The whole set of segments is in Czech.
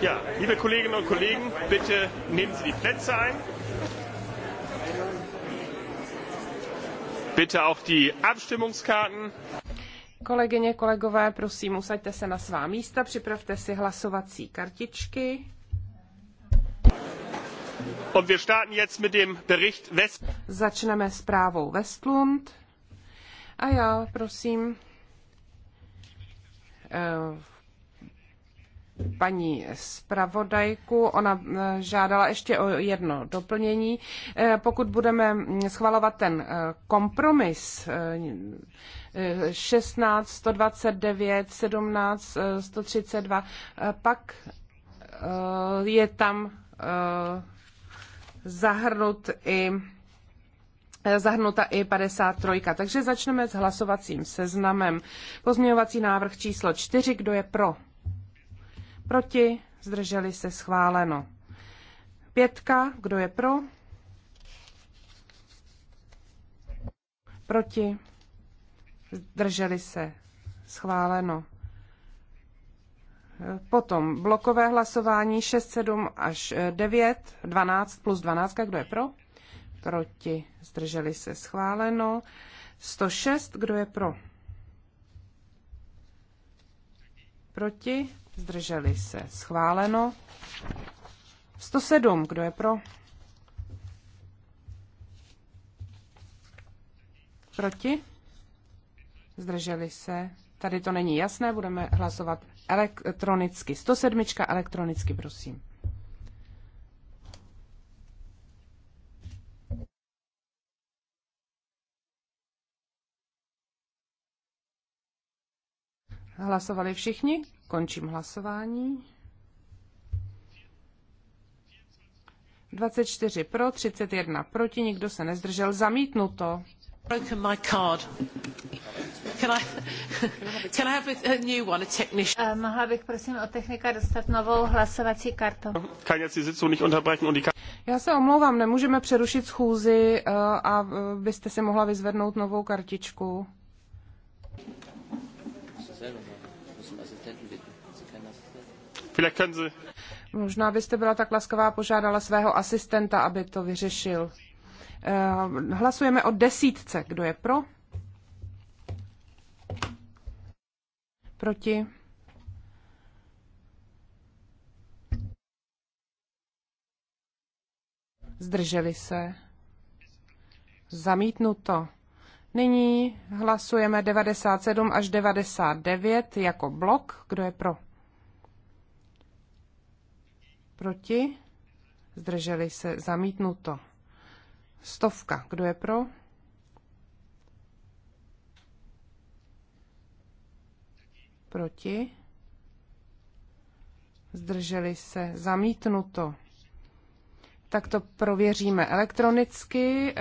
Ja, liebe Kolleginnen und Kollegen, bitte nehmen Sie die Plätze ein. Bitte auch die Abstimmungskarten. Kolegyně, kolegové, prosím, usaďte se na svá místa, připravte si hlasovací kartičky. Und wir starten jetzt mit dem Bericht West. Začneme zprávou Westlund. A já, prosím, eh, paní zpravodajku. Ona eh, žádala ještě o jedno doplnění. Eh, pokud budeme mm, schvalovat ten eh, kompromis 16, 129, 17, 132, pak je tam zahrnut i zahrnuta i 53. Takže začneme s hlasovacím seznamem. Pozměňovací návrh číslo 4. Kdo je pro? Proti? Zdrželi se schváleno. Pětka. Kdo je pro? Proti? Zdrželi se schváleno. Potom blokové hlasování 6, 7 až 9, 12 plus 12, kdo je pro? Proti, zdrželi se schváleno. 106, kdo je pro? Proti, zdrželi se, schváleno. 107, kdo je pro? Proti? Zdrželi se. Tady to není jasné, budeme hlasovat elektronicky. 107 elektronicky, prosím. Hlasovali všichni? Končím hlasování. 24 pro, 31 proti, nikdo se nezdržel, zamítnuto. Broken my card. Can I, can I have a new one, a eh, Mohla bych prosím od technika dostat novou hlasovací kartu. Já se omlouvám, nemůžeme přerušit schůzi eh, a eh, byste si mohla vyzvednout novou kartičku. Možná byste byla tak laskavá požádala svého asistenta, aby to vyřešil. Eh, hlasujeme o desítce. Kdo je pro? Proti? Zdrželi se? Zamítnuto. Nyní hlasujeme 97 až 99 jako blok. Kdo je pro? Proti? Zdrželi se. Zamítnuto. Stovka. Kdo je pro? Proti? Zdrželi se. Zamítnuto. Tak to prověříme elektronicky.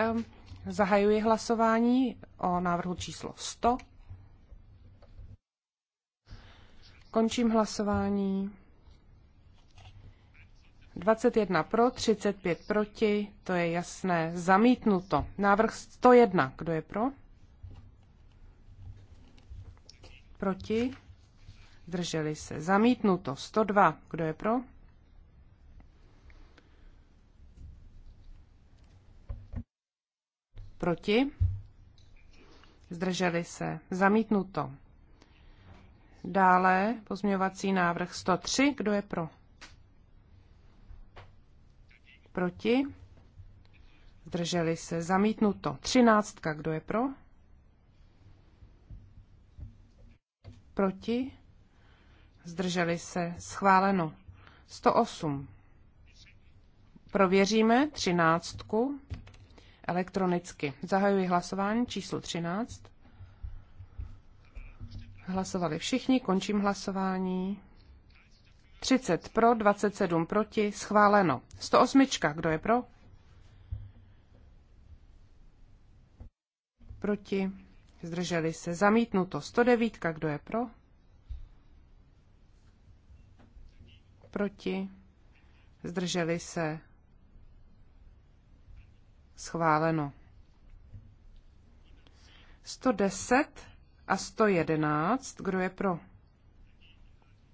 Zahajuji hlasování o návrhu číslo 100. Končím hlasování. 21 pro, 35 proti, to je jasné, zamítnuto. Návrh 101, kdo je pro? Proti? Zdrželi se. Zamítnuto. 102, kdo je pro? Proti? Zdrželi se. Zamítnuto. Dále pozměňovací návrh 103, kdo je pro? Proti? Zdrželi se. Zamítnuto. Třináctka. Kdo je pro? Proti? Zdrželi se. Schváleno. 108. Prověříme třináctku elektronicky. Zahajuji hlasování číslo 13. Hlasovali všichni, končím hlasování. 30 pro, 27 proti, schváleno. 108. Kdo je pro? Proti. Zdrželi se. Zamítnuto. 109. Kdo je pro? Proti. Zdrželi se. Schváleno. 110 a 111. Kdo je pro?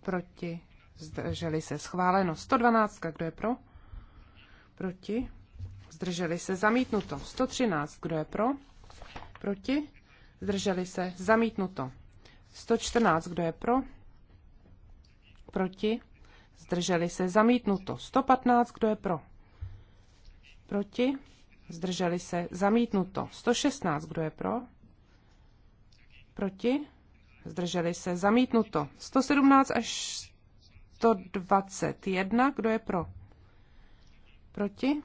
Proti zdrželi se schváleno. 112, kdo je pro? Proti? Zdrželi se zamítnuto. 113, kdo je pro? Proti? Zdrželi se zamítnuto. 114, kdo je pro? Proti? Zdrželi se zamítnuto. 115, kdo je pro? Proti? Zdrželi se zamítnuto. 116, kdo je pro? Proti? Zdrželi se zamítnuto. 117 až 121. Kdo je pro? Proti?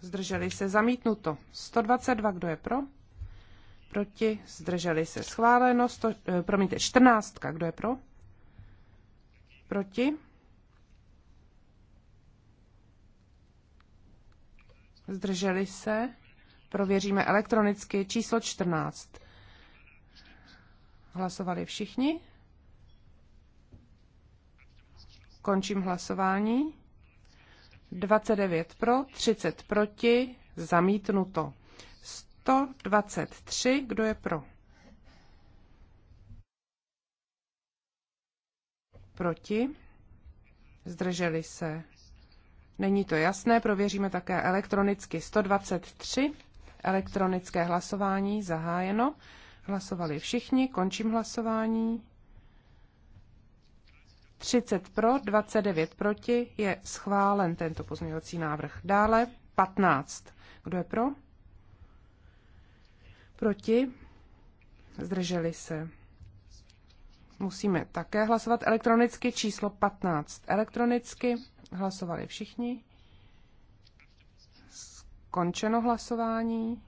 Zdrželi se zamítnuto. 122. Kdo je pro? Proti? Zdrželi se schváleno. Sto, eh, promiňte, 14. Kdo je pro? Proti? Zdrželi se? Prověříme elektronicky číslo 14. Hlasovali všichni? Končím hlasování. 29 pro, 30 proti, zamítnuto. 123, kdo je pro? Proti? Zdrželi se. Není to jasné, prověříme také elektronicky. 123, elektronické hlasování zahájeno. Hlasovali všichni, končím hlasování. 30 pro, 29 proti je schválen tento pozměňovací návrh. Dále 15. Kdo je pro? Proti? Zdrželi se. Musíme také hlasovat elektronicky číslo 15. Elektronicky hlasovali všichni. Skončeno hlasování.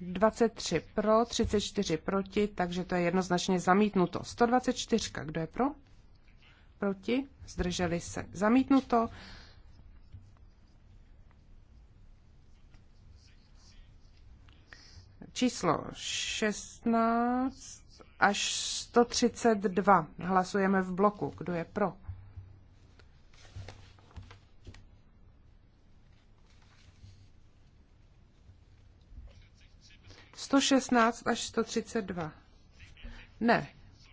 23 pro, 34 proti, takže to je jednoznačně zamítnuto. 124. Kdo je pro? proti, zdrželi se. Zamítnuto. Číslo 16 až 132. Hlasujeme v bloku. Kdo je pro? Sto šestnáct až sto třicet dva. Ne,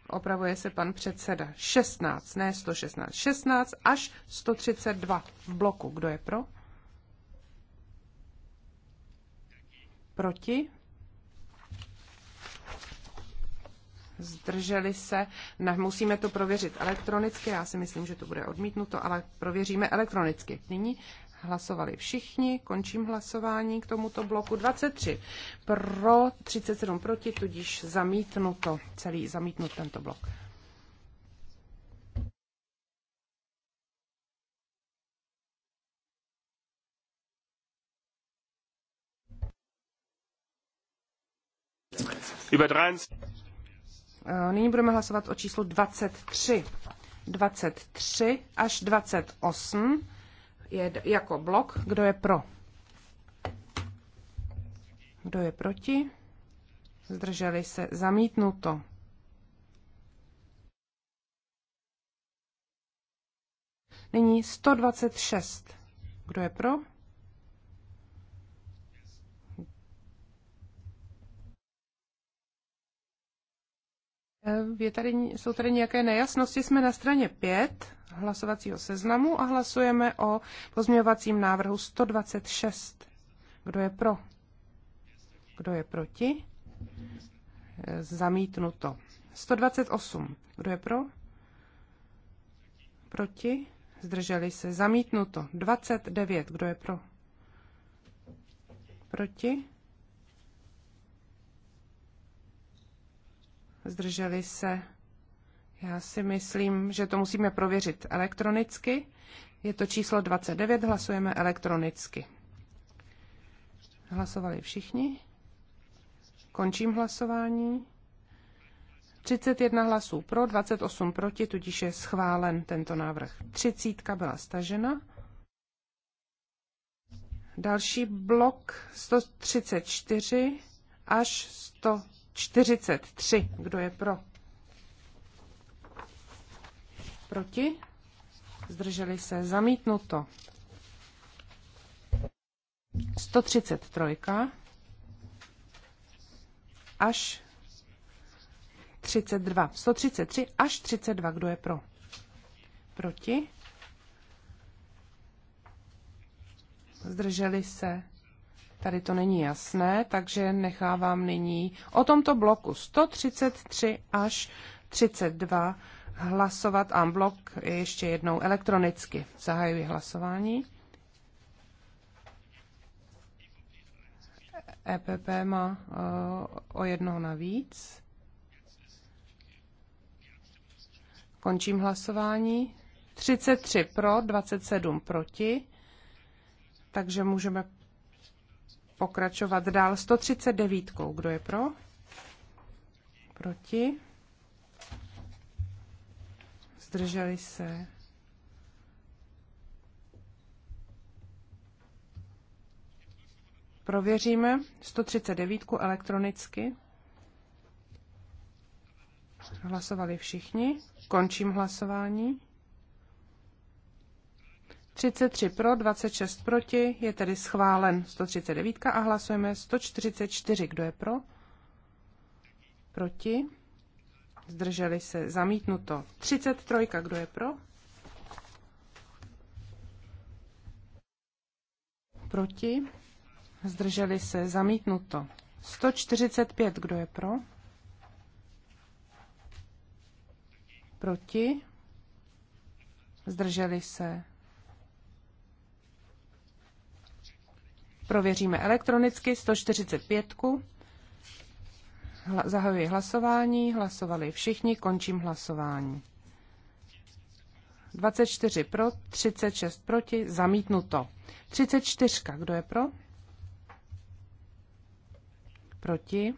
opravuje se pan předseda, 16, ne 116, 16 až 132 v bloku. Kdo je pro? Proti? Zdrželi se. Na, musíme to prověřit elektronicky. Já si myslím, že to bude odmítnuto, ale prověříme elektronicky. Nyní Hlasovali všichni, končím hlasování k tomuto bloku. 23 pro, 37 proti, tudíž zamítnuto, celý zamítnut tento blok. Eh, nyní budeme hlasovat o číslu 23. 23 až 28 je jako blok. Kdo je pro? Kdo je proti? Zdrželi se zamítnuto. Nyní 126. Kdo je pro? Eh, je tady, jsou tady nějaké nejasnosti, jsme na straně 5 hlasovacího seznamu a hlasujeme o pozměňovacím návrhu 126. Kdo je pro? Kdo je proti? Zamítnuto. 128. Kdo je pro? Proti? Zdrželi se. Zamítnuto. 29. Kdo je pro? Proti? Zdrželi se. Já si myslím, že to musíme prověřit elektronicky. Je to číslo 29, hlasujeme elektronicky. Hlasovali všichni. Končím hlasování. 31 hlasů pro, 28 proti, tudíž je schválen tento návrh. Třicítka byla stažena. Další blok 134 až 143. Kdo je pro? Proti? Zdrželi se. Zamítnuto. 133 až 32. 133 až 32. Kdo je pro? Proti? Zdrželi se. Tady to není jasné, takže nechávám nyní o tomto bloku 133 až 32 hlasovat en bloc ještě jednou elektronicky. Zahajuji hlasování. EPP má eh, o jednoho navíc. Končím hlasování. 33 pro, 27 proti. Takže můžeme pokračovat dál 139. Kdo je pro? Proti? zdrželi se. Prověříme 139 elektronicky. Hlasovali všichni. Končím hlasování. 33 pro, 26 proti, je tedy schválen 139 a hlasujeme 144. Kdo je pro? Proti? zdrželi se, zamítnuto. 33, kdo je pro? Proti, zdrželi se, zamítnuto. 145, kdo je pro? Proti, zdrželi se. Prověříme elektronicky 145. Hla, zahajuji hlasování, hlasovali všichni, končím hlasování. 24 pro, 36 proti, zamítnuto. 34, kdo je pro? Proti,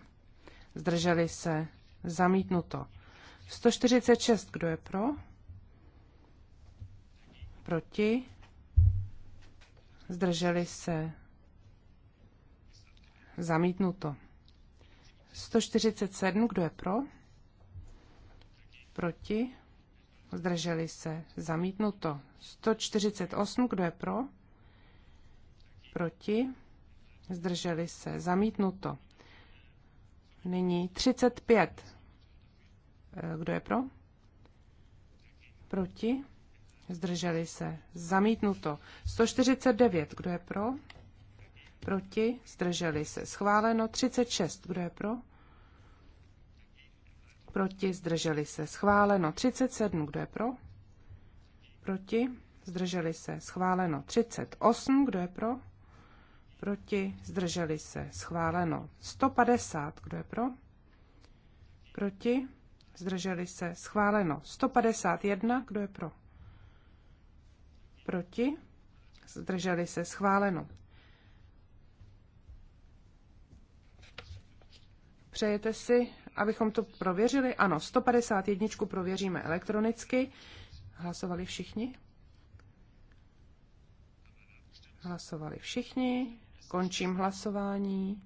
zdrželi se, zamítnuto. 146, kdo je pro? Proti, zdrželi se, zamítnuto. 147, kdo je pro? Proti? Zdrželi se. Zamítnuto. 148, kdo je pro? Proti? Zdrželi se. Zamítnuto. Nyní 35. Eh, kdo je pro? Proti? Zdrželi se. Zamítnuto. 149. Kdo je pro? Proti? Zdrželi se. Schváleno. 36. Kdo je pro? Proti? Zdrželi se. Schváleno. 37. Kdo je pro? Proti? Zdrželi se. Schváleno. 38. Kdo je pro? Proti? Zdrželi se. Schváleno. 150. Kdo je pro? Proti? Zdrželi se. Schváleno. 151. Kdo je pro? Proti? Zdrželi se. Schváleno. Přejete si, abychom to prověřili? Ano, 151 prověříme elektronicky. Hlasovali všichni? Hlasovali všichni. Končím hlasování.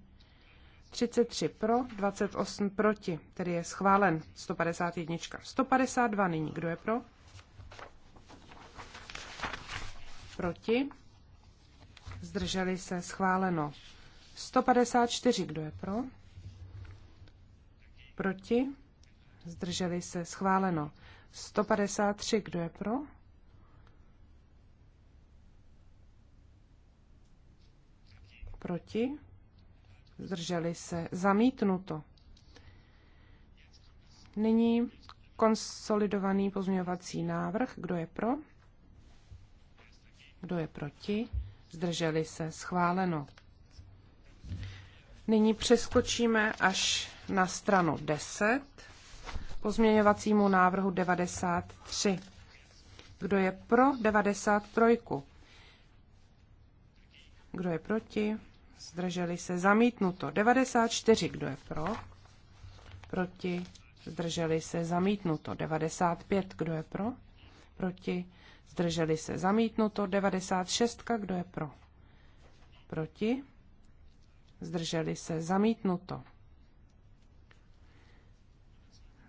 33 pro, 28 proti, tedy je schválen 151. 152 nyní, kdo je pro? Proti. Zdrželi se, schváleno. 154, kdo je pro? Proti? Zdrželi se. Schváleno. 153. Kdo je pro? Proti? Zdrželi se. Zamítnuto. Nyní konsolidovaný pozměňovací návrh. Kdo je pro? Kdo je proti? Zdrželi se. Schváleno. Nyní přeskočíme až na stranu 10 pozměňovacímu návrhu 93. Kdo je pro 93? Kdo je proti? Zdrželi se zamítnuto. 94. Kdo je pro? Proti? Zdrželi se zamítnuto. 95. Kdo je pro? Proti? Zdrželi se zamítnuto. 96. Kdo je pro? Proti? zdrželi se, zamítnuto.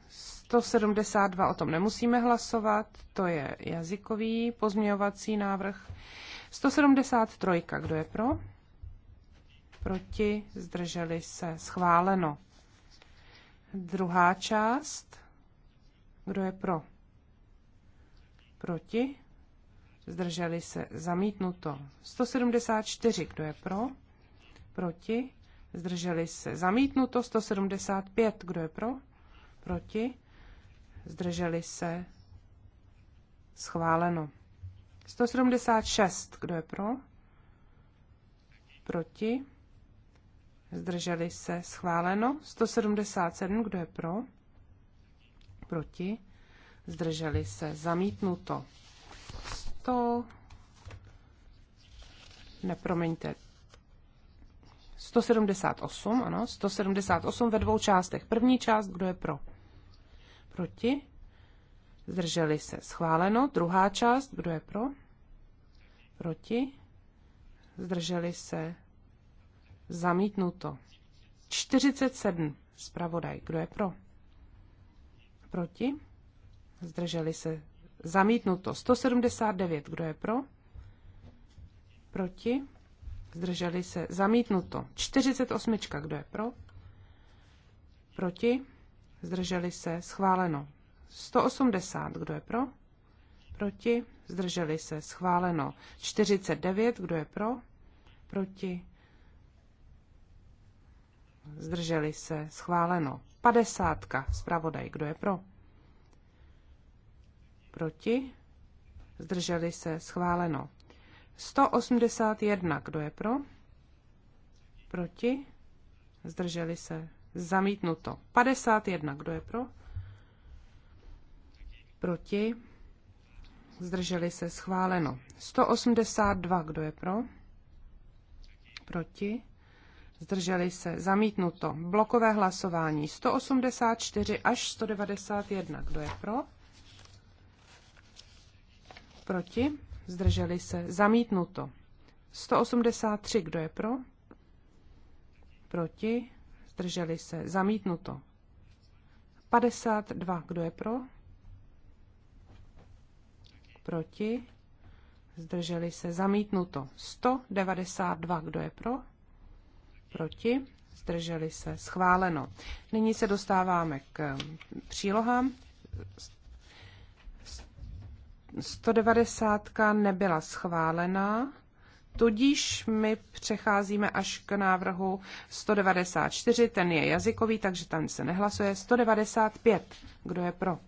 172 o tom nemusíme hlasovat, to je jazykový pozměňovací návrh. 173, kdo je pro? Proti, zdrželi se, schváleno. Druhá část, kdo je pro? Proti, zdrželi se, zamítnuto. 174, kdo je pro? Proti? Zdrželi se. Zamítnuto 175. Kdo je pro? Proti? Zdrželi se. Schváleno. 176. Kdo je pro? Proti? Zdrželi se. Schváleno. 177. Kdo je pro? Proti? Zdrželi se. Zamítnuto. 100. Nepromiňte. 178, ano, 178 ve dvou částech. První část, kdo je pro? Proti? Zdrželi se. Schváleno. Druhá část, kdo je pro? Proti? Zdrželi se. Zamítnuto. 47. Spravodaj, kdo je pro? Proti? Zdrželi se. Zamítnuto. 179, kdo je pro? Proti? zdrželi se, zamítnuto. 48, kdo je pro, proti, zdrželi se, schváleno. 180, kdo je pro, proti, zdrželi se, schváleno. 49, kdo je pro, proti, zdrželi se, schváleno. 50, zpravodaj, kdo je pro, proti, zdrželi se, schváleno. 181. Kdo je pro? Proti? Zdrželi se. Zamítnuto. 51. Kdo je pro? Proti? Zdrželi se. Schváleno. 182. Kdo je pro? Proti? Zdrželi se. Zamítnuto. Blokové hlasování. 184 až 191. Kdo je pro? Proti? zdrželi se, zamítnuto. 183, kdo je pro? Proti, zdrželi se, zamítnuto. 52, kdo je pro? Proti, zdrželi se, zamítnuto. 192, kdo je pro? Proti, zdrželi se, schváleno. Nyní se dostáváme k přílohám. 190 nebyla schválena, tudíž my přecházíme až k návrhu 194, ten je jazykový, takže tam se nehlasuje. 195, kdo je pro?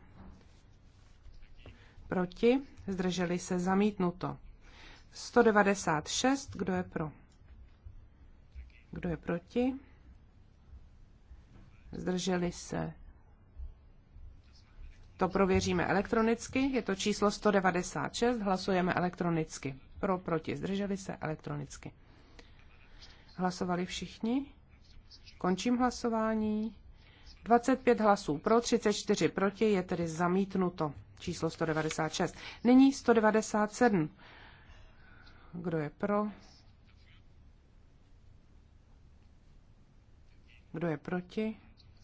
Proti, zdrželi se zamítnuto. 196, kdo je pro? Kdo je proti? Zdrželi se to prověříme elektronicky. Je to číslo 196, hlasujeme elektronicky. Pro, proti, zdrželi se elektronicky. Hlasovali všichni? Končím hlasování. 25 hlasů pro, 34 proti, je tedy zamítnuto číslo 196. Nyní 197. Kdo je pro? Kdo je proti?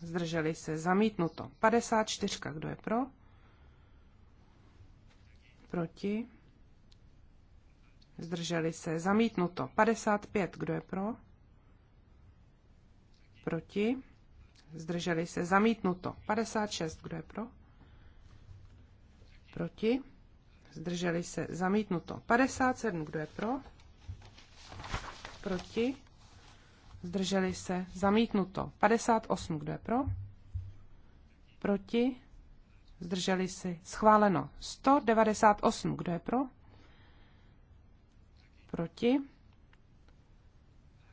zdrželi se, zamítnuto. 54, kdo je pro? Proti? Zdrželi se, zamítnuto. 55, kdo je pro? Proti? Zdrželi se, zamítnuto. 56, kdo je pro? Proti? Zdrželi se, zamítnuto. 57, kdo je pro? Proti? zdrželi se, zamítnuto. 58, kdo je pro, proti, zdrželi se, schváleno. 198, kdo je pro, proti,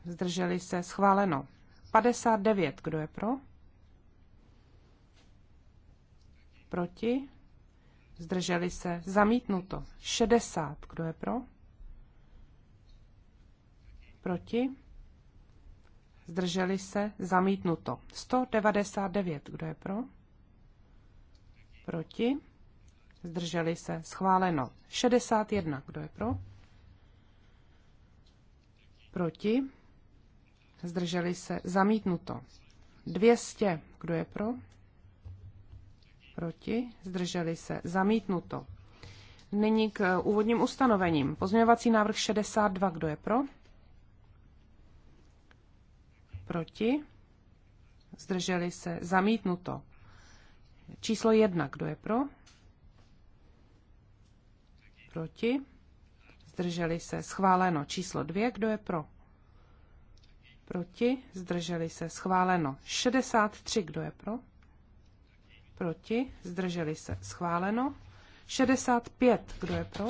zdrželi se, schváleno. 59, kdo je pro, proti, zdrželi se, zamítnuto. 60, kdo je pro, proti, Zdrželi se? Zamítnuto. 199. Kdo je pro? Proti? Zdrželi se? Schváleno. 61. Kdo je pro? Proti? Zdrželi se? Zamítnuto. 200. Kdo je pro? Proti? Zdrželi se? Zamítnuto. Nyní k eh, úvodním ustanovením. Pozměňovací návrh 62. Kdo je pro? Proti? Zdrželi se. Zamítnuto. Číslo jedna. Kdo je pro? Proti? Zdrželi se. Schváleno. Číslo dvě. Kdo je pro? Proti? Zdrželi se. Schváleno. 63. Kdo je pro? Proti? Zdrželi se. Schváleno. 65. Kdo je pro?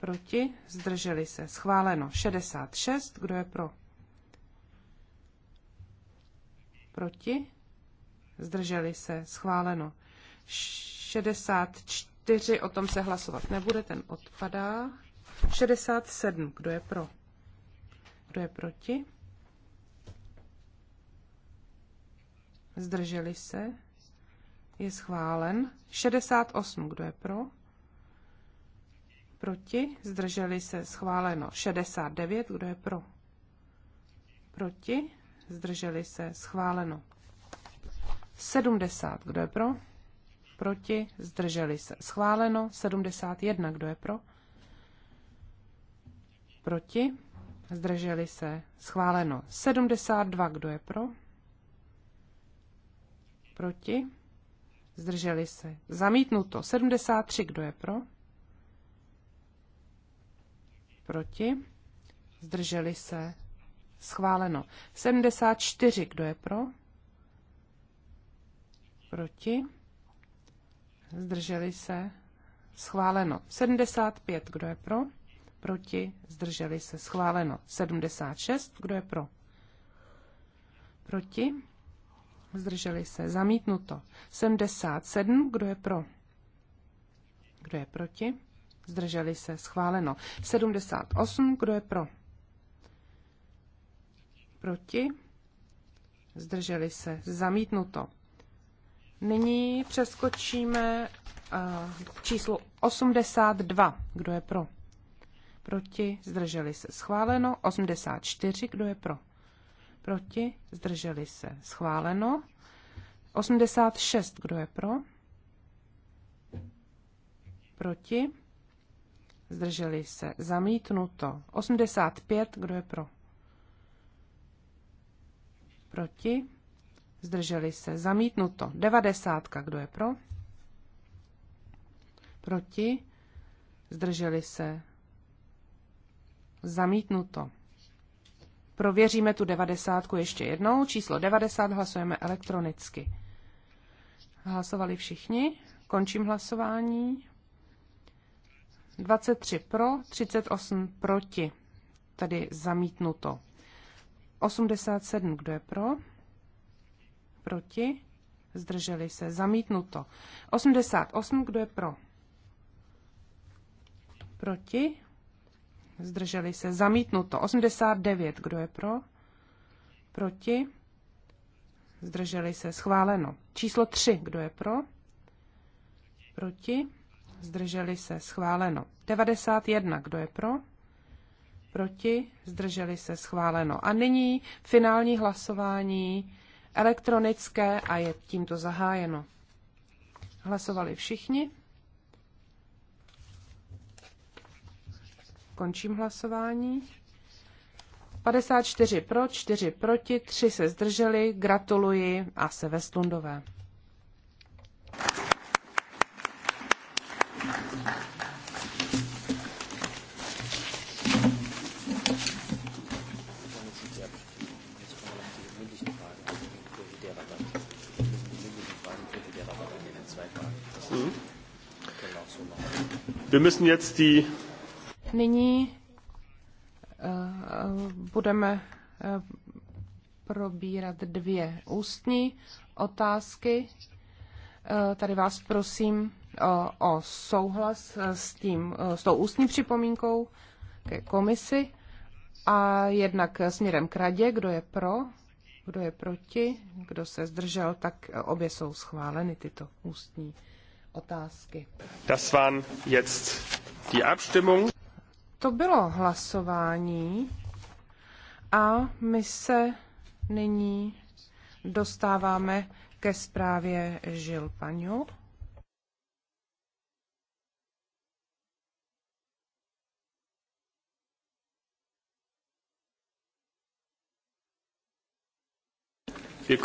Proti? Zdrželi se. Schváleno. 66. Kdo je pro? Proti? Zdrželi se. Schváleno. 64, o tom se hlasovat nebude, ten odpadá. 67, kdo je pro? Kdo je proti? Zdrželi se. Je schválen. 68, kdo je pro? Proti. Zdrželi se. Schváleno. 69, kdo je pro? Proti zdrželi se, schváleno. 70, kdo je pro? Proti, zdrželi se, schváleno. 71, kdo je pro? Proti, zdrželi se, schváleno. 72, kdo je pro? Proti, zdrželi se, zamítnuto. 73, kdo je pro? Proti, zdrželi se, Schváleno. 74. Kdo je pro? Proti? Zdrželi se? Schváleno. 75. Kdo je pro? Proti? Zdrželi se? Schváleno. 76. Kdo je pro? Proti? Zdrželi se? Zamítnuto. 77. Kdo je pro? Kdo je proti? Zdrželi se? Schváleno. 78. Kdo je pro? Proti? Zdrželi se. Zamítnuto. Nyní přeskočíme eh, k číslu 82. Kdo je pro? Proti? Zdrželi se. Schváleno. 84. Kdo je pro? Proti? Zdrželi se. Schváleno. 86. Kdo je pro? Proti? Zdrželi se. Zamítnuto. 85. Kdo je pro? Proti? Zdrželi se. Zamítnuto. 90. Kdo je pro? Proti? Zdrželi se. Zamítnuto. Prověříme tu devadesátku ještě jednou. Číslo 90 hlasujeme elektronicky. Hlasovali všichni. Končím hlasování. 23 pro, 38 proti. Tady zamítnuto. 87, kdo je pro? Proti? Zdrželi se. Zamítnuto. 88, kdo je pro? Proti? Zdrželi se. Zamítnuto. 89, kdo je pro? Proti? Zdrželi se. Schváleno. Číslo 3, kdo je pro? Proti? Zdrželi se. Schváleno. 91, kdo je pro? proti, zdrželi se schváleno. A nyní finální hlasování elektronické a je tímto zahájeno. Hlasovali všichni. Končím hlasování. 54 pro, 4 proti, 3 se zdrželi. Gratuluji a se ve stundové. Wir müssen jetzt die Nyní uh, budeme eh, probírat dvě ústní otázky. tady vás prosím o souhlas s, tím, s tou ústní připomínkou ke komisi a jednak směrem k radě, kdo je pro, kdo je proti, kdo se zdržel, tak obě jsou schváleny tyto ústní otázky. Das waren jetzt die Abstimmung. To bylo hlasování a my se nyní dostáváme ke zprávě Žilpaňu. Je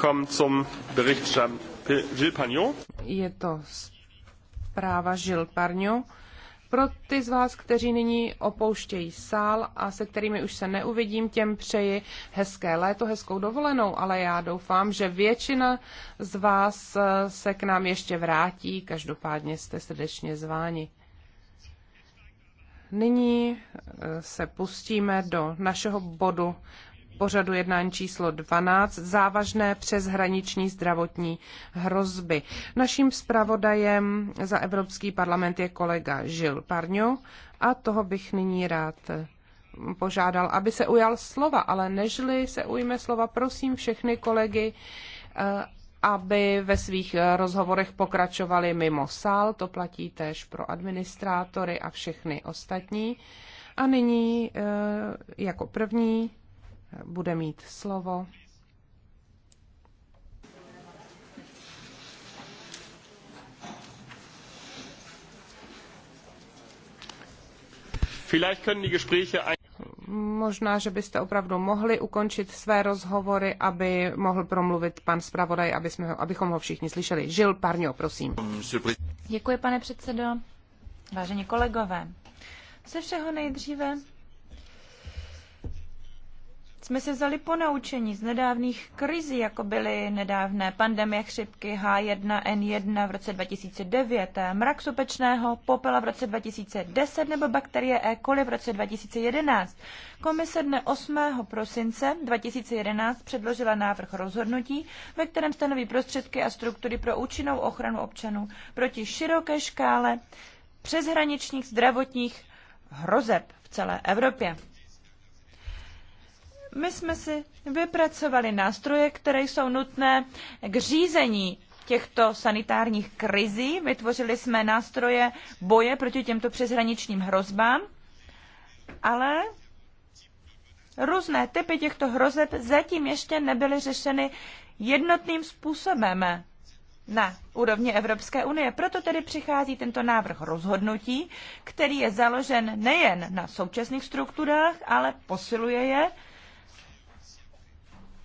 to zpráva Žil Parňo. Pro ty z vás, kteří nyní opouštějí sál a se kterými už se neuvidím, těm přeji hezké léto, hezkou dovolenou, ale já doufám, že většina z vás eh, se k nám ještě vrátí, každopádně jste srdečně zváni. Nyní eh, se pustíme do našeho bodu pořadu jednání číslo 12 závažné přeshraniční zdravotní hrozby. Naším zpravodajem za Evropský parlament je kolega Žil Parňo a toho bych nyní rád požádal, aby se ujal slova, ale nežli se ujme slova, prosím všechny kolegy, eh, aby ve svých rozhovorech pokračovali mimo sál, to platí též pro administrátory a všechny ostatní. A nyní eh, jako první bude mít slovo. Možná, že byste opravdu mohli ukončit své rozhovory, aby mohl promluvit pan zpravodaj, aby jsme ho, abychom ho všichni slyšeli. Žil Parňo, prosím. Děkuji, pane předsedo. Vážení kolegové, ze všeho nejdříve jsme se vzali po naučení z nedávných krizí, jako byly nedávné pandemie chřipky H1N1 v roce 2009, mrak sopečného popela v roce 2010 nebo bakterie E. coli v roce 2011. Komise dne 8. prosince 2011 předložila návrh rozhodnutí, ve kterém stanoví prostředky a struktury pro účinnou ochranu občanů proti široké škále přeshraničních zdravotních hrozeb v celé Evropě. My jsme si vypracovali nástroje, které jsou nutné k řízení těchto sanitárních krizí. Vytvořili jsme nástroje boje proti těmto přeshraničním hrozbám, ale různé typy těchto hrozeb zatím ještě nebyly řešeny jednotným způsobem na úrovni Evropské unie. Proto tedy přichází tento návrh rozhodnutí, který je založen nejen na současných strukturách, ale posiluje je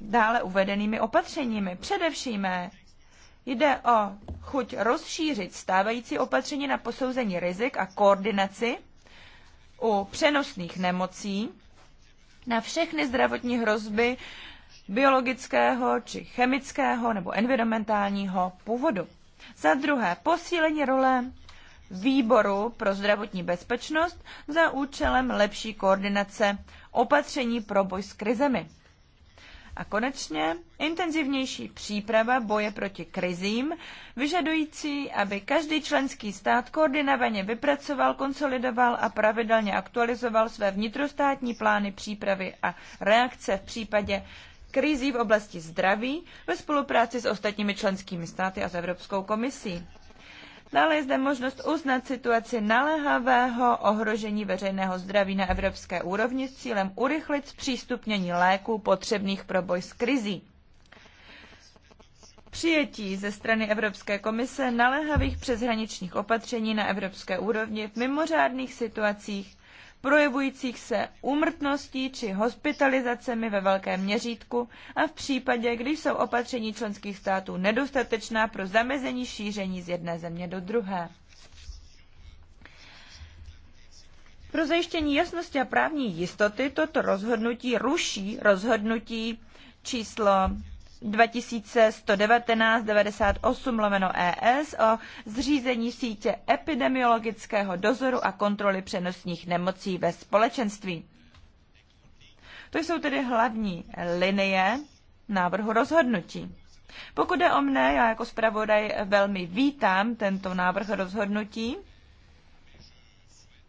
dále uvedenými opatřeními. Především jde o chuť rozšířit stávající opatření na posouzení rizik a koordinaci u přenosných nemocí na všechny zdravotní hrozby biologického či chemického nebo environmentálního původu. Za druhé, posílení role výboru pro zdravotní bezpečnost za účelem lepší koordinace opatření pro boj s krizemi. A konečně intenzivnější příprava boje proti krizím, vyžadující, aby každý členský stát koordinovaně vypracoval, konsolidoval a pravidelně aktualizoval své vnitrostátní plány přípravy a reakce v případě krizí v oblasti zdraví ve spolupráci s ostatními členskými státy a s Evropskou komisí. Dále je zde možnost uznat situaci naléhavého ohrožení veřejného zdraví na evropské úrovni s cílem urychlit zpřístupnění léků potřebných pro boj s krizí. Přijetí ze strany Evropské komise naléhavých přeshraničních opatření na evropské úrovni v mimořádných situacích projevujících se úmrtností či hospitalizacemi ve velkém měřítku a v případě, když jsou opatření členských států nedostatečná pro zamezení šíření z jedné země do druhé. Pro zajištění jasnosti a právní jistoty toto rozhodnutí ruší rozhodnutí číslo 2119-98 lomeno ES o zřízení sítě epidemiologického dozoru a kontroly přenosních nemocí ve společenství. To jsou tedy hlavní linie návrhu rozhodnutí. Pokud je o mne, já jako zpravodaj velmi vítám tento návrh rozhodnutí,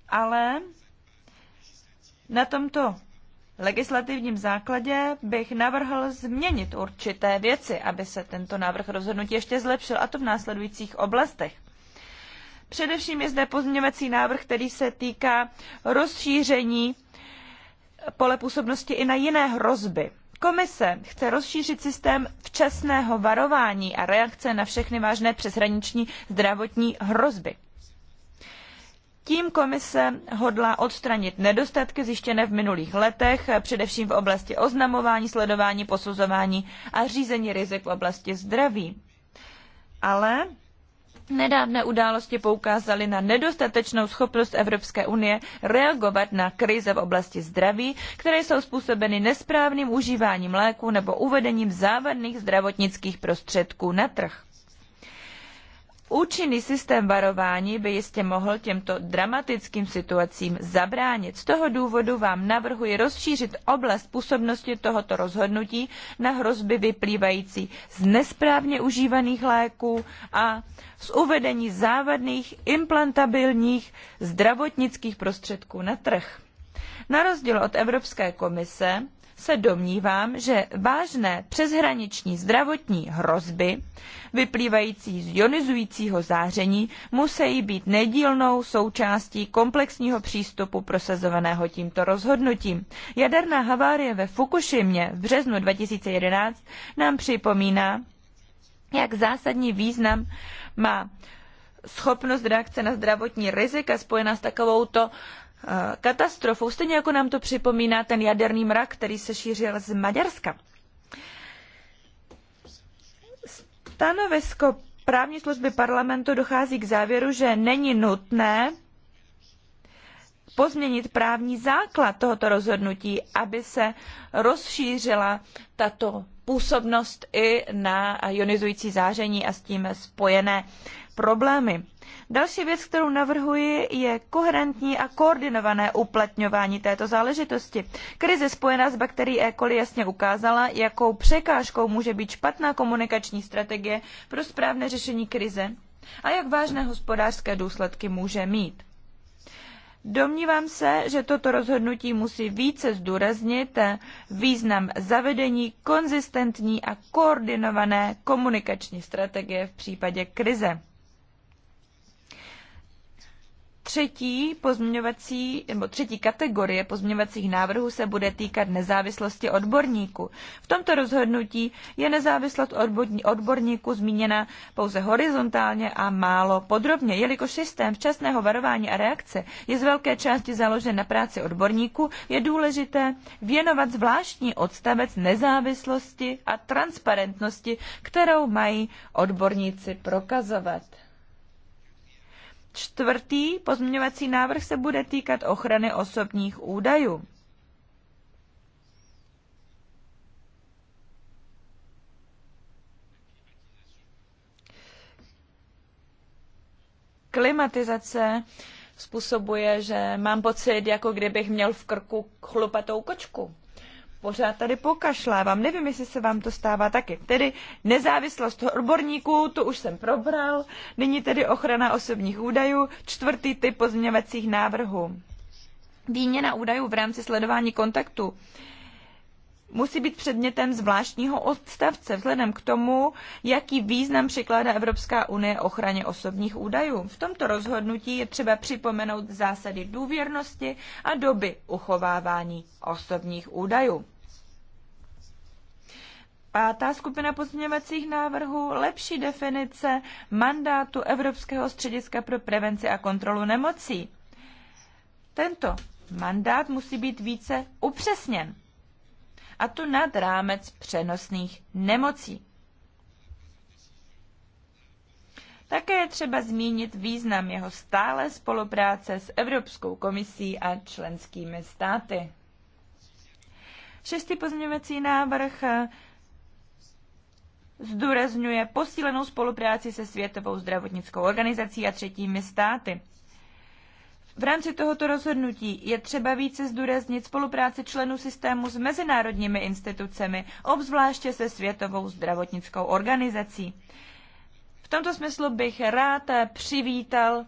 ale na tomto legislativním základě bych navrhl změnit určité věci, aby se tento návrh rozhodnutí ještě zlepšil, a to v následujících oblastech. Především je zde pozměňovací návrh, který se týká rozšíření pole působnosti i na jiné hrozby. Komise chce rozšířit systém včasného varování a reakce na všechny vážné přeshraniční zdravotní hrozby. Tím komise hodlá odstranit nedostatky zjištěné v minulých letech, především v oblasti oznamování, sledování, posuzování a řízení rizik v oblasti zdraví. Ale Nedávné události poukázaly na nedostatečnou schopnost Evropské unie reagovat na krize v oblasti zdraví, které jsou způsobeny nesprávným užíváním léku nebo uvedením závadných zdravotnických prostředků na trh. Účinný systém varování by jistě mohl těmto dramatickým situacím zabránit. Z toho důvodu vám navrhuji rozšířit oblast působnosti tohoto rozhodnutí na hrozby vyplývající z nesprávně užívaných léků a z uvedení závadných implantabilních zdravotnických prostředků na trh. Na rozdíl od Evropské komise, se domnívám, že vážné přeshraniční zdravotní hrozby vyplývající z ionizujícího záření musí být nedílnou součástí komplexního přístupu prosazovaného tímto rozhodnutím. Jaderná havárie ve Fukušimě v březnu 2011 nám připomíná, jak zásadní význam má schopnost reakce na zdravotní rizika spojená s takovouto katastrofou, stejně jako nám to připomíná ten jaderný mrak, který se šířil z Maďarska. Stanovisko právní služby parlamentu dochází k závěru, že není nutné pozměnit právní základ tohoto rozhodnutí, aby se rozšířila tato působnost i na ionizující záření a s tím spojené problémy. Další věc, kterou navrhuji, je koherentní a koordinované uplatňování této záležitosti. Krize spojená s bakterií E. coli jasně ukázala, jakou překážkou může být špatná komunikační strategie pro správné řešení krize a jak vážné hospodářské důsledky může mít. Domnívám se, že toto rozhodnutí musí více zdůraznit význam zavedení konzistentní a koordinované komunikační strategie v případě krize. Třetí pozměňovací, nebo třetí kategorie pozměňovacích návrhů se bude týkat nezávislosti odborníků. V tomto rozhodnutí je nezávislost odborníků zmíněna pouze horizontálně a málo podrobně, jelikož systém včasného varování a reakce je z velké části založen na práci odborníků, je důležité věnovat zvláštní odstavec nezávislosti a transparentnosti, kterou mají odborníci prokazovat. Čtvrtý pozměňovací návrh se bude týkat ochrany osobních údajů. Klimatizace způsobuje, že mám pocit, jako kdybych měl v krku chlupatou kočku pořád tady pokašlávám. Nevím, jestli se vám to stává taky. Tedy nezávislost odborníků, to už jsem probral. Nyní tedy ochrana osobních údajů, čtvrtý typ pozměňovacích návrhů. Výměna údajů v rámci sledování kontaktu musí být předmětem zvláštního odstavce vzhledem k tomu, jaký význam přikládá Evropská unie ochraně osobních údajů. V tomto rozhodnutí je třeba připomenout zásady důvěrnosti a doby uchovávání osobních údajů. Pátá skupina pozměňovacích návrhů, lepší definice mandátu Evropského střediska pro prevenci a kontrolu nemocí. Tento mandát musí být více upřesněn, a to nad rámec přenosných nemocí. Také je třeba zmínit význam jeho stále spolupráce s Evropskou komisí a členskými státy. Šestý pozměňovací návrh zdůrazňuje posílenou spolupráci se Světovou zdravotnickou organizací a třetími státy. V rámci tohoto rozhodnutí je třeba více zdůraznit spolupráci členů systému s mezinárodními institucemi, obzvláště se Světovou zdravotnickou organizací. V tomto smyslu bych rád přivítal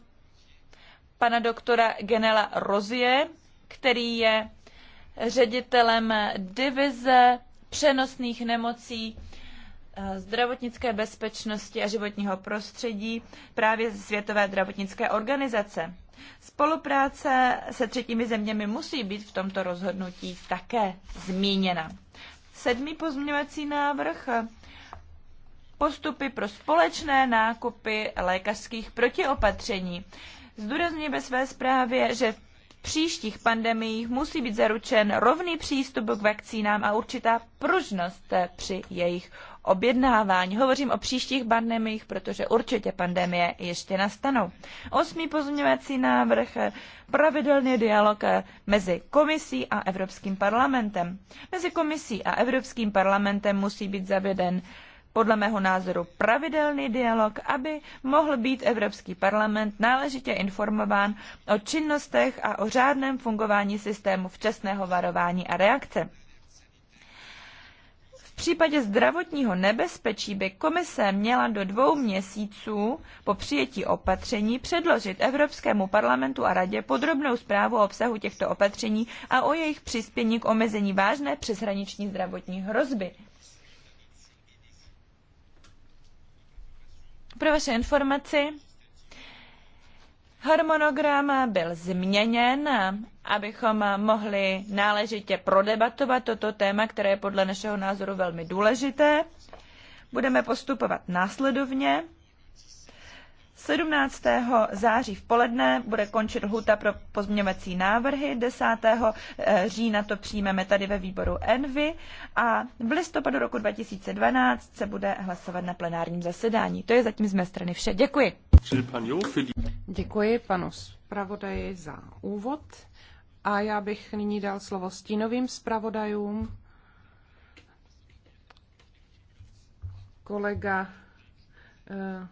pana doktora Genela Rozie, který je ředitelem divize přenosných nemocí Eh, zdravotnické bezpečnosti a životního prostředí právě Světové zdravotnické organizace. Spolupráce se třetími zeměmi musí být v tomto rozhodnutí také zmíněna. Sedmý pozměňovací návrh postupy pro společné nákupy lékařských protiopatření. Zdůrazňuje ve své zprávě, že v příštích pandemiích musí být zaručen rovný přístup k vakcínám a určitá pružnost při jejich objednávání. Hovořím o příštích pandemích, protože určitě pandemie ještě nastanou. Osmý pozměňovací návrh, pravidelný dialog mezi komisí a Evropským parlamentem. Mezi komisí a Evropským parlamentem musí být zaveden podle mého názoru pravidelný dialog, aby mohl být Evropský parlament náležitě informován o činnostech a o řádném fungování systému včasného varování a reakce případě zdravotního nebezpečí by komise měla do dvou měsíců po přijetí opatření předložit Evropskému parlamentu a radě podrobnou zprávu o obsahu těchto opatření a o jejich přispění k omezení vážné přeshraniční zdravotní hrozby. Pro vaše informaci, Harmonogram byl změněn, abychom mohli náležitě prodebatovat toto téma, které je podle našeho názoru velmi důležité. Budeme postupovat následovně. 17. září v poledne bude končit lhuta pro pozměňovací návrhy, 10. Eh, října to přijmeme tady ve výboru ENVY a v listopadu roku 2012 se bude hlasovat na plenárním zasedání. To je zatím z mé strany vše. Děkuji. Děkuji panu zpravodaji za úvod a já bych nyní dal slovo stínovým zpravodajům. Kolega eh,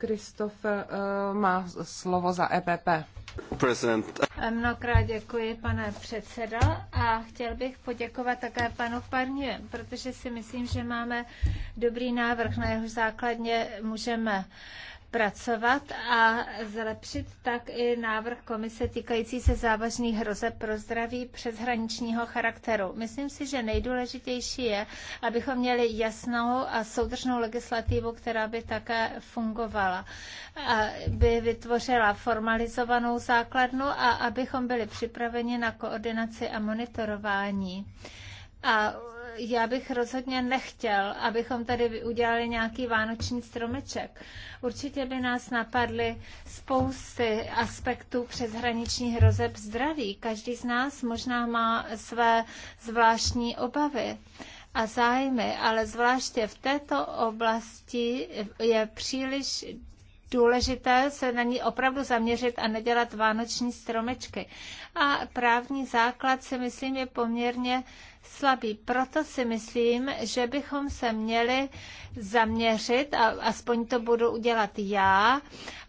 Kristofer eh, má slovo za EPP. President. Mnohokrát děkuji, pane předsedo, a chtěl bych poděkovat také panu Parně, protože si myslím, že máme dobrý návrh, na jeho základně můžeme uh, pracovat a zlepšit tak i návrh komise týkající se závažných hrozeb pro zdraví přeshraničního charakteru. Myslím si, že nejdůležitější je, abychom měli jasnou a soudržnou legislativu, která by také fungovala, aby vytvořila formalizovanou základnu a abychom byli připraveni na koordinaci a monitorování. A já bych rozhodně nechtěl, abychom tady udělali nějaký vánoční stromeček. Určitě by nás napadly spousty aspektů přeshraničních hrozeb zdraví. Každý z nás možná má své zvláštní obavy a zájmy, ale zvláště v této oblasti je příliš důležité se na ní opravdu zaměřit a nedělat vánoční stromečky. A právní základ si myslím je poměrně slabý. Proto si myslím, že bychom se měli zaměřit, a aspoň to budu udělat já,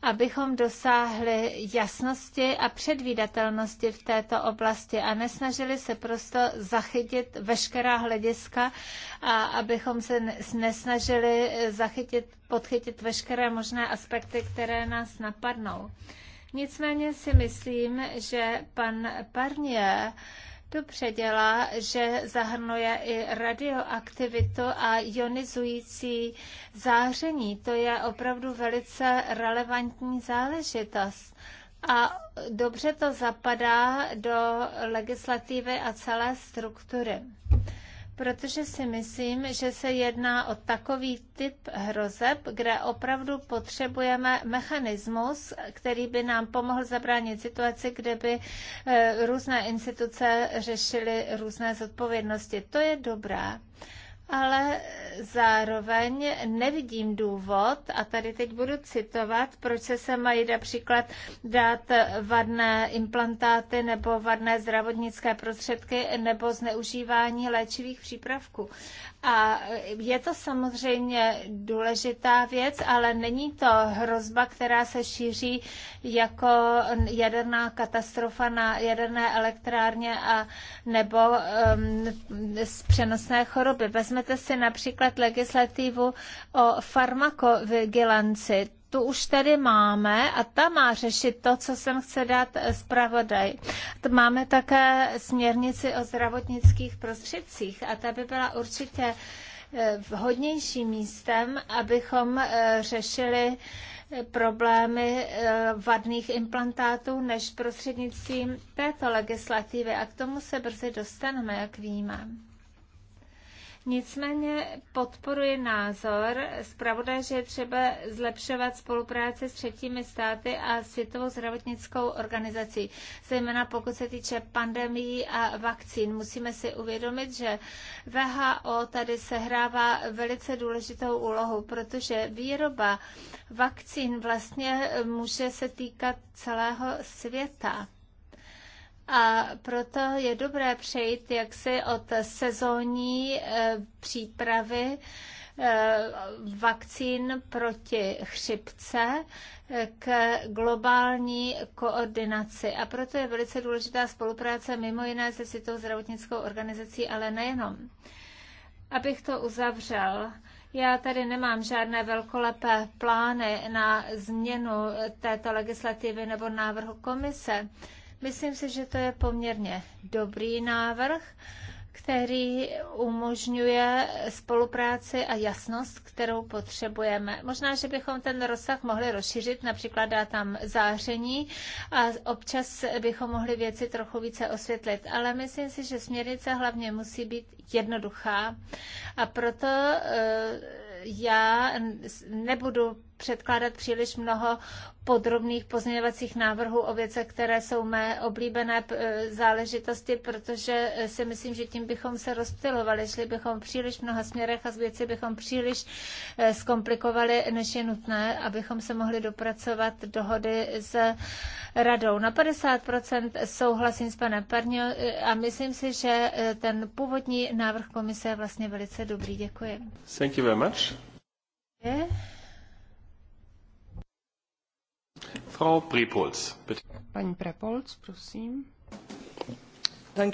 abychom dosáhli jasnosti a předvídatelnosti v této oblasti a nesnažili se prostě zachytit veškerá hlediska a abychom se nesnažili zachytit, podchytit veškeré možné aspekty, které nás napadnou. Nicméně si myslím, že pan Parnier to předělá, že zahrnuje i radioaktivitu a ionizující záření. To je opravdu velice relevantní záležitost. A dobře to zapadá do legislativy a celé struktury protože si myslím, že se jedná o takový typ hrozeb, kde opravdu potřebujeme mechanismus, který by nám pomohl zabránit situaci, kde by eh, různé instituce řešily různé zodpovědnosti. To je dobré ale zároveň nevidím důvod, a tady teď budu citovat, proč se se mají například dát vadné implantáty nebo vadné zdravotnické prostředky nebo zneužívání léčivých přípravků. A je to samozřejmě důležitá věc, ale není to hrozba, která se šíří jako jaderná katastrofa na jaderné elektrárně a nebo um, z přenosné choroby. Vezme Vezmete si například legislativu o farmakovigilanci tu už tady máme a ta má řešit to, co sem chce dát zpravodaj. Máme také směrnici o zdravotnických prostředcích a ta by byla určitě eh, vhodnějším místem, abychom eh, řešili eh, problémy vadných implantátů než prostřednictvím této legislativy. A k tomu se brzy dostaneme, jak víme. Nicméně podporuji názor zpravodaje, že je třeba zlepšovat spolupráci s třetími státy a Světovou zdravotnickou organizací, zejména pokud se týče pandemii a vakcín. Musíme si uvědomit, že VHO tady sehrává velice důležitou úlohu, protože výroba vakcín vlastně může se týkat celého světa. A proto je dobré přejít jaksi od sezónní eh, přípravy eh, vakcín proti chřipce eh, k globální koordinaci. A proto je velice důležitá spolupráce mimo jiné se Světovou zdravotnickou organizací, ale nejenom. Abych to uzavřel, já tady nemám žádné velkolepé plány na změnu této legislativy nebo návrhu komise. Myslím si, že to je poměrně dobrý návrh, který umožňuje spolupráci a jasnost, kterou potřebujeme. Možná, že bychom ten rozsah mohli rozšířit, například dát tam záření a občas bychom mohli věci trochu více osvětlit. Ale myslím si, že směrnice hlavně musí být jednoduchá a proto eh, já nebudu předkládat příliš mnoho podrobných pozměňovacích návrhů o věcech, které jsou mé oblíbené eh, záležitosti, protože eh, si myslím, že tím bychom se rozptilovali, šli bychom příliš mnoha směrech a z věci bychom příliš eh, zkomplikovali, než je nutné, abychom se mohli dopracovat dohody s radou. Na 50% souhlasím s panem Parňo a myslím si, že ten původní návrh komise je vlastně velice dobrý. Děkuji. Thank you very much. Yeah. Frau Prepols, bitte. Prepols, prosím. Eh,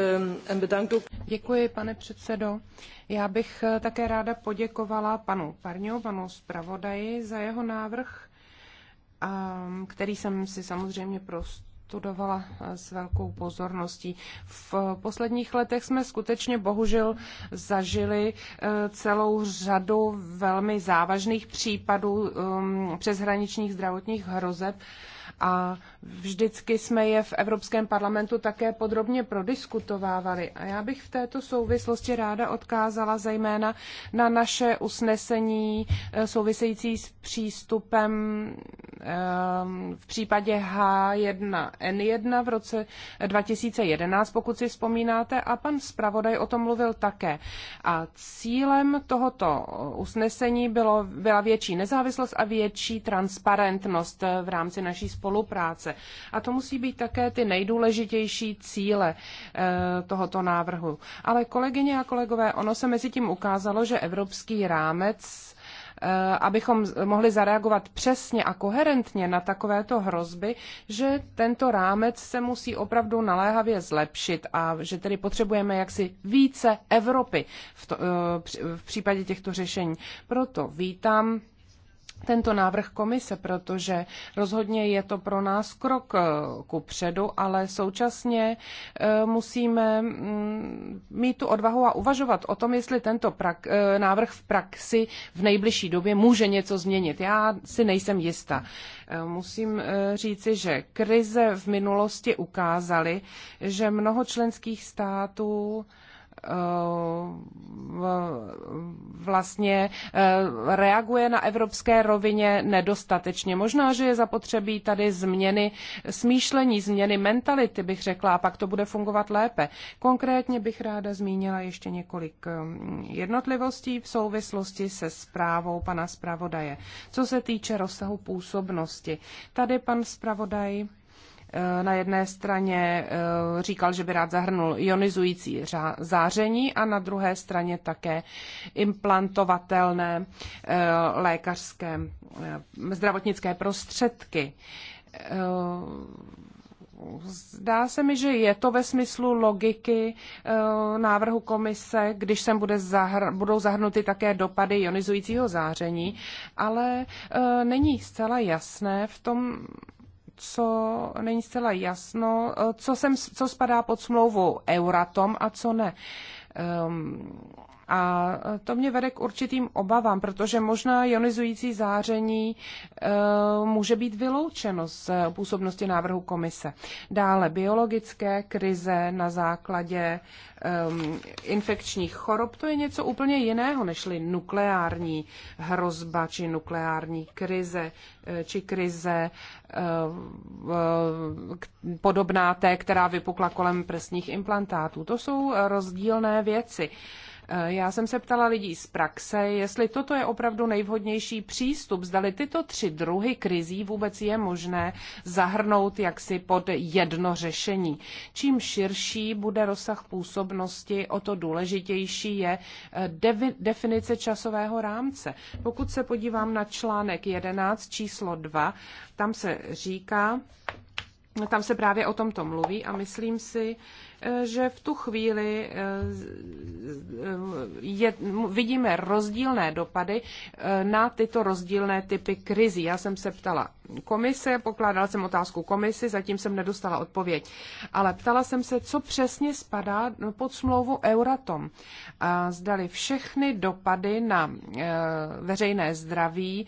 ehm, Děkuji, pane předsedo. Já bych eh, také ráda poděkovala panu Parňo, panu zpravodaji za jeho návrh, ehm, který jsem si samozřejmě prost studovala eh, s velkou pozorností. V posledních letech jsme skutečně bohužel zažili eh, celou řadu velmi závažných případů ehm, přeshraničních zdravotních hrozeb a Vždycky jsme je v Evropském parlamentu také podrobně prodiskutovávali a já bych v této souvislosti ráda odkázala zejména na naše usnesení eh, související s přístupem eh, v případě H1N1 v roce 2011, pokud si vzpomínáte, a pan zpravodaj o tom mluvil také. A cílem tohoto usnesení bylo, byla větší nezávislost a větší transparentnost eh, v rámci naší spolupráce. A to musí být také ty nejdůležitější cíle eh, tohoto návrhu. Ale kolegyně a kolegové, ono se mezi tím ukázalo, že evropský rámec eh, abychom mohli zareagovat přesně a koherentně na takovéto hrozby, že tento rámec se musí opravdu naléhavě zlepšit a že tedy potřebujeme jaksi více Evropy v, to, eh, v případě těchto řešení. Proto vítám tento návrh komise, protože rozhodně je to pro nás krok eh, ku předu, ale současně eh, musíme mm, mít tu odvahu a uvažovat o tom, jestli tento prak, eh, návrh v praxi v nejbližší době může něco změnit. Já si nejsem jista. Musím říci, že krize v minulosti ukázaly, že mnoho členských států Eh, vlastně eh, reaguje na evropské rovině nedostatečně. Možná, že je zapotřebí tady změny smýšlení, změny mentality, bych řekla, a pak to bude fungovat lépe. Konkrétně bych ráda zmínila ještě několik mm, jednotlivostí v souvislosti se zprávou pana zpravodaje. Co se týče rozsahu působnosti, tady pan zpravodaj Eh, na jedné straně eh, říkal, že by rád zahrnul ionizující záření a na druhé straně také implantovatelné eh, lékařské zdravotnické prostředky. Zdá se mi, že je to ve smyslu logiky návrhu komise, když sem bude zahr- budou zahrnuty také dopady ionizujícího záření, ale není zcela jasné v tom, co není zcela jasno, eh, co, sem, co spadá pod smlouvu Euratom a co ne. Um, a to mě vede k určitým obavám, protože možná ionizující záření eh, může být vyloučeno z působnosti návrhu komise. Dále biologické krize na základě ehm, infekčních chorob, to je něco úplně jiného nežli nukleární hrozba či nukleární krize eh, či krize eh, podobná té, která vypukla kolem prsních implantátů. To jsou rozdílné věci. Eh, já jsem se ptala lidí z praxe, jestli toto je opravdu nejvhodnější přístup, zdali tyto tři druhy krizí vůbec je možné zahrnout jaksi pod jedno řešení. Čím širší bude rozsah působnosti, o to důležitější je eh, definice časového rámce. Pokud se podívám na článek 11 číslo 2, tam se říká, tam se právě o tomto mluví a myslím si, že v tu chvíli eh, je, vidíme rozdílné dopady eh, na tyto rozdílné typy krizí. Já jsem se ptala komise, pokládala jsem otázku komisi, zatím jsem nedostala odpověď, ale ptala jsem se, co přesně spadá pod smlouvu Euratom. A zdali všechny dopady na eh, veřejné zdraví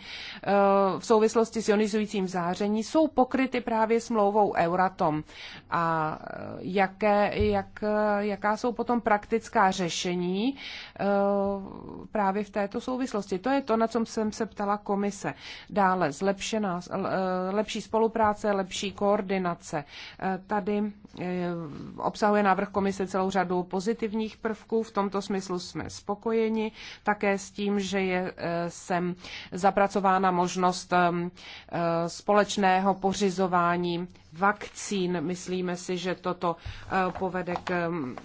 v souvislosti s ionizujícím záření jsou pokryty právě smlouvou Euratom. A jaké jak, jaká jsou potom praktická řešení eh, právě v této souvislosti. To je to, na co jsem se ptala komise. Dále zlepšená, eh, lepší spolupráce, lepší koordinace. Eh, tady obsahuje návrh komise celou řadu pozitivních prvků. V tomto smyslu jsme spokojeni také s tím, že je sem zapracována možnost společného pořizování vakcín. Myslíme si, že toto eh, povede k mm,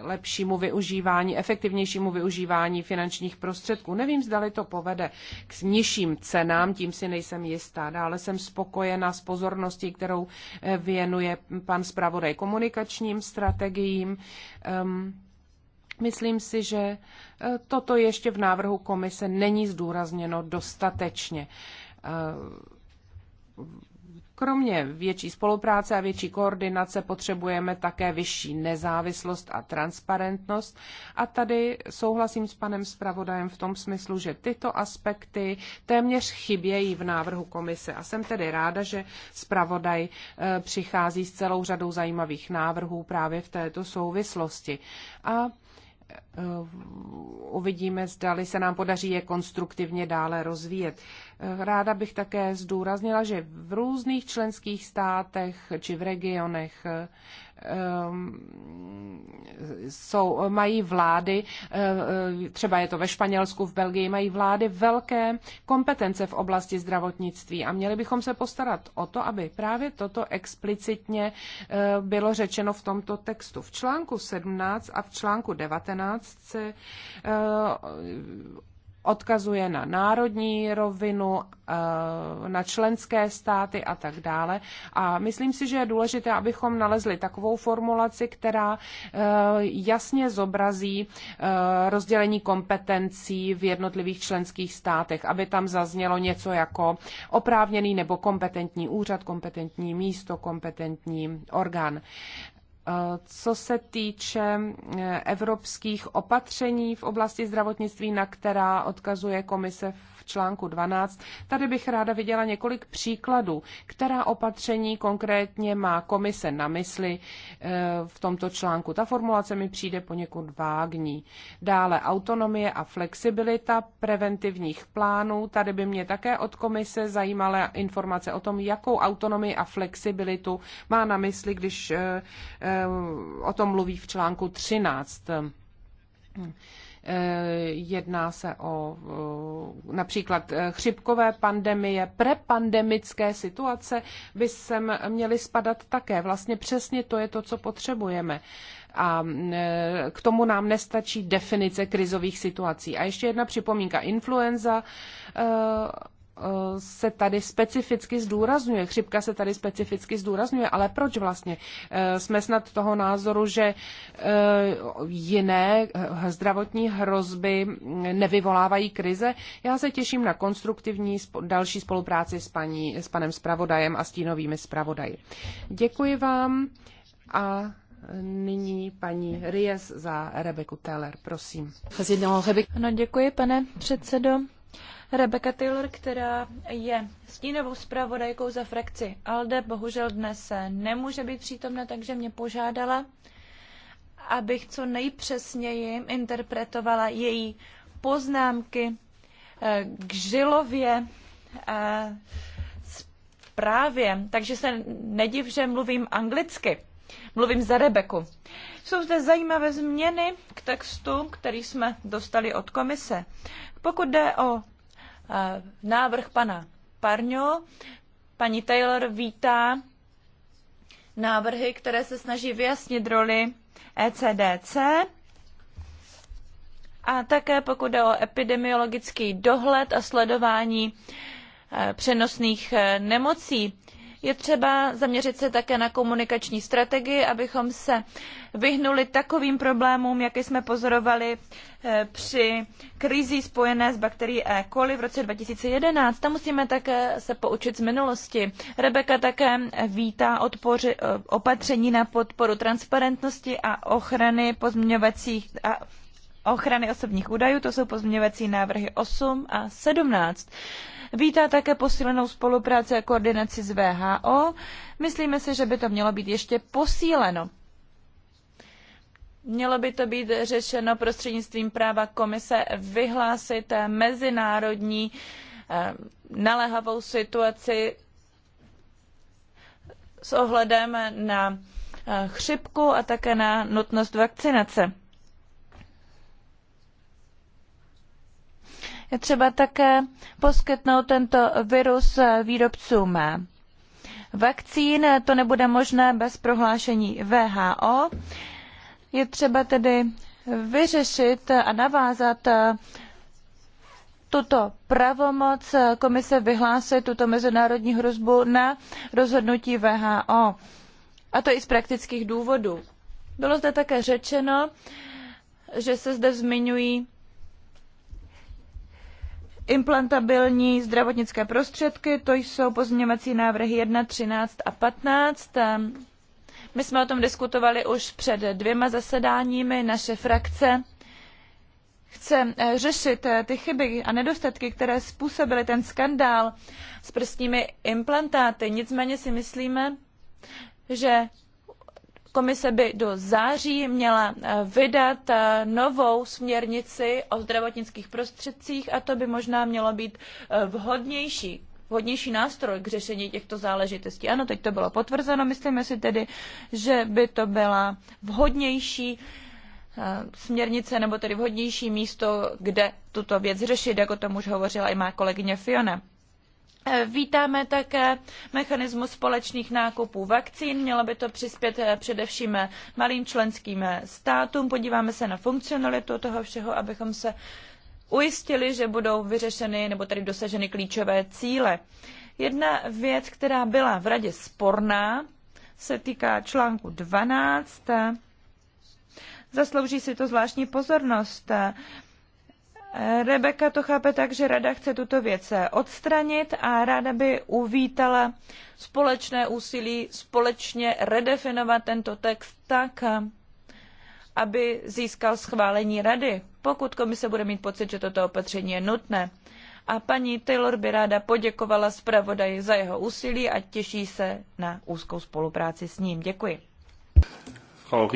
lepšímu využívání, efektivnějšímu využívání finančních prostředků. Nevím, zdali to povede k nižším cenám, tím si nejsem jistá. Dále jsem spokojena s pozorností, kterou eh, věnuje pan zpravodaj komunikačním strategiím. Ehm, myslím si, že eh, toto ještě v návrhu komise není zdůrazněno dostatečně Kromě větší spolupráce a větší koordinace potřebujeme také vyšší nezávislost a transparentnost. A tady souhlasím s panem zpravodajem v tom smyslu, že tyto aspekty téměř chybějí v návrhu komise. A jsem tedy ráda, že zpravodaj eh, přichází s celou řadou zajímavých návrhů právě v této souvislosti. A Eh, uvidíme, zdali se nám podaří je konstruktivně dále rozvíjet. Eh, ráda bych také zdůraznila, že v různých členských státech či v regionech Ehm, jsou, mají vlády, eh, eh, třeba je to ve Španělsku, v Belgii, mají vlády velké kompetence v oblasti zdravotnictví a měli bychom se postarat o to, aby právě toto explicitně eh, bylo řečeno v tomto textu. V článku 17 a v článku 19 se odkazuje na národní rovinu, eh, na členské státy a tak dále. A myslím si, že je důležité, abychom nalezli takovou formulaci, která eh, jasně zobrazí eh, rozdělení kompetencí v jednotlivých členských státech, aby tam zaznělo něco jako oprávněný nebo kompetentní úřad, kompetentní místo, kompetentní orgán. Eh, co se týče eh, evropských opatření v oblasti zdravotnictví, na která odkazuje komise článku 12. Tady bych ráda viděla několik příkladů, která opatření konkrétně má komise na mysli eh, v tomto článku. Ta formulace mi přijde poněkud vágní. Dále autonomie a flexibilita preventivních plánů. Tady by mě také od komise zajímala informace o tom, jakou autonomii a flexibilitu má na mysli, když eh, eh, o tom mluví v článku 13. Jedná se o například eh, chřipkové pandemie, prepandemické situace by sem měly spadat také. Vlastně přesně to je to, co potřebujeme a eh, k tomu nám nestačí definice krizových situací. A ještě jedna připomínka. Influenza eh, se tady specificky zdůrazňuje, chřipka se tady specificky zdůrazňuje, ale proč vlastně? Eh, jsme snad toho názoru, že eh, jiné eh, zdravotní hrozby nevyvolávají krize. Já se těším na konstruktivní další spolupráci s, paní, s panem zpravodajem a stínovými zpravodaji. Děkuji vám a Nyní paní Ries za Rebeku Teller, prosím. No, děkuji, pane předsedo. Rebecca Taylor, která je stínovou zpravodajkou za frakci ALDE, bohužel dnes se nemůže být přítomna, takže mě požádala, abych co nejpřesněji interpretovala její poznámky eh, k Žilově eh, zprávě, takže se nediv, že mluvím anglicky. Mluvím za Rebeku. Jsou zde zajímavé změny k textu, který jsme dostali od komise. Pokud jde o návrh pana Parňo. Paní Taylor vítá návrhy, které se snaží vyjasnit roli ECDC. A také pokud jde o epidemiologický dohled a sledování eh, přenosných eh, nemocí, je třeba zaměřit se také na komunikační strategii, abychom se vyhnuli takovým problémům, jaké jsme pozorovali eh, při krizi spojené s bakterií E. coli v roce 2011. Tam musíme také se poučit z minulosti. Rebeka také vítá odpoři, eh, opatření na podporu transparentnosti a ochrany pozměňovacích a ochrany osobních údajů, to jsou pozměňovací návrhy 8 a 17. Vítá také posílenou spolupráci a koordinaci s VHO. Myslíme si, že by to mělo být ještě posíleno. Mělo by to být řešeno prostřednictvím práva komise vyhlásit mezinárodní eh, naléhavou situaci s ohledem na eh, chřipku a také na nutnost vakcinace. je třeba také poskytnout tento virus výrobcům vakcín. To nebude možné bez prohlášení WHO. Je třeba tedy vyřešit a navázat tuto pravomoc komise vyhlásit tuto mezinárodní hrozbu na rozhodnutí WHO. A to i z praktických důvodů. Bylo zde také řečeno, že se zde zmiňují implantabilní zdravotnické prostředky, to jsou pozměňovací návrhy 1, 13 a 15. Ehm, my jsme o tom diskutovali už před dvěma zasedáními. Naše frakce chce eh, řešit eh, ty chyby a nedostatky, které způsobily ten skandál s prstními implantáty. Nicméně si myslíme, že Komise by do září měla eh, vydat eh, novou směrnici o zdravotnických prostředcích a to by možná mělo být eh, vhodnější vhodnější nástroj k řešení těchto záležitostí. Ano, teď to bylo potvrzeno, myslíme si tedy, že by to byla vhodnější směrnice nebo tedy vhodnější místo, kde tuto věc řešit, jako to už hovořila i má kolegyně Fiona. Eh, vítáme také mechanismus společných nákupů vakcín. Mělo by to přispět eh, především eh, malým členským státům. Podíváme se na funkcionalitu toho všeho, abychom se ujistili, že budou vyřešeny nebo tedy dosaženy klíčové cíle. Jedna věc, která byla v radě sporná, se týká článku 12. Zaslouží si to zvláštní pozornost. Rebeka to chápe tak, že rada chce tuto věc odstranit a ráda by uvítala společné úsilí společně redefinovat tento text tak, aby získal schválení rady, pokud komise bude mít pocit, že toto opatření je nutné. A paní Taylor by ráda poděkovala zpravodaji za jeho úsilí a těší se na úzkou spolupráci s ním. Děkuji. Frau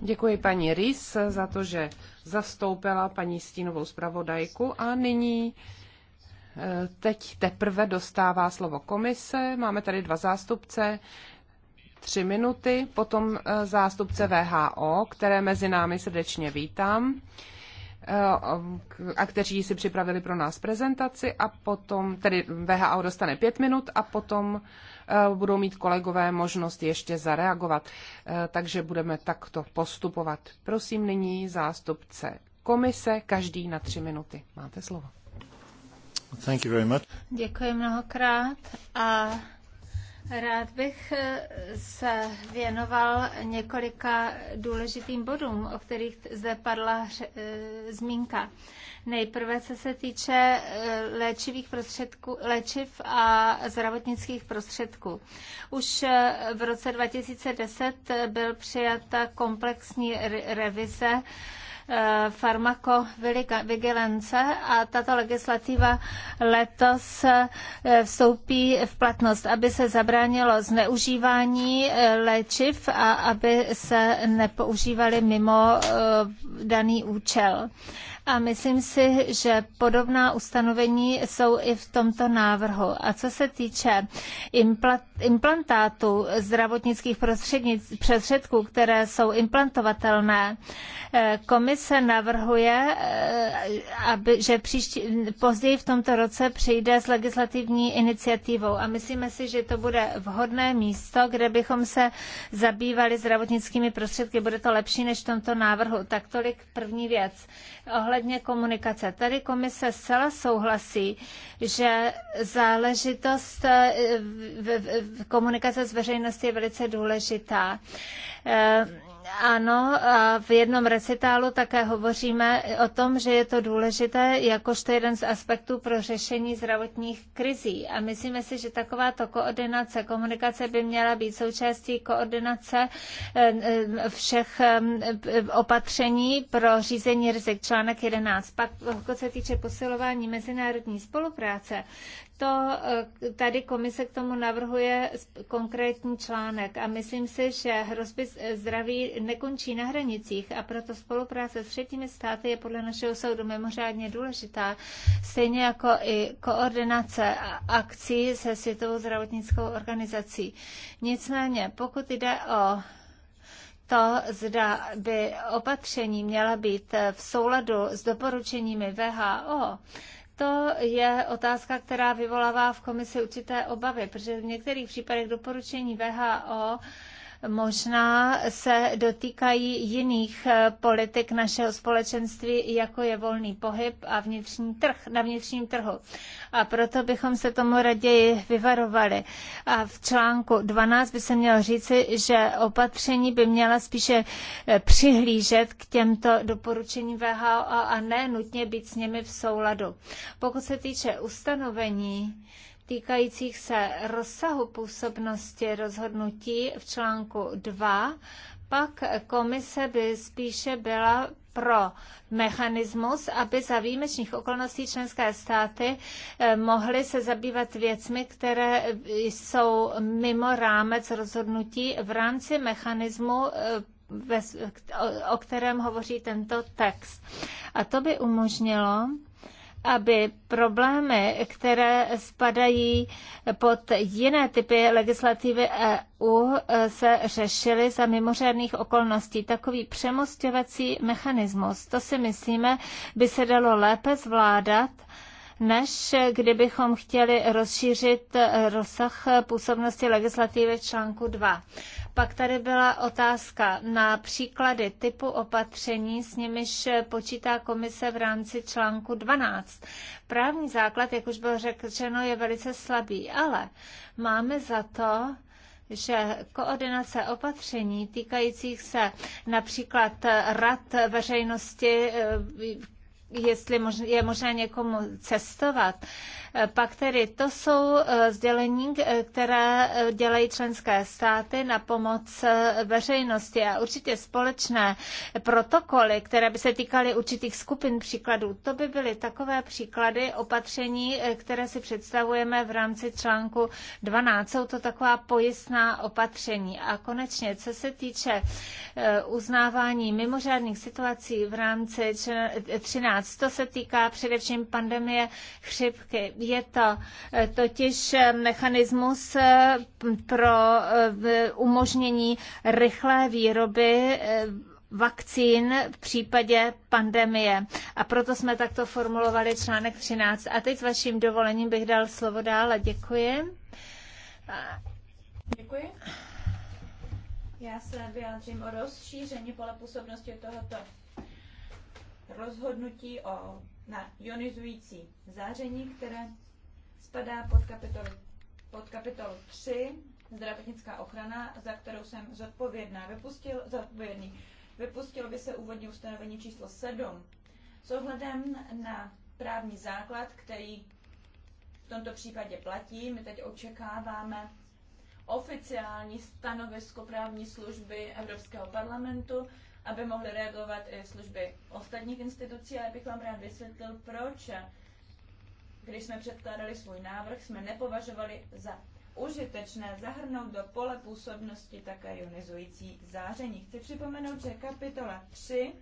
Děkuji paní Ries za to, že zastoupila paní stínovou zpravodajku a nyní eh, teď teprve dostává slovo komise. Máme tady dva zástupce, tři minuty, potom eh, zástupce VHO, které mezi námi srdečně vítám eh, a kteří si připravili pro nás prezentaci a potom, tedy VHO dostane pět minut a potom Eh, budou mít kolegové možnost ještě zareagovat. Eh, takže budeme takto postupovat. Prosím nyní zástupce komise, každý na tři minuty. Máte slovo. Thank you very much. Děkuji mnohokrát a Rád bych eh, se věnoval několika důležitým bodům, o kterých zde padla eh, zmínka. Nejprve, co se týče eh, léčivých prostředků, léčiv a zdravotnických prostředků. Už v roce 2010 byl přijata komplexní revize Eh, farmakovigilance a tato legislativa letos eh, vstoupí v platnost, aby se zabránilo zneužívání eh, léčiv a aby se nepoužívaly mimo daný účel. A myslím si, že podobná ustanovení jsou i v tomto návrhu. A co se týče implantátů zdravotnických prostředků, které jsou implantovatelné, eh, komise navrhuje, eh, aby, že příští, později v tomto roce přijde s legislativní iniciativou. A myslíme si, že to bude vhodné místo, kde bychom se zabývali zdravotnickými prostředky. Bude to lepší než v tomto návrhu. Tak tolik první věc. Ohled ohledně komunikace. Tady komise zcela souhlasí, že záležitost eh, komunikace s veřejností je velice důležitá. Eh, ano, a v jednom recitálu také hovoříme o tom, že je to důležité jakožto jeden z aspektů pro řešení zdravotních krizí. A myslíme si, že takováto koordinace, komunikace by měla být součástí koordinace eh, eh, všech eh, opatření pro řízení rizik. Článek 11. Pak, pokud se týče posilování mezinárodní spolupráce, to eh, tady komise k tomu navrhuje konkrétní článek a myslím si, že hrozby zdraví nekončí na hranicích a proto spolupráce s třetími státy je podle našeho soudu mimořádně důležitá, stejně jako i koordinace akcí se Světovou zdravotnickou organizací. Nicméně, pokud jde o to, zda by opatření měla být v souladu s doporučeními VHO, to je otázka, která vyvolává v komisi určité obavy, protože v některých případech doporučení VHO možná se dotýkají jiných eh, politik našeho společenství, jako je volný pohyb a vnitřní trh, na vnitřním trhu. A proto bychom se tomu raději vyvarovali. A v článku 12 by se mělo říci, že opatření by měla spíše eh, přihlížet k těmto doporučením VHO a ne nutně být s nimi v souladu. Pokud se týče ustanovení, týkajících se rozsahu působnosti rozhodnutí v článku 2, pak komise by spíše byla pro mechanismus, aby za výjimečných okolností členské státy eh, mohly se zabývat věcmi, které jsou mimo rámec rozhodnutí v rámci mechanismu eh, o kterém hovoří tento text. A to by umožnilo aby problémy, které spadají pod jiné typy legislativy EU, se řešily za mimořádných okolností. Takový přemostěvací mechanismus, to si myslíme, by se dalo lépe zvládat než kdybychom chtěli rozšířit eh, rozsah působnosti legislativy v článku 2. Pak tady byla otázka na příklady typu opatření, s nimiž počítá komise v rámci článku 12. Právní základ, jak už bylo řečeno, je velice slabý, ale máme za to, že koordinace opatření týkajících se například rad veřejnosti eh, jestli je možné někomu cestovat, pak tedy to jsou eh, sdělení, eh, které eh, dělají členské státy na pomoc veřejnosti a určitě společné protokoly, které by se týkaly určitých skupin příkladů. To by byly takové příklady opatření, které si představujeme v rámci článku 12. Jsou to taková pojistná opatření. A konečně, co se týče uznávání mimořádných situací v rámci 13, to se týká především pandemie chřipky. Je to eh, totiž eh, mechanismus eh, pro umožnění rychlé výroby vakcín v případě pandemie. A proto jsme takto formulovali článek 13. A teď s vaším dovolením bych dal slovo dále. Děkuji. Děkuji. Já se vyjádřím o rozšíření pole působnosti tohoto rozhodnutí o na ionizující záření, které spadá pod kapitolu, pod kapitolu 3 zdravotnická ochrana, za kterou jsem zodpovědná. Vypustil, zodpovědný. Vypustilo by se úvodní ustanovení číslo 7 s ohledem na právní základ, který v tomto případě platí. My teď očekáváme oficiální stanovisko právní služby Evropského parlamentu aby mohly reagovat i služby ostatních institucí, ale bych vám rád vysvětlil, proč, když jsme předkládali svůj návrh, jsme nepovažovali za užitečné zahrnout do pole působnosti také ionizující záření. Chci připomenout, že kapitola 3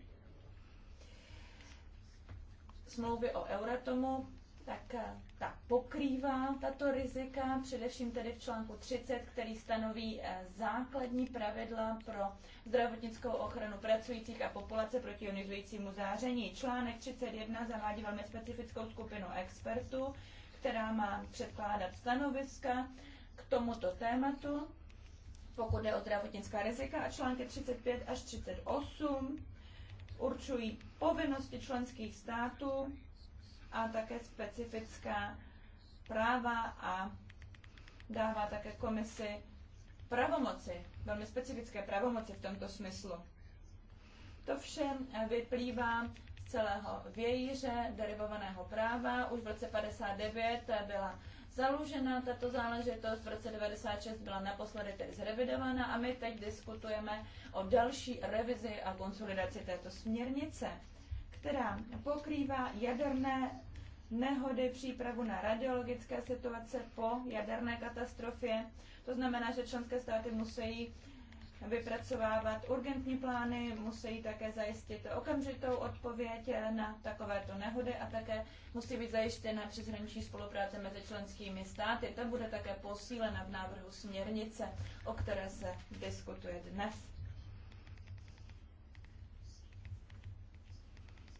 smlouvy o Euratomu tak eh, ta pokrývá tato rizika, především tedy v článku 30, který stanoví eh, základní pravidla pro zdravotnickou ochranu pracujících a populace proti ionizujícímu záření. Článek 31 zavádí velmi specifickou skupinu expertů, která má předkládat stanoviska k tomuto tématu, pokud je o zdravotnická rizika a články 35 až 38 určují povinnosti členských států a také specifická práva a dává také komisi pravomoci, velmi specifické pravomoci v tomto smyslu. To vše vyplývá z celého vějíře derivovaného práva. Už v roce 59 byla založena tato záležitost, v roce 96 byla naposledy tedy zrevidována a my teď diskutujeme o další revizi a konsolidaci této směrnice která pokrývá jaderné nehody, přípravu na radiologické situace po jaderné katastrofě. To znamená, že členské státy musí vypracovávat urgentní plány, musí také zajistit okamžitou odpověď na takovéto nehody a také musí být zajištěna přeshraniční spolupráce mezi členskými státy. Ta bude také posílena v návrhu směrnice, o které se diskutuje dnes.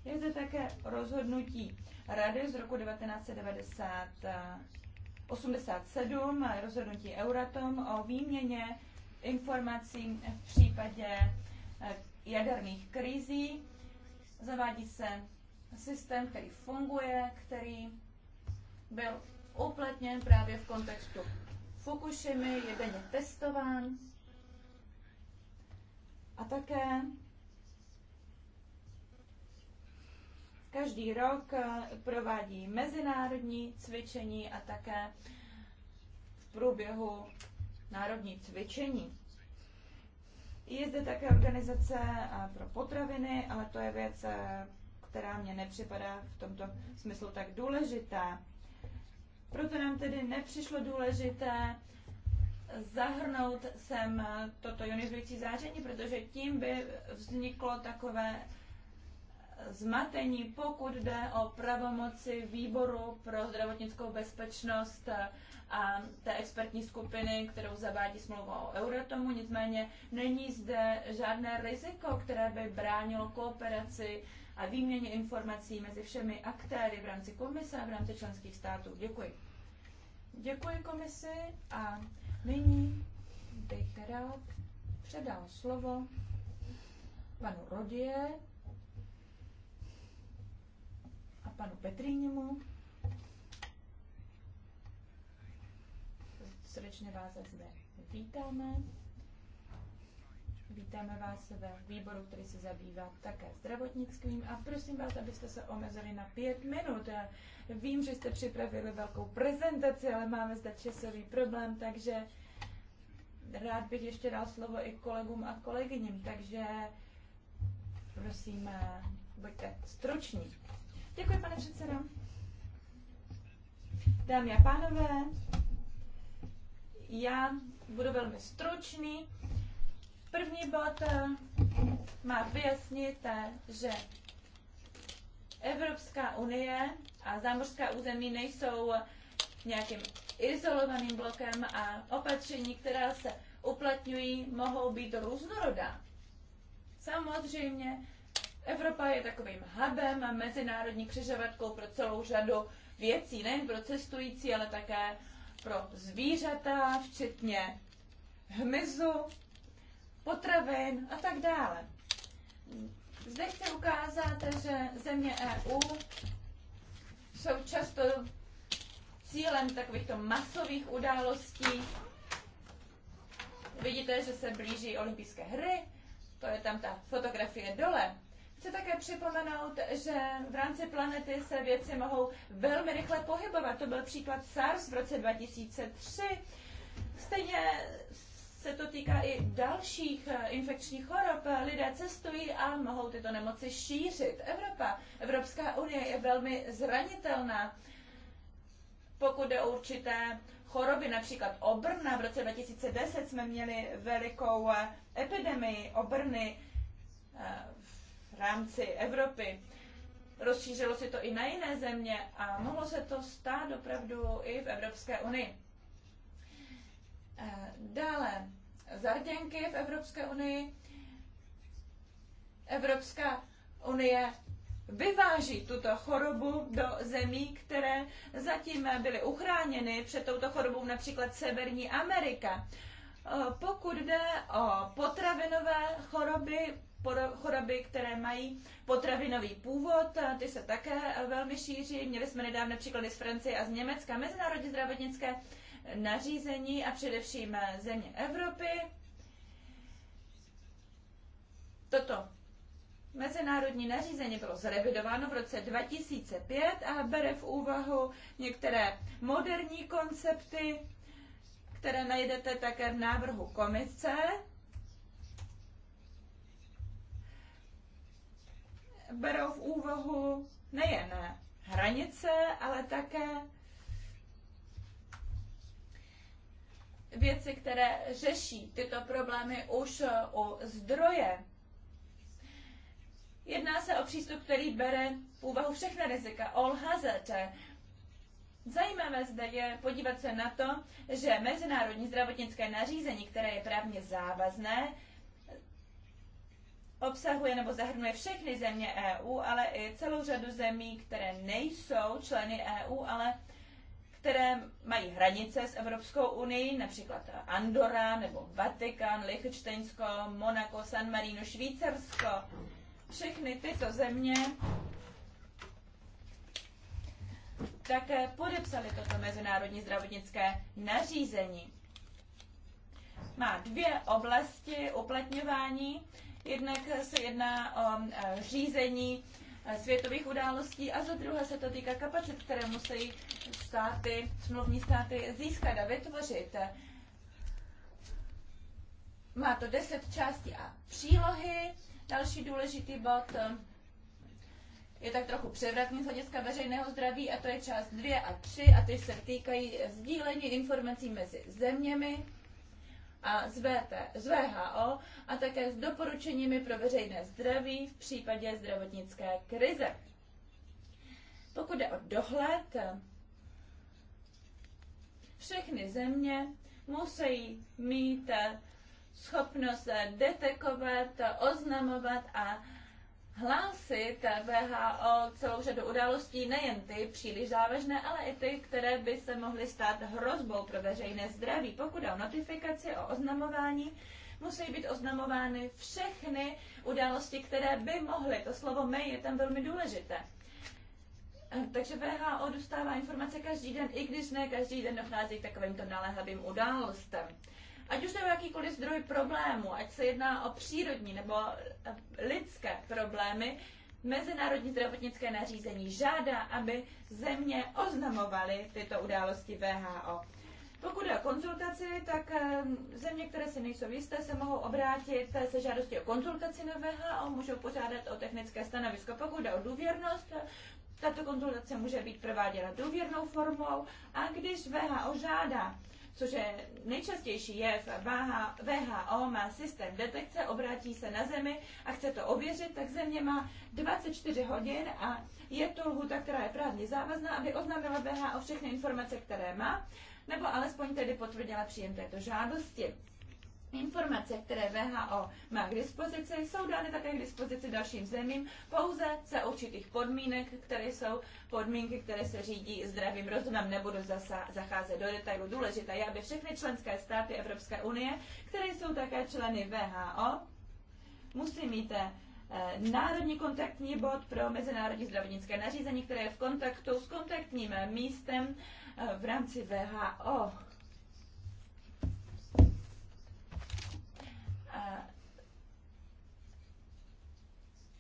Je zde také rozhodnutí Rady z roku 1987, rozhodnutí Euratom o výměně informací v případě eh, jaderných krizí. Zavádí se systém, který funguje, který byl uplatněn právě v kontextu Fukushimy, je denně testován. A také Každý rok eh, provádí mezinárodní cvičení a také v průběhu národní cvičení. Je zde také organizace eh, pro potraviny, ale to je věc, eh, která mě nepřipadá v tomto smyslu tak důležitá. Proto nám tedy nepřišlo důležité zahrnout sem toto ionizující záření, protože tím by vzniklo takové zmatení, pokud jde o pravomoci výboru pro zdravotnickou bezpečnost a té expertní skupiny, kterou zavádí smlouva o Euratomu. Nicméně není zde žádné riziko, které by bránilo kooperaci a výměně informací mezi všemi aktéry v rámci komise a v rámci členských států. Děkuji. Děkuji komisi a nyní bych rád předal slovo panu Rodie, panu Petríněmu. Srdečně vás zde vítáme. Vítáme vás ve výboru, který se zabývá také zdravotnickým a prosím vás, abyste se omezili na pět minut. Vím, že jste připravili velkou prezentaci, ale máme zde časový problém, takže rád bych ještě dal slovo i kolegům a kolegyním, takže prosím, buďte struční. Děkuji, pane předsedo. Dámy a pánové, já budu velmi stručný. První bod eh, má vyjasnit, eh, že Evropská unie a zámořská území nejsou eh, nějakým izolovaným blokem a opatření, která se uplatňují, mohou být různorodá. Samozřejmě Evropa je takovým hubem a mezinárodní křižovatkou pro celou řadu věcí, nejen pro cestující, ale také pro zvířata, včetně hmyzu, potravin a tak dále. Zde chci ukázat, že země EU jsou často cílem takovýchto masových událostí. Vidíte, že se blíží olympijské hry, to je tam ta fotografie dole. Chci také připomenout, že v rámci planety se věci mohou velmi rychle pohybovat. To byl příklad SARS v roce 2003. Stejně se to týká i dalších eh, infekčních chorob. Lidé cestují a mohou tyto nemoci šířit. Evropa, Evropská unie je velmi zranitelná, pokud jde o určité choroby, například obrna. V roce 2010 jsme měli velikou eh, epidemii obrny eh, v rámci Evropy. Rozšířilo se to i na jiné země a mohlo se to stát opravdu i v Evropské unii. Eh, dále, zarděnky v Evropské unii. Evropská unie vyváží tuto chorobu do zemí, které zatím byly uchráněny před touto chorobou, například Severní Amerika. Eh, pokud jde o potravinové choroby, choroby, které mají potravinový původ, ty se také velmi šíří. Měli jsme nedávné příklady z Francie a z Německa. Mezinárodní zdravotnické nařízení a především země Evropy. Toto Mezinárodní nařízení bylo zrevidováno v roce 2005 a bere v úvahu některé moderní koncepty, které najdete také v návrhu komise berou v úvahu nejen hranice, ale také věci, které řeší tyto problémy už u zdroje. Jedná se o přístup, který bere v úvahu všechna rizika, all hazard. Zajímavé zde je podívat se na to, že mezinárodní zdravotnické nařízení, které je právně závazné, obsahuje nebo zahrnuje všechny země EU, ale i celou řadu zemí, které nejsou členy EU, ale které mají hranice s Evropskou unii, například Andora nebo Vatikán, Liechtensteinsko, Monaco, San Marino, Švýcarsko. Všechny tyto země také podepsali toto mezinárodní zdravotnické nařízení. Má dvě oblasti uplatňování Jednak se jedná o e, řízení e, světových událostí a za druhé se to týká kapacit, které musí státy, smluvní státy získat a vytvořit. E, má to 10 částí a přílohy. Další důležitý bod je tak trochu převratný z hlediska veřejného zdraví a to je část 2 a 3 a ty se týkají sdílení informací mezi zeměmi a z, VT, z VHO a také s doporučeními pro veřejné zdraví v případě zdravotnické krize. Pokud jde o dohled, všechny země musí mít schopnost detekovat, oznamovat a hlásit VHO celou řadu událostí, nejen ty příliš závažné, ale i ty, které by se mohly stát hrozbou pro veřejné zdraví. Pokud o notifikaci, o oznamování, musí být oznamovány všechny události, které by mohly. To slovo my je tam velmi důležité. Takže VHO dostává informace každý den, i když ne každý den dochází k takovýmto naléhavým událostem ať už to je jakýkoliv zdroj problému, ať se jedná o přírodní nebo eh, lidské problémy, Mezinárodní zdravotnické nařízení žádá, aby země oznamovaly tyto události VHO. Pokud je o konzultaci, tak eh, země, které si nejsou jisté, se mohou obrátit eh, se žádostí o konzultaci na VHO, můžou požádat o technické stanovisko. Pokud je o důvěrnost, tato konzultace může být prováděna důvěrnou formou a když VHO žádá což je nejčastější jev, VHO má systém detekce, obrátí se na zemi a chce to ověřit, tak země má 24 hodin a je to lhuta, která je právně závazná, aby oznámila VHO všechny informace, které má, nebo alespoň tedy potvrdila příjem této žádosti. Informace, které VHO má k dispozici, jsou dány také k dispozici dalším zemím pouze za určitých podmínek, které jsou podmínky, které se řídí zdravým rozumem. Nebudu zasa, zacházet do detailu. Důležité je, aby všechny členské státy Evropské unie, které jsou také členy VHO, musí mít eh, národní kontaktní bod pro mezinárodní zdravotnické nařízení, které je v kontaktu s kontaktním místem eh, v rámci VHO.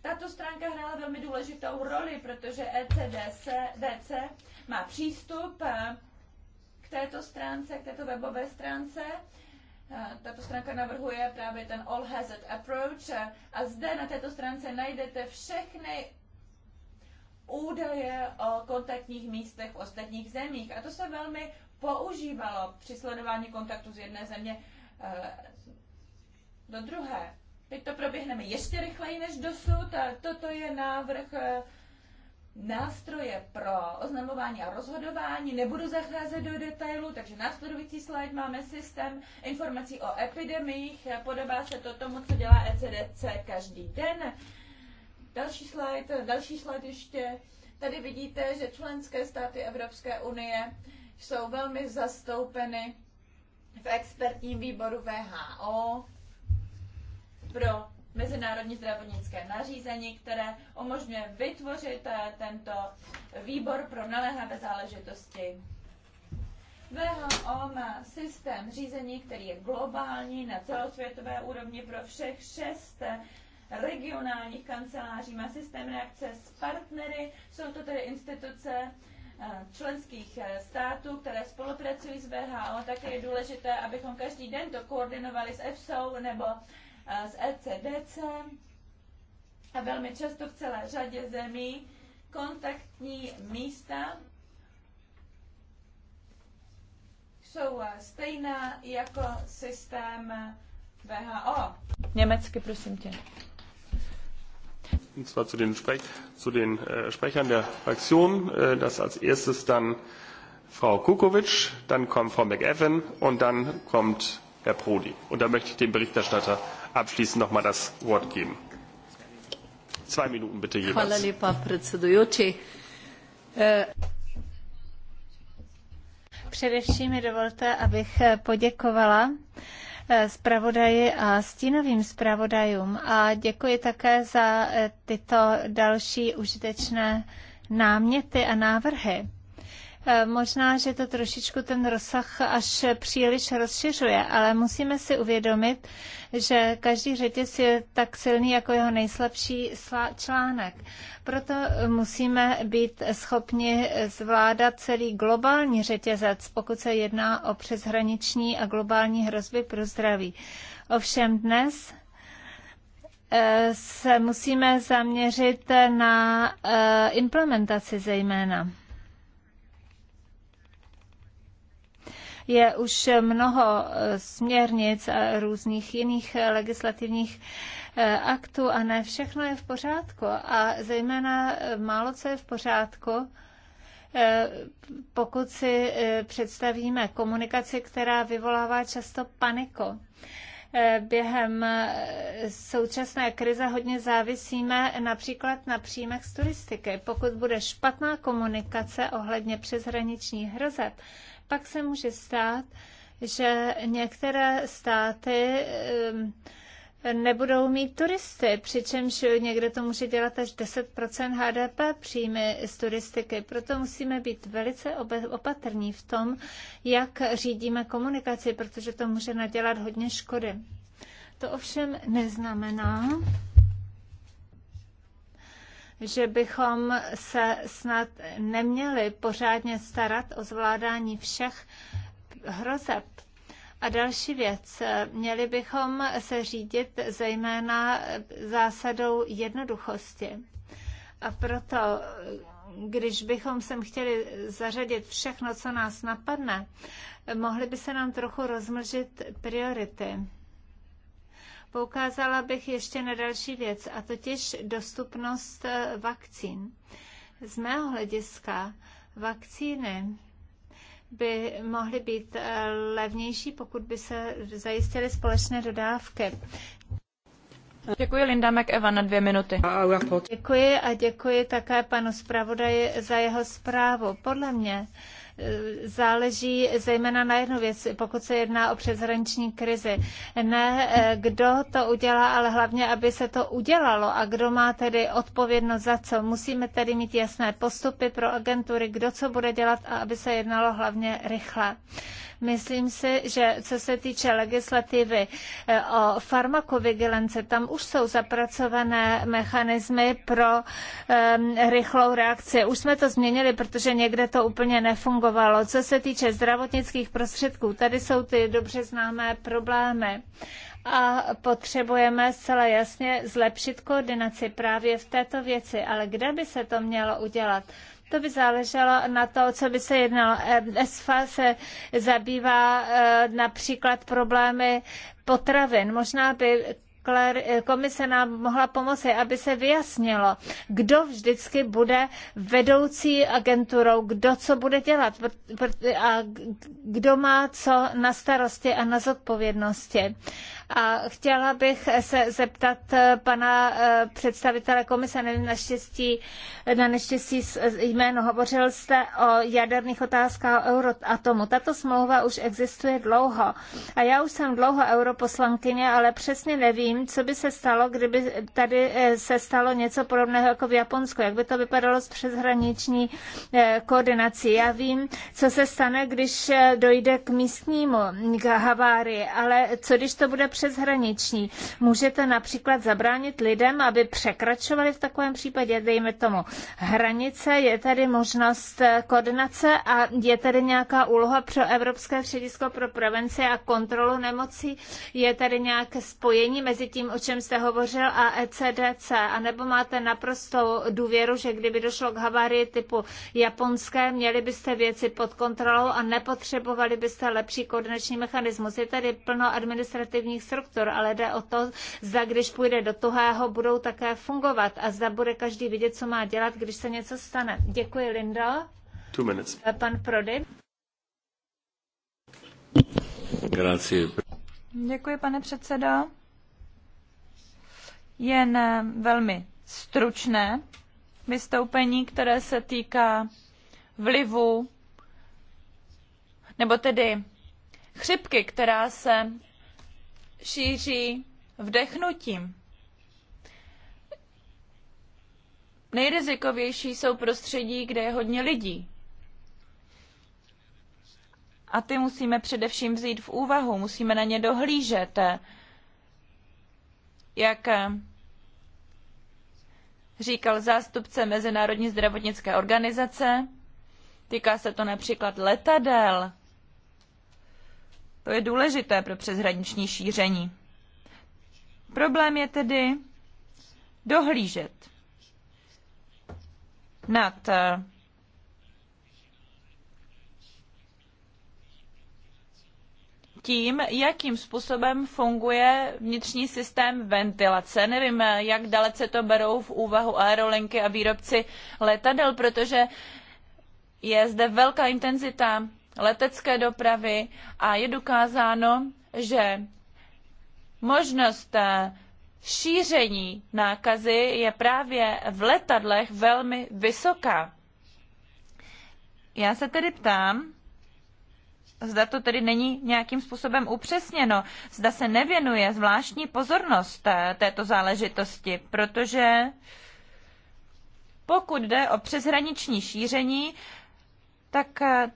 Tato stránka hrála velmi důležitou roli, protože ECDC má přístup eh, k této stránce, k této webové stránce. Eh, tato stránka navrhuje právě ten All Hazard Approach eh, a zde na této stránce najdete všechny údaje o kontaktních místech v ostatních zemích. A to se velmi používalo při sledování kontaktu z jedné země do druhé. Teď to proběhneme ještě rychleji než dosud. toto je návrh eh, nástroje pro oznamování a rozhodování. Nebudu zacházet do detailu, takže následující slide máme systém informací o epidemích. Podobá se to tomu, co dělá ECDC každý den. Další slide, další slide ještě. Tady vidíte, že členské státy Evropské unie jsou velmi zastoupeny v expertním výboru VHO pro mezinárodní zdravotnické nařízení, které umožňuje vytvořit eh, tento výbor pro naléhavé záležitosti. VHO má systém řízení, který je globální na celosvětové úrovni pro všech šest eh, regionálních kanceláří, má systém reakce s partnery, jsou to tedy instituce eh, členských států, které spolupracují s VHO, také je důležité, abychom každý den to koordinovali s EFSO nebo Eh, z ECDC a velmi často v celé řadě zemí kontaktní místa jsou eh, stejná jako systém eh, VHO. Německy, prosím tě. Und zwar zu den, Sprech, zu den äh, Sprechern der Fraktion. Äh, das als erstes dann Frau Kukovic, dann kommt Frau McEwen und dann kommt Herr Prodi. Und da möchte ich den Berichterstatter abschließend noch mal das Wort geben. Zwei Minuten bitte jeweils. Eh, Především mi dovolte, abych poděkovala eh, zpravodaji a stínovým zpravodajům a děkuji také za eh, tyto další užitečné náměty a návrhy. Eh, možná, že to trošičku ten rozsah až příliš rozšiřuje, ale musíme si uvědomit, že každý řetěz je tak silný jako jeho nejslabší článek. Proto musíme být schopni zvládat celý globální řetězec, pokud se jedná o přeshraniční a globální hrozby pro zdraví. Ovšem dnes eh, se musíme zaměřit na eh, implementaci zejména. je už mnoho eh, směrnic a různých jiných eh, legislativních eh, aktů a ne všechno je v pořádku. A zejména málo co je v pořádku, pokud si představíme komunikaci, která vyvolává často paniku během současné krize hodně závisíme například na příjmech z turistiky. Pokud bude špatná komunikace ohledně přeshraničních hrozeb, pak se může stát, že některé státy nebudou mít turisty, přičemž někde to může dělat až 10 HDP příjmy z turistiky. Proto musíme být velice opatrní v tom, jak řídíme komunikaci, protože to může nadělat hodně škody. To ovšem neznamená, že bychom se snad neměli pořádně starat o zvládání všech hrozeb. A další věc, měli bychom se řídit zejména zásadou jednoduchosti. A proto, když bychom sem chtěli zařadit všechno, co nás napadne, mohly by se nám trochu rozmlžit priority. Poukázala bych ještě na další věc, a totiž dostupnost eh, vakcín. Z mého hlediska vakcíny by mohly být eh, levnější, pokud by se zajistily společné dodávky. Děkuji Linda McEva na dvě minuty. Děkuji a děkuji také panu zpravodaji za jeho zprávu. Podle mě záleží zejména na jednu věc, pokud se jedná o přeshraniční krizi. Ne, eh, kdo to udělá, ale hlavně, aby se to udělalo a kdo má tedy odpovědnost za co. Musíme tedy mít jasné postupy pro agentury, kdo co bude dělat a aby se jednalo hlavně rychle. Myslím si, že co se týče legislativy eh, o farmakovigilance, tam už jsou zapracované mechanismy pro um, rychlou reakci. Už jsme to změnili, protože někde to úplně nefungovalo. Co se týče zdravotnických prostředků, tady jsou ty dobře známé problémy a potřebujeme zcela jasně zlepšit koordinaci právě v této věci. Ale kde by se to mělo udělat? To by záleželo na to, co by se jednalo. ESFA se zabývá eh, například problémy potravin. Možná by komise nám mohla pomoci, aby se vyjasnilo, kdo vždycky bude vedoucí agenturou, kdo co bude dělat a kdo má co na starosti a na zodpovědnosti. A chtěla bych se zeptat eh, pana eh, představitele komise, nevím, naštěstí, eh, na neštěstí jméno, hovořil jste o jaderných otázkách o Euratomu. Tato smlouva už existuje dlouho a já už jsem dlouho europoslankyně, ale přesně nevím, co by se stalo, kdyby tady se stalo něco podobného jako v Japonsku, jak by to vypadalo s přeshraniční koordinací. Já vím, co se stane, když dojde k místnímu k havárii, ale co když to bude přes přeshraniční. Můžete například zabránit lidem, aby překračovali v takovém případě, dejme tomu, hranice, je tady možnost eh, koordinace a je tady nějaká úloha pro Evropské středisko pro prevenci a kontrolu nemocí, je tady nějaké spojení mezi tím, o čem jste hovořil, a ECDC, anebo máte naprostou důvěru, že kdyby došlo k havárii typu japonské, měli byste věci pod kontrolou a nepotřebovali byste lepší koordinační mechanismus. Je tady plno administrativních struktur, ale jde o to, zda když půjde do tuhého, budou také fungovat a zda bude každý vidět, co má dělat, když se něco stane. Děkuji, Lindo. Two minutes. Pan Prody. Grazie. Děkuji, pane předsedo. Jen eh, velmi stručné vystoupení, které se týká vlivu, nebo tedy chřipky, která se šíří vdechnutím. Nejrizikovější jsou prostředí, kde je hodně lidí. A ty musíme především vzít v úvahu, musíme na ně dohlížet, jak říkal zástupce Mezinárodní zdravotnické organizace. Týká se to například letadel, to je důležité pro přeshraniční šíření. Problém je tedy dohlížet nad eh, tím, jakým způsobem funguje vnitřní systém ventilace. Nevím, eh, jak dalece to berou v úvahu aerolinky a výrobci letadel, protože je zde velká intenzita letecké dopravy a je dokázáno, že možnost eh, šíření nákazy je právě v letadlech velmi vysoká. Já se tedy ptám, zda to tedy není nějakým způsobem upřesněno, zda se nevěnuje zvláštní pozornost eh, této záležitosti, protože pokud jde o přeshraniční šíření, tak eh,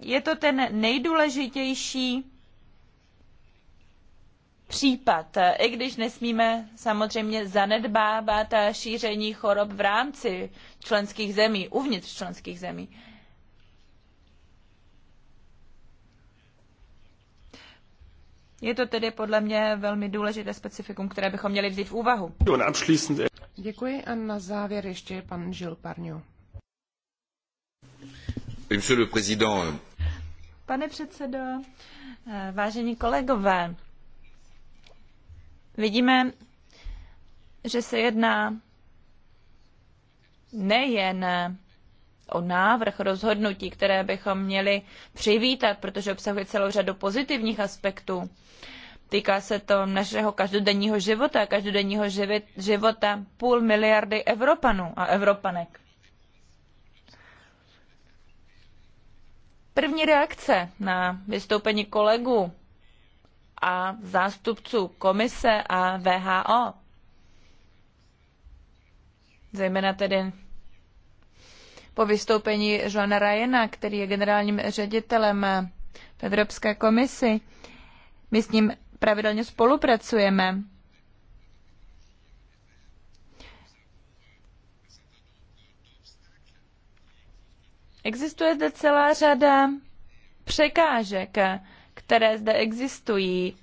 je to ten nejdůležitější případ, i když nesmíme samozřejmě zanedbávat šíření chorob v rámci členských zemí, uvnitř členských zemí. Je to tedy podle mě velmi důležité specifikum, které bychom měli vzít v úvahu. Děkuji a na závěr ještě pan Žil Parňo. Monsieur le Président, Pane předsedo, eh, vážení kolegové, vidíme, že se jedná nejen o návrh rozhodnutí, které bychom měli přivítat, protože obsahuje celou řadu pozitivních aspektů. Týká se to našeho každodenního života, každodenního života půl miliardy Evropanů a Evropanek. První reakce na vystoupení kolegů a zástupců komise a VHO, zejména tedy po vystoupení Johna Ryana, který je generálním ředitelem v Evropské komisi. My s ním pravidelně spolupracujeme Existuje zde celá řada překážek, které zde existují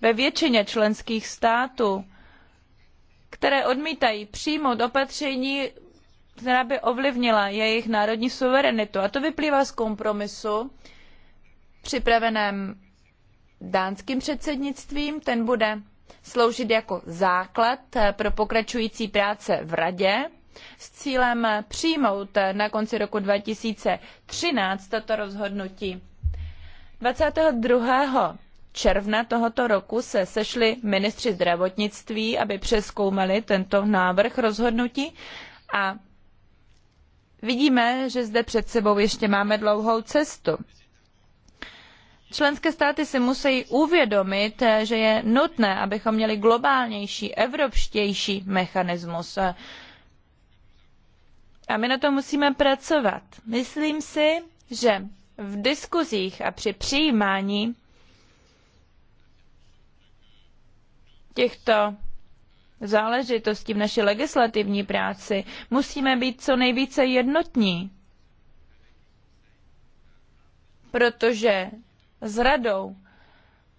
ve většině členských států, které odmítají přijmout opatření, která by ovlivnila jejich národní suverenitu. A to vyplývá z kompromisu připraveném dánským předsednictvím. Ten bude sloužit jako základ pro pokračující práce v Radě s cílem přijmout na konci roku 2013 toto rozhodnutí. 22. června tohoto roku se sešli ministři zdravotnictví, aby přeskoumali tento návrh rozhodnutí a vidíme, že zde před sebou ještě máme dlouhou cestu. Členské státy si musí uvědomit, že je nutné, abychom měli globálnější, evropštější mechanismus. A my na to musíme pracovat. Myslím si, že v diskuzích a při přijímání těchto záležitostí v naší legislativní práci musíme být co nejvíce jednotní, protože s radou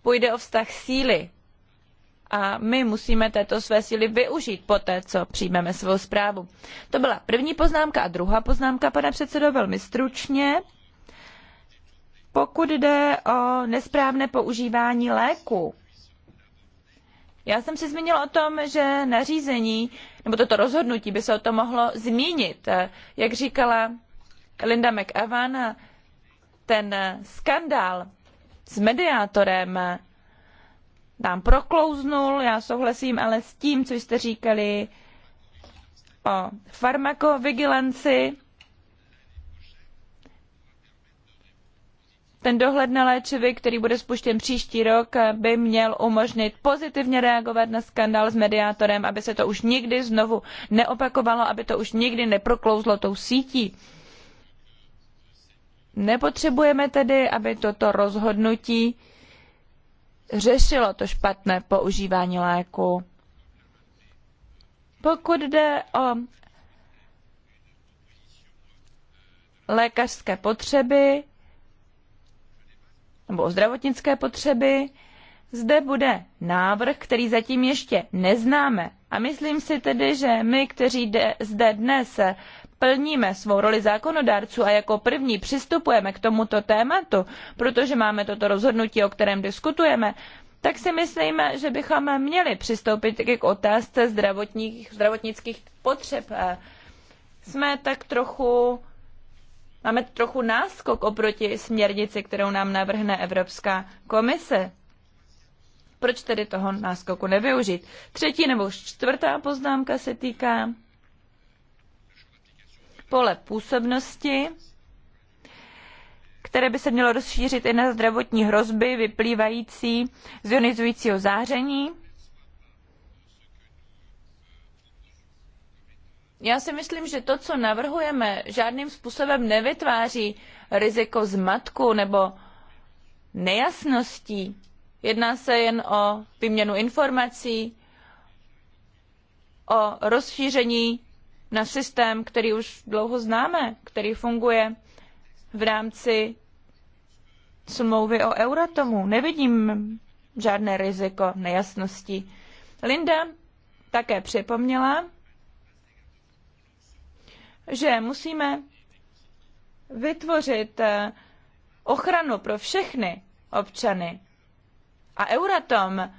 půjde o vztah síly a my musíme této své síly využít po té, co přijmeme svou zprávu. To byla první poznámka a druhá poznámka, pane předsedo, velmi stručně. Pokud jde o nesprávné používání léku, já jsem si zmínila o tom, že nařízení, nebo toto rozhodnutí by se o to mohlo zmínit. Jak říkala Linda McEvan, ten skandál s mediátorem nám proklouznul, já souhlasím ale s tím, co jste říkali o farmakovigilanci. Ten dohled na léčivy, který bude spuštěn příští rok, by měl umožnit pozitivně reagovat na skandál s mediátorem, aby se to už nikdy znovu neopakovalo, aby to už nikdy neproklouzlo tou sítí. Nepotřebujeme tedy, aby toto rozhodnutí řešilo to špatné používání léku. Pokud jde o lékařské potřeby nebo o zdravotnické potřeby, zde bude návrh, který zatím ještě neznáme. A myslím si tedy, že my, kteří zde dnes plníme svou roli zákonodárců a jako první přistupujeme k tomuto tématu, protože máme toto rozhodnutí, o kterém diskutujeme, tak si myslím, že bychom měli přistoupit i k otázce zdravotnických potřeb. Jsme tak trochu, máme trochu náskok oproti směrnici, kterou nám navrhne Evropská komise. Proč tedy toho náskoku nevyužít? Třetí nebo čtvrtá poznámka se týká pole působnosti, které by se mělo rozšířit i na zdravotní hrozby vyplývající z ionizujícího záření. Já si myslím, že to, co navrhujeme, žádným způsobem nevytváří riziko zmatku nebo nejasností. Jedná se jen o výměnu informací, o rozšíření na systém, který už dlouho známe, který funguje v rámci smlouvy o Euratomu. Nevidím žádné riziko nejasnosti. Linda také připomněla, že musíme vytvořit eh, ochranu pro všechny občany. A Euratom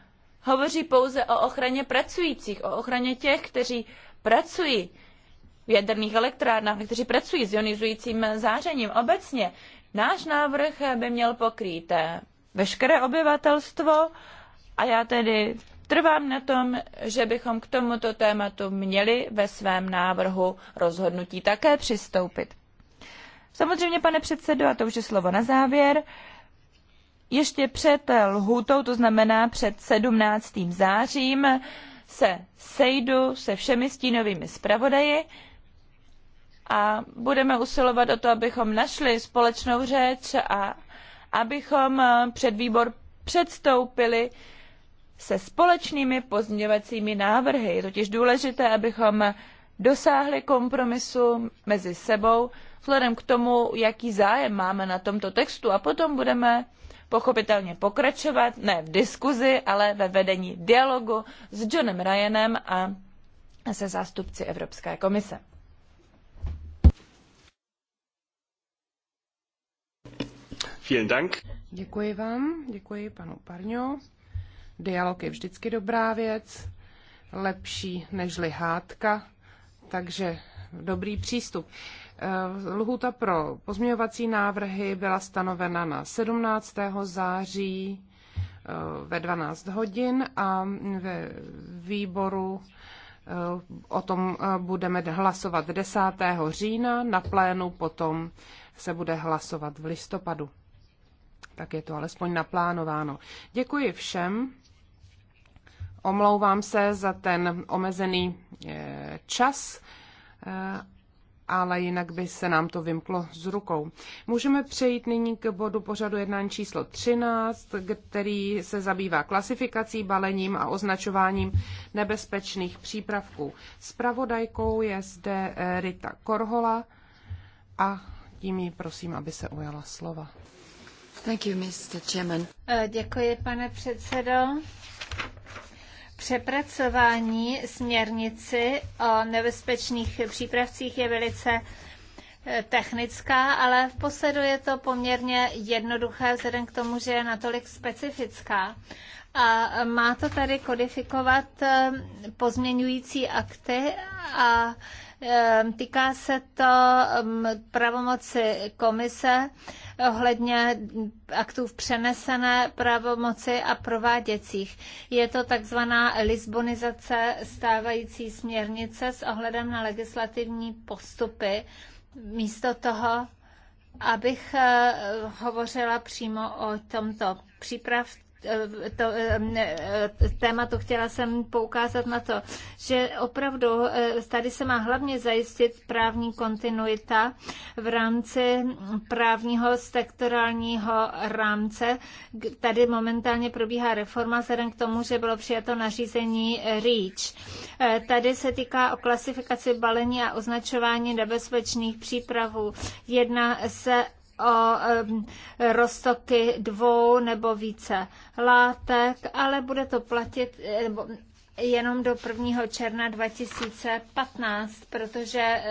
hovoří pouze o ochraně pracujících, o ochraně těch, kteří pracují v jaderných elektrárnách, kteří pracují s ionizujícím zářením obecně. Náš návrh by měl pokrýt veškeré obyvatelstvo a já tedy trvám na tom, že bychom k tomuto tématu měli ve svém návrhu rozhodnutí také přistoupit. Samozřejmě, pane předsedo, a to už je slovo na závěr, ještě před lhůtou, to znamená před 17. zářím, se sejdu se všemi stínovými zpravodaji a budeme usilovat o to, abychom našli společnou řeč a abychom eh, před výbor předstoupili se společnými pozměňovacími návrhy. Je totiž důležité, abychom dosáhli kompromisu mezi sebou, vzhledem k tomu, jaký zájem máme na tomto textu a potom budeme pochopitelně pokračovat, ne v diskuzi, ale ve vedení dialogu s Johnem Ryanem a se zástupci Evropské komise. Vielen Dank. Děkuji vám, děkuji panu Parňo. Dialog je vždycky dobrá věc, lepší nežli hádka, takže dobrý přístup. Eh, Lhuta pro pozměňovací návrhy byla stanovena na 17. září eh, ve 12 hodin a ve výboru eh, o tom budeme hlasovat 10. října, na plénu potom se bude hlasovat v listopadu. Tak je to alespoň naplánováno. Děkuji všem. Omlouvám se za ten omezený eh, čas, eh, ale jinak by se nám to vymklo z rukou. Můžeme přejít nyní k bodu pořadu jednání číslo 13, který se zabývá klasifikací, balením a označováním nebezpečných přípravků. Spravodajkou je zde eh, Rita Korhola a tím ji prosím, aby se ujala slova. Thank you, Mr. Chairman. Eh, děkuji, pane předsedo přepracování směrnici o nebezpečných přípravcích je velice eh, technická, ale v posledu je to poměrně jednoduché vzhledem k tomu, že je natolik specifická. A má to tady kodifikovat eh, pozměňující akty a týká se to mm, pravomoci komise ohledně aktů v přenesené pravomoci a prováděcích. Je to takzvaná lisbonizace stávající směrnice s ohledem na legislativní postupy. Místo toho, abych eh, hovořila přímo o tomto příprav, to, eh, eh, tématu chtěla jsem poukázat na to, že opravdu eh, tady se má hlavně zajistit právní kontinuita v rámci právního sektorálního rámce. Tady momentálně probíhá reforma vzhledem k tomu, že bylo přijato nařízení REACH. Tady se týká o klasifikaci balení a označování nebezpečných přípravů. Jedná se o roztoky dvou nebo více látek, ale bude to platit eh, jenom do 1. června 2015, protože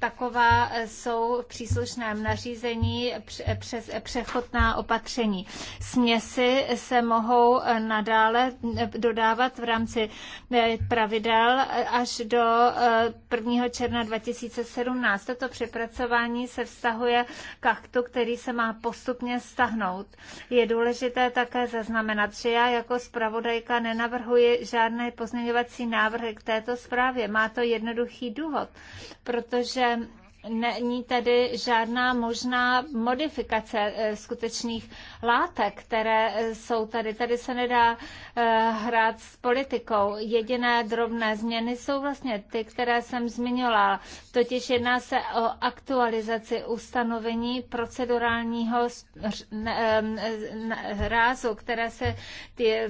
taková e, jsou v příslušném nařízení přes přechodná opatření. Směsi se mohou e, nadále e, dodávat v rámci pravidel až do 1. června 2017. Toto přepracování se vztahuje k aktu, který se má postupně stahnout. Je důležité také zaznamenat, že já jako zpravodajka nenavrhuji žádné pozměňovací návrhy k této zprávě. Má to jednoduchý důvod, protože že není tedy žádná možná modifikace eh, skutečných látek, které eh, jsou tady. Tady se nedá eh, hrát s politikou. Jediné drobné změny jsou vlastně ty, které jsem zmiňovala. Totiž jedná se o aktualizaci ustanovení procedurálního rázu, které se, ty,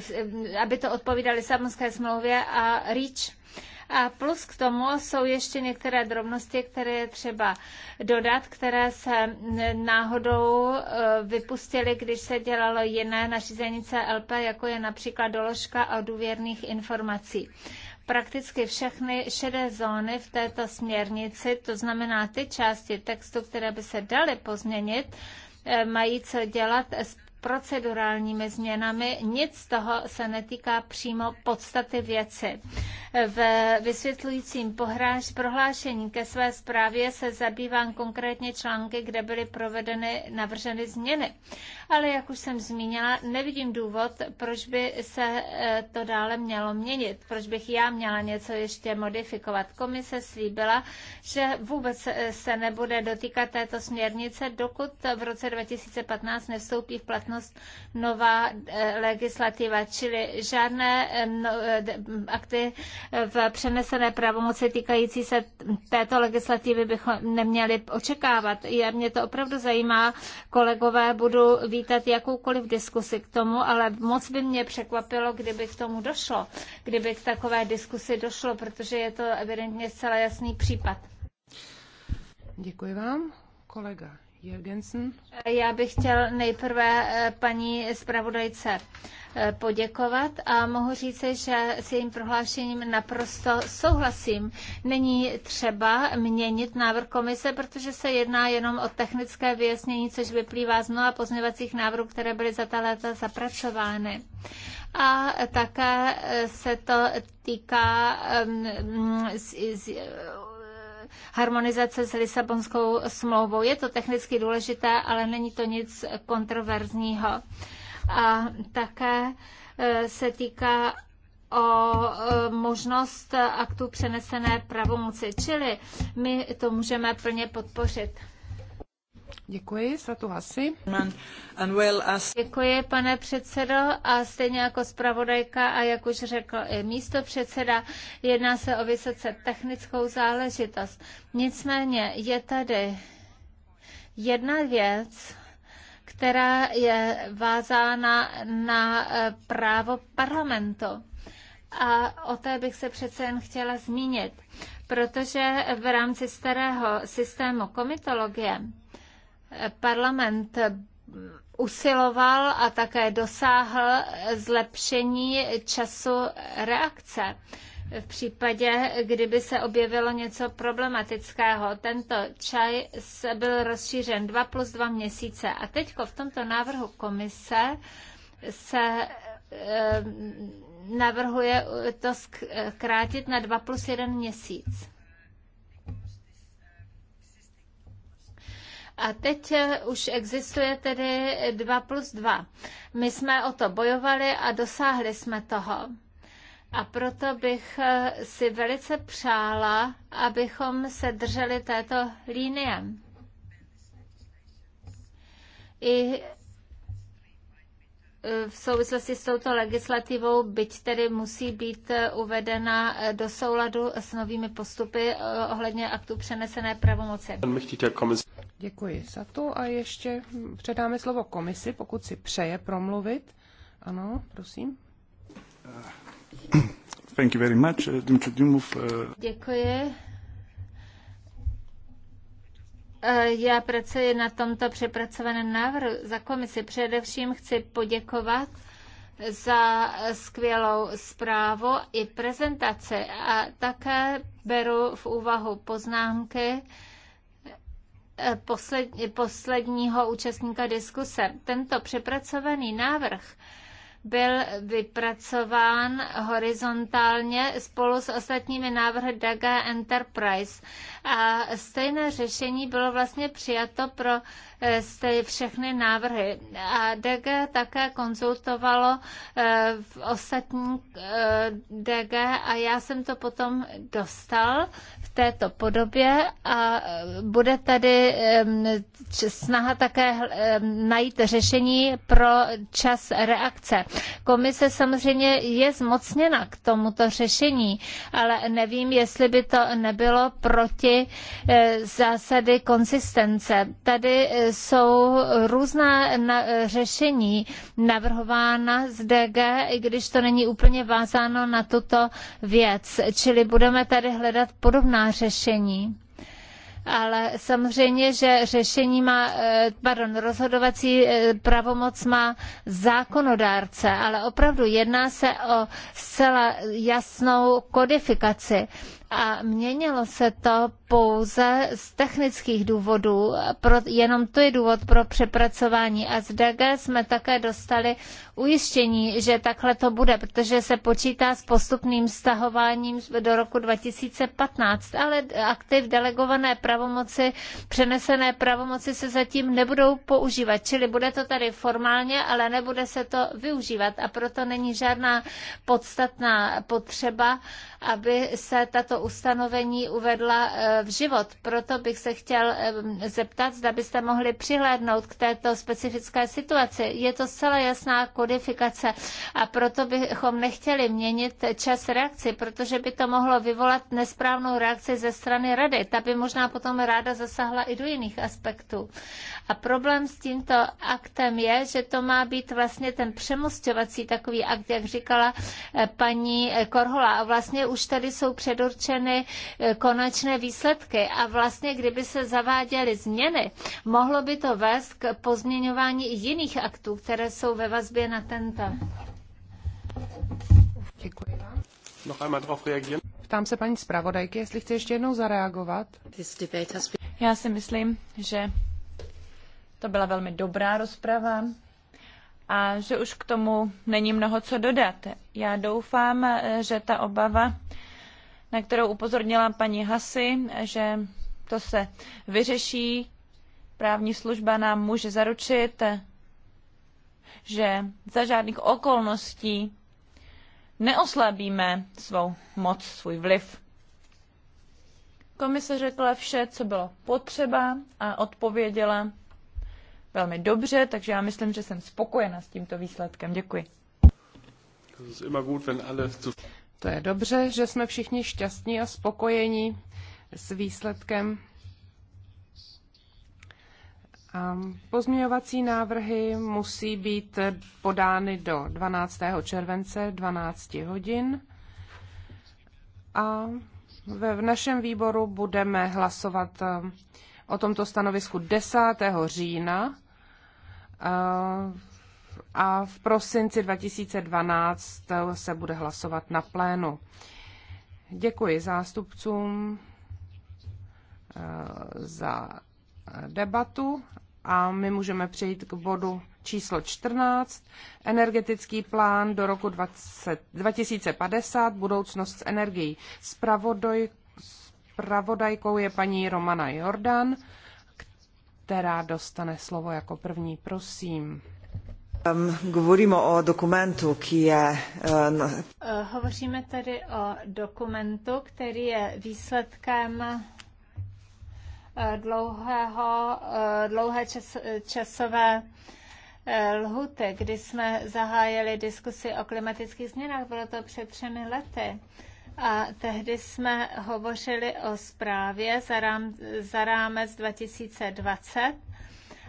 aby to odpovídali samozřejmě smlouvě a REACH a plus k tomu jsou ještě některé drobnosti, které je třeba dodat, které se náhodou eh, vypustily, když se dělalo jiné nařízení CLP, jako je například doložka o důvěrných informací prakticky všechny šedé zóny v této směrnici, to znamená ty části textu, které by se daly pozměnit, eh, mají co dělat s procedurálními změnami. Nic z toho se netýká přímo podstaty věci. V vysvětlujícím pohráž, prohlášení ke své zprávě se zabývám konkrétně články, kde byly provedeny navrženy změny ale jak už jsem zmínila, nevidím důvod, proč by se e, to dále mělo měnit, proč bych já měla něco ještě modifikovat. Komise slíbila, že vůbec e, se nebude dotýkat této směrnice, dokud v roce 2015 nevstoupí v platnost nová e, legislativa, čili žádné no, akty v přenesené pravomoci týkající se této legislativy bychom neměli očekávat. Já mě to opravdu zajímá, kolegové, budu víc odmítat jakoukoliv diskusi k tomu, ale moc by mě překvapilo, kdyby k tomu došlo, kdyby k takové diskusi došlo, protože je to evidentně zcela jasný případ. Děkuji vám. Kolega Jürgensen. Já bych chtěl nejprve eh, paní zpravodajce eh, poděkovat a mohu říct, že s jejím prohlášením naprosto souhlasím. Není třeba měnit návrh komise, protože se jedná jenom o technické vyjasnění, což vyplývá z mnoha pozměvacích návrhů, které byly za ta léta zapracovány. A také eh, se to týká um, z, z, harmonizace s Lisabonskou smlouvou. Je to technicky důležité, ale není to nic kontroverzního. A také e, se týká o e, možnost aktu přenesené pravomoci. Čili my to můžeme plně podpořit. Děkuji, Satu Hasi. Děkuji, pane předsedo, a stejně jako zpravodajka a jak už řekl i místo předseda, jedná se o vysoce technickou záležitost. Nicméně je tady jedna věc, která je vázána na e, právo parlamentu. A o té bych se přece jen chtěla zmínit, protože v rámci starého systému komitologie parlament usiloval a také dosáhl zlepšení času reakce v případě, kdyby se objevilo něco problematického. Tento čaj byl rozšířen 2 plus 2 měsíce a teď v tomto návrhu komise se eh, navrhuje to zkrátit na 2 plus 1 měsíc. A teď eh, už existuje tedy 2 plus 2. My jsme o to bojovali a dosáhli jsme toho. A proto bych eh, si velice přála, abychom se drželi této linie. I v souvislosti s touto legislativou, byť tedy musí být eh, uvedena eh, do souladu s novými postupy eh, ohledně aktu přenesené pravomoci. Děkuji za to a ještě předáme slovo komisi, pokud si přeje promluvit. Ano, prosím. Thank you very much. Děkuji. Eh, já pracuji na tomto přepracovaném návrhu za komisi. Především chci poděkovat za skvělou zprávu i prezentaci a také beru v úvahu poznámky eh, posledního účastníka diskuse. Tento přepracovaný návrh byl vypracován horizontálně spolu s ostatními návrhy Daga Enterprise. A stejné řešení bylo vlastně přijato pro eh, všechny návrhy. A DG také konzultovalo eh, v ostatní eh, DG a já jsem to potom dostal této podobě a eh, bude tady snaha také najít řešení pro čas reakce. Komise samozřejmě je zmocněna k tomuto řešení, ale nevím, jestli by to nebylo proti eh, zásady konsistence. Tady eh, jsou různá řešení navrhována z DG, i když to není úplně vázáno na tuto věc. Čili budeme tady hledat podobná řešení ale samozřejmě, že řešení má, eh, pardon, rozhodovací eh, pravomoc má zákonodárce, ale opravdu jedná se o zcela jasnou kodifikaci. A měnilo se to pouze z technických důvodů, pro, jenom to je důvod pro přepracování. A z DG jsme také dostali ujištění, že takhle to bude, protože se počítá s postupným stahováním do roku 2015, ale aktiv delegované pravomoci, přenesené pravomoci se zatím nebudou používat, čili bude to tady formálně, ale nebude se to využívat a proto není žádná podstatná potřeba, aby se tato ustanovení uvedla eh, v život. Proto bych se chtěl eh, zeptat, zda byste mohli přihlédnout k této specifické situaci. Je to zcela jasná kodifikace a proto bychom nechtěli měnit čas reakci, protože by to mohlo vyvolat nesprávnou reakci ze strany rady. Ta by možná potom ráda zasahla i do jiných aspektů. A problém s tímto aktem je, že to má být vlastně ten přemostovací takový akt, jak říkala eh, paní eh, Korhola. A vlastně už tady jsou předurčeny eh, konečné výsledky. A vlastně, kdyby se zaváděly změny, mohlo by to vést k pozměňování jiných aktů, které jsou ve vazbě na tento. Děkuji vám. Ptám se paní zpravodajky, jestli chce ještě jednou zareagovat. Já si myslím, že to byla velmi dobrá rozprava a že už k tomu není mnoho co dodat. Já doufám, že ta obava, na kterou upozornila paní Hasy, že to se vyřeší, právní služba nám může zaručit, že za žádných okolností neoslabíme svou moc, svůj vliv. Komise řekla vše, co bylo potřeba a odpověděla velmi dobře, takže já myslím, že jsem spokojena s tímto výsledkem. Děkuji. To je dobře, že jsme všichni šťastní a spokojení s výsledkem. A pozměňovací návrhy musí být podány do 12. července 12 hodin a v našem výboru budeme hlasovat eh, o tomto stanovisku 10. října Eh, a v prosinci 2012 se bude hlasovat na plénu. Děkuji zástupcům eh, za debatu a my můžeme přejít k bodu číslo 14, energetický plán do roku 20, 2050, budoucnost s energií. Spravodaj, spravodajkou je paní Romana Jordan která dostane slovo jako první. Prosím. Um, o dokumentu, který je... Uh, Hovoříme tedy o dokumentu, který je výsledkem eh, dlouhého, eh, dlouhé čas, časové lhuty, kdy jsme zahájili diskusi o klimatických změnách. Bylo to před třemi lety. A tehdy jsme hovořili o zprávě za, rám, za rámec 2020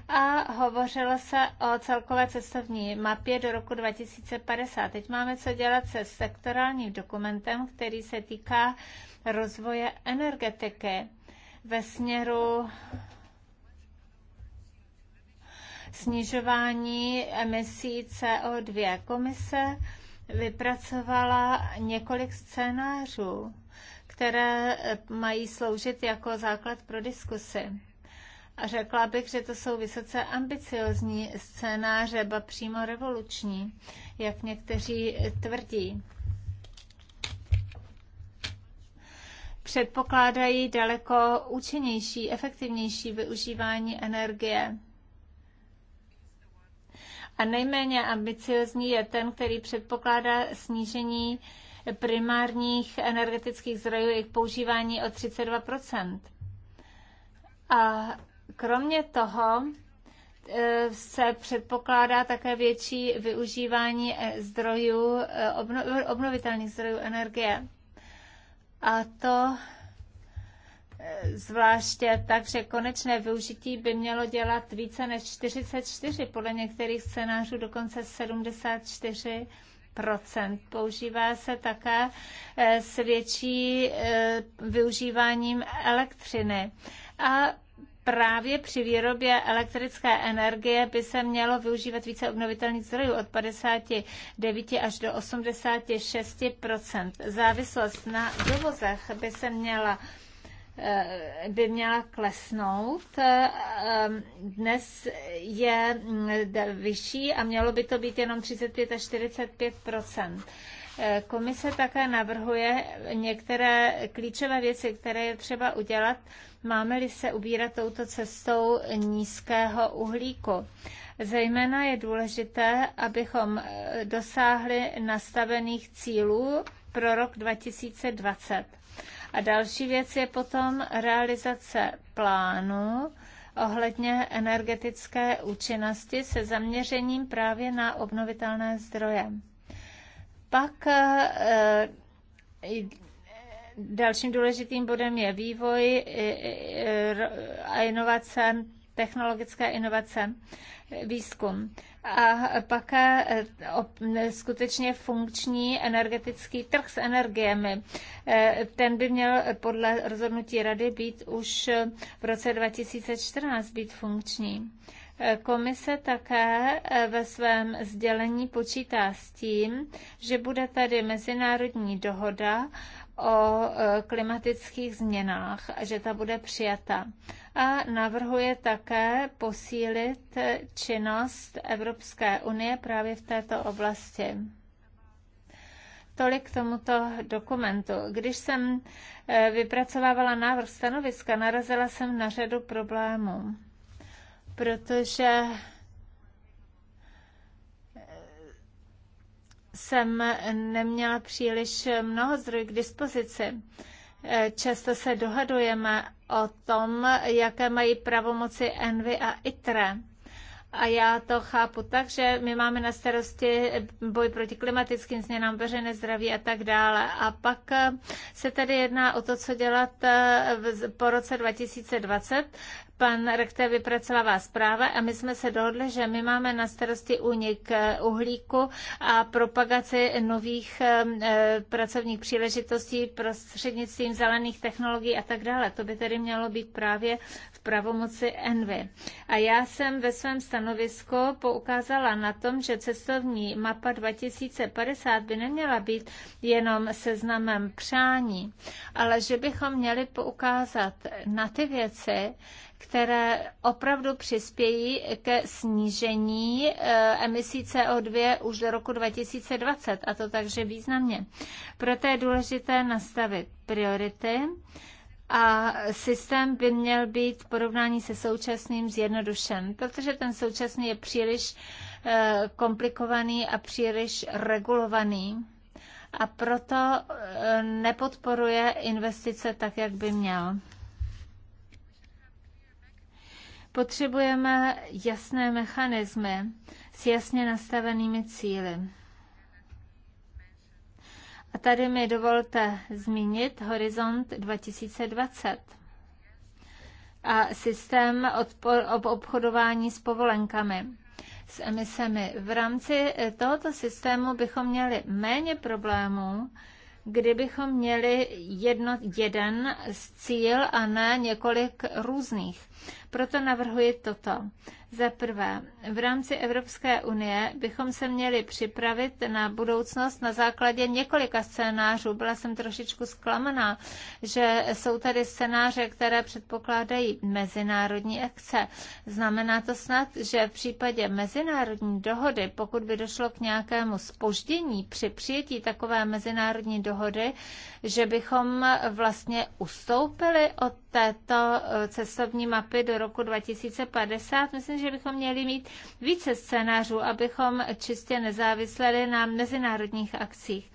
a hovořilo se o celkové cestovní mapě do roku 2050. Teď máme co dělat se sektorálním dokumentem, který se týká rozvoje energetiky ve směru snižování emisí CO2. Komise vypracovala několik scénářů, které mají sloužit jako základ pro diskusy. A řekla bych, že to jsou vysoce ambiciozní scénáře, ba přímo revoluční, jak někteří tvrdí. Předpokládají daleko účinnější, efektivnější využívání energie a nejméně ambiciozní je ten, který předpokládá snížení primárních energetických zdrojů jejich používání o 32 A kromě toho e, se předpokládá také větší využívání e, zdrojů, e, obnovitelných zdrojů energie. A to Eh, zvláště tak, že konečné využití by mělo dělat více než 44, podle některých scénářů dokonce 74 Používá se také eh, s větší eh, využíváním elektřiny. A právě při výrobě elektrické energie by se mělo využívat více obnovitelných zdrojů od 59 až do 86 Závislost na dovozech by se měla Eh, by měla klesnout. Eh, ehm, dnes je mm, vyšší a mělo by to být jenom 35 až 45 eh, Komise také navrhuje některé klíčové věci, které je třeba udělat, máme-li se ubírat touto cestou nízkého uhlíku. Zejména je důležité, abychom dosáhli nastavených cílů pro rok 2020 a další věc je potom realizace plánu ohledně energetické účinnosti se zaměřením právě na obnovitelné zdroje. Pak eh, dalším důležitým bodem je vývoj a inovace, technologické inovace výzkum. A pak eh, skutečně funkční energetický trh s energiemi. Eh, ten by měl podle rozhodnutí rady být už v roce 2014 být funkční. Eh, komise také ve svém sdělení počítá s tím, že bude tady mezinárodní dohoda o klimatických změnách, že ta bude přijata a navrhuje také posílit činnost Evropské unie právě v této oblasti. Tolik k tomuto dokumentu. Když jsem eh, vypracovávala návrh stanoviska, narazila jsem na řadu problémů, protože eh, jsem neměla příliš mnoho zdrojů k dispozici. Eh, často se dohadujeme o tom, jaké mají pravomoci Envy a ITRE. A já to chápu tak, že my máme na starosti boj proti klimatickým změnám, veřejné zdraví a tak dále. A pak eh, se tady jedná o to, co dělat eh, po roce 2020 pan rektor vypracovává zpráva a my jsme se dohodli, že my máme na starosti únik eh, uhlíku a propagaci nových eh, pracovních příležitostí prostřednictvím zelených technologií a tak dále. To by tedy mělo být právě v pravomoci Envy. A já jsem ve svém stanovisku poukázala na tom, že cestovní mapa 2050 by neměla být jenom seznamem přání, ale že bychom měli poukázat na ty věci, které opravdu přispějí ke snížení eh, emisí CO2 už do roku 2020, a to takže významně. Proto je důležité nastavit priority a systém by měl být v porovnání se současným zjednodušen, protože ten současný je příliš eh, komplikovaný a příliš regulovaný a proto eh, nepodporuje investice tak, jak by měl. Potřebujeme jasné mechanismy s jasně nastavenými cíly. A tady mi dovolte zmínit Horizont 2020 a systém ob obchodování s povolenkami s emisemi. V rámci eh, tohoto systému bychom měli méně problémů, kdybychom měli jedno, jeden cíl a ne několik různých. Proto navrhuji toto. Za prvé, v rámci Evropské unie bychom se měli připravit na budoucnost na základě několika scénářů. Byla jsem trošičku zklamaná, že jsou tady scénáře, které předpokládají mezinárodní akce. Znamená to snad, že v případě mezinárodní dohody, pokud by došlo k nějakému spoždění při přijetí takové mezinárodní dohody, že bychom vlastně ustoupili od této eh, cestovní mapy do roku 2050. Myslím, že bychom měli mít více scénářů, abychom čistě nezávisleli na mezinárodních akcích.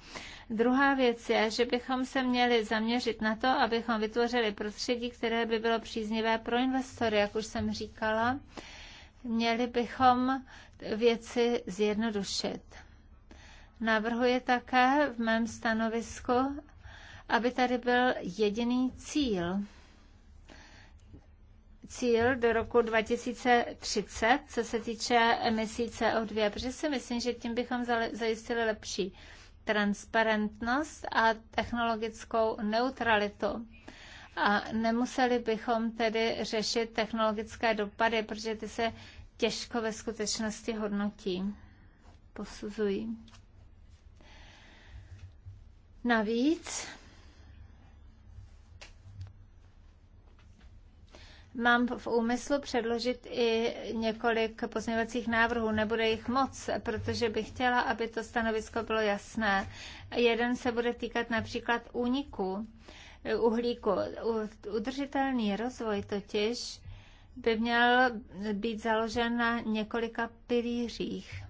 Druhá věc je, že bychom se měli zaměřit na to, abychom vytvořili prostředí, které by bylo příznivé pro investory, jak už jsem říkala. Měli bychom věci zjednodušit. Navrhuji také v mém stanovisku, aby tady byl jediný cíl cíl do roku 2030, co se týče emisí CO2, protože si myslím, že tím bychom zajistili lepší transparentnost a technologickou neutralitu. A nemuseli bychom tedy řešit technologické dopady, protože ty se těžko ve skutečnosti hodnotí, posuzují. Navíc Mám v úmyslu předložit i několik pozměňovacích návrhů, nebude jich moc, protože bych chtěla, aby to stanovisko bylo jasné. Jeden se bude týkat například úniku eh, uhlíku. Udržitelný rozvoj totiž by měl být založen na několika pilířích.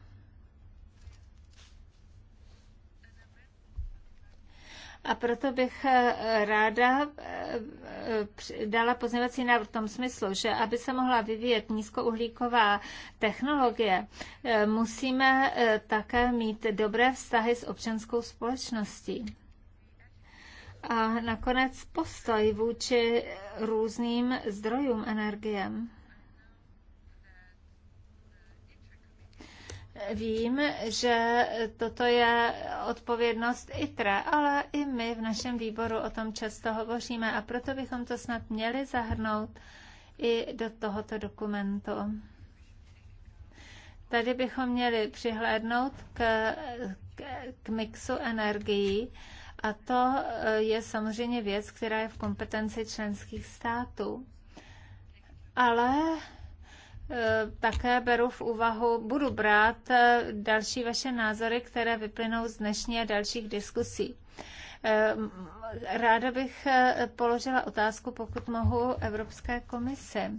A proto bych eh, ráda eh, dala pozměňovací návrh v tom smyslu, že aby se mohla vyvíjet nízkouhlíková technologie, eh, musíme také mít dobré vztahy s občanskou společností. A nakonec postoj vůči různým zdrojům energiem. Vím, že toto je odpovědnost ITRE, ale i my v našem výboru o tom často hovoříme a proto bychom to snad měli zahrnout i do tohoto dokumentu. Tady bychom měli přihlédnout k, k, k mixu energií a to eh, je samozřejmě věc, která je v kompetenci členských států. Ale Eh, také beru v úvahu, budu brát eh, další vaše názory, které vyplynou z dnešní a dalších diskusí. Eh, ráda bych položila otázku, pokud mohu, Evropské komise.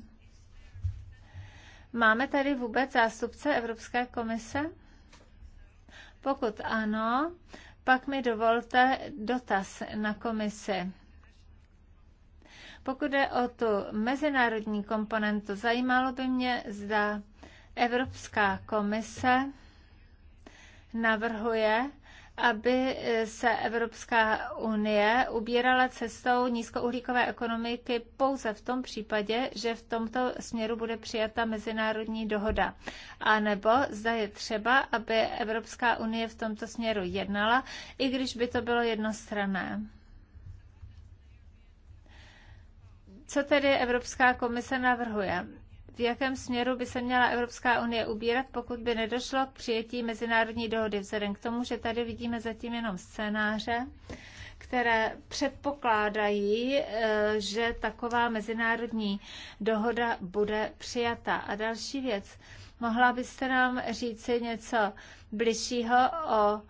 Máme tady vůbec zástupce Evropské komise? Pokud ano, pak mi dovolte dotaz na komisi. Pokud je o tu mezinárodní komponentu, zajímalo by mě, zda Evropská komise navrhuje, aby se Evropská unie ubírala cestou nízkouhlíkové ekonomiky pouze v tom případě, že v tomto směru bude přijata mezinárodní dohoda. A nebo zda je třeba, aby Evropská unie v tomto směru jednala, i když by to bylo jednostranné. Co tedy Evropská komise navrhuje? v jakém směru by se měla Evropská unie ubírat, pokud by nedošlo k přijetí mezinárodní dohody, vzhledem k tomu, že tady vidíme zatím jenom scénáře, které předpokládají, eh, že taková mezinárodní dohoda bude přijata. A další věc, mohla byste nám říci něco bližšího o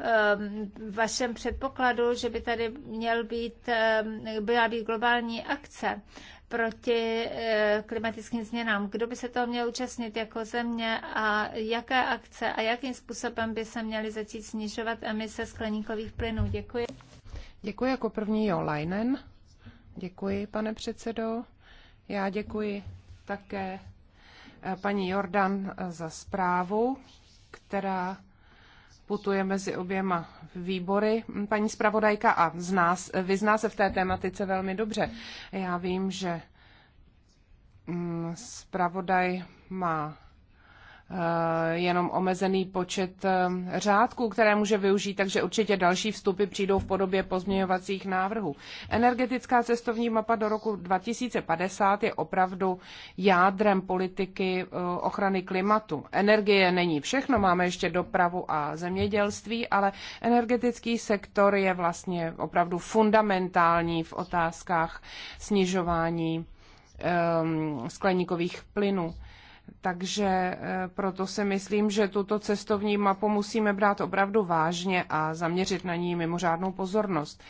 Um, vašem předpokladu, že by tady měl být, um, byla být globální akce proti eh, klimatickým změnám. Kdo by se toho měl účastnit jako země a jaké akce a jakým způsobem by se měly začít snižovat emise skleníkových plynů? Děkuji. Děkuji jako první Jo Leinen. Děkuji, pane předsedo. Já děkuji také eh, paní Jordan eh, za zprávu, která putuje mezi oběma výbory, paní zpravodajka, a zná, vyzná se v té tématice velmi dobře. Já vím, že mm, zpravodaj má Eh, jenom omezený počet eh, řádků, které může využít, takže určitě další vstupy přijdou v podobě pozměňovacích návrhů. Energetická cestovní mapa do roku 2050 je opravdu jádrem politiky eh, ochrany klimatu. Energie není všechno, máme ještě dopravu a zemědělství, ale energetický sektor je vlastně opravdu fundamentální v otázkách snižování ehm, skleníkových plynů. Takže eh, proto si myslím, že tuto cestovní mapu musíme brát opravdu vážně a zaměřit na ní mimořádnou pozornost.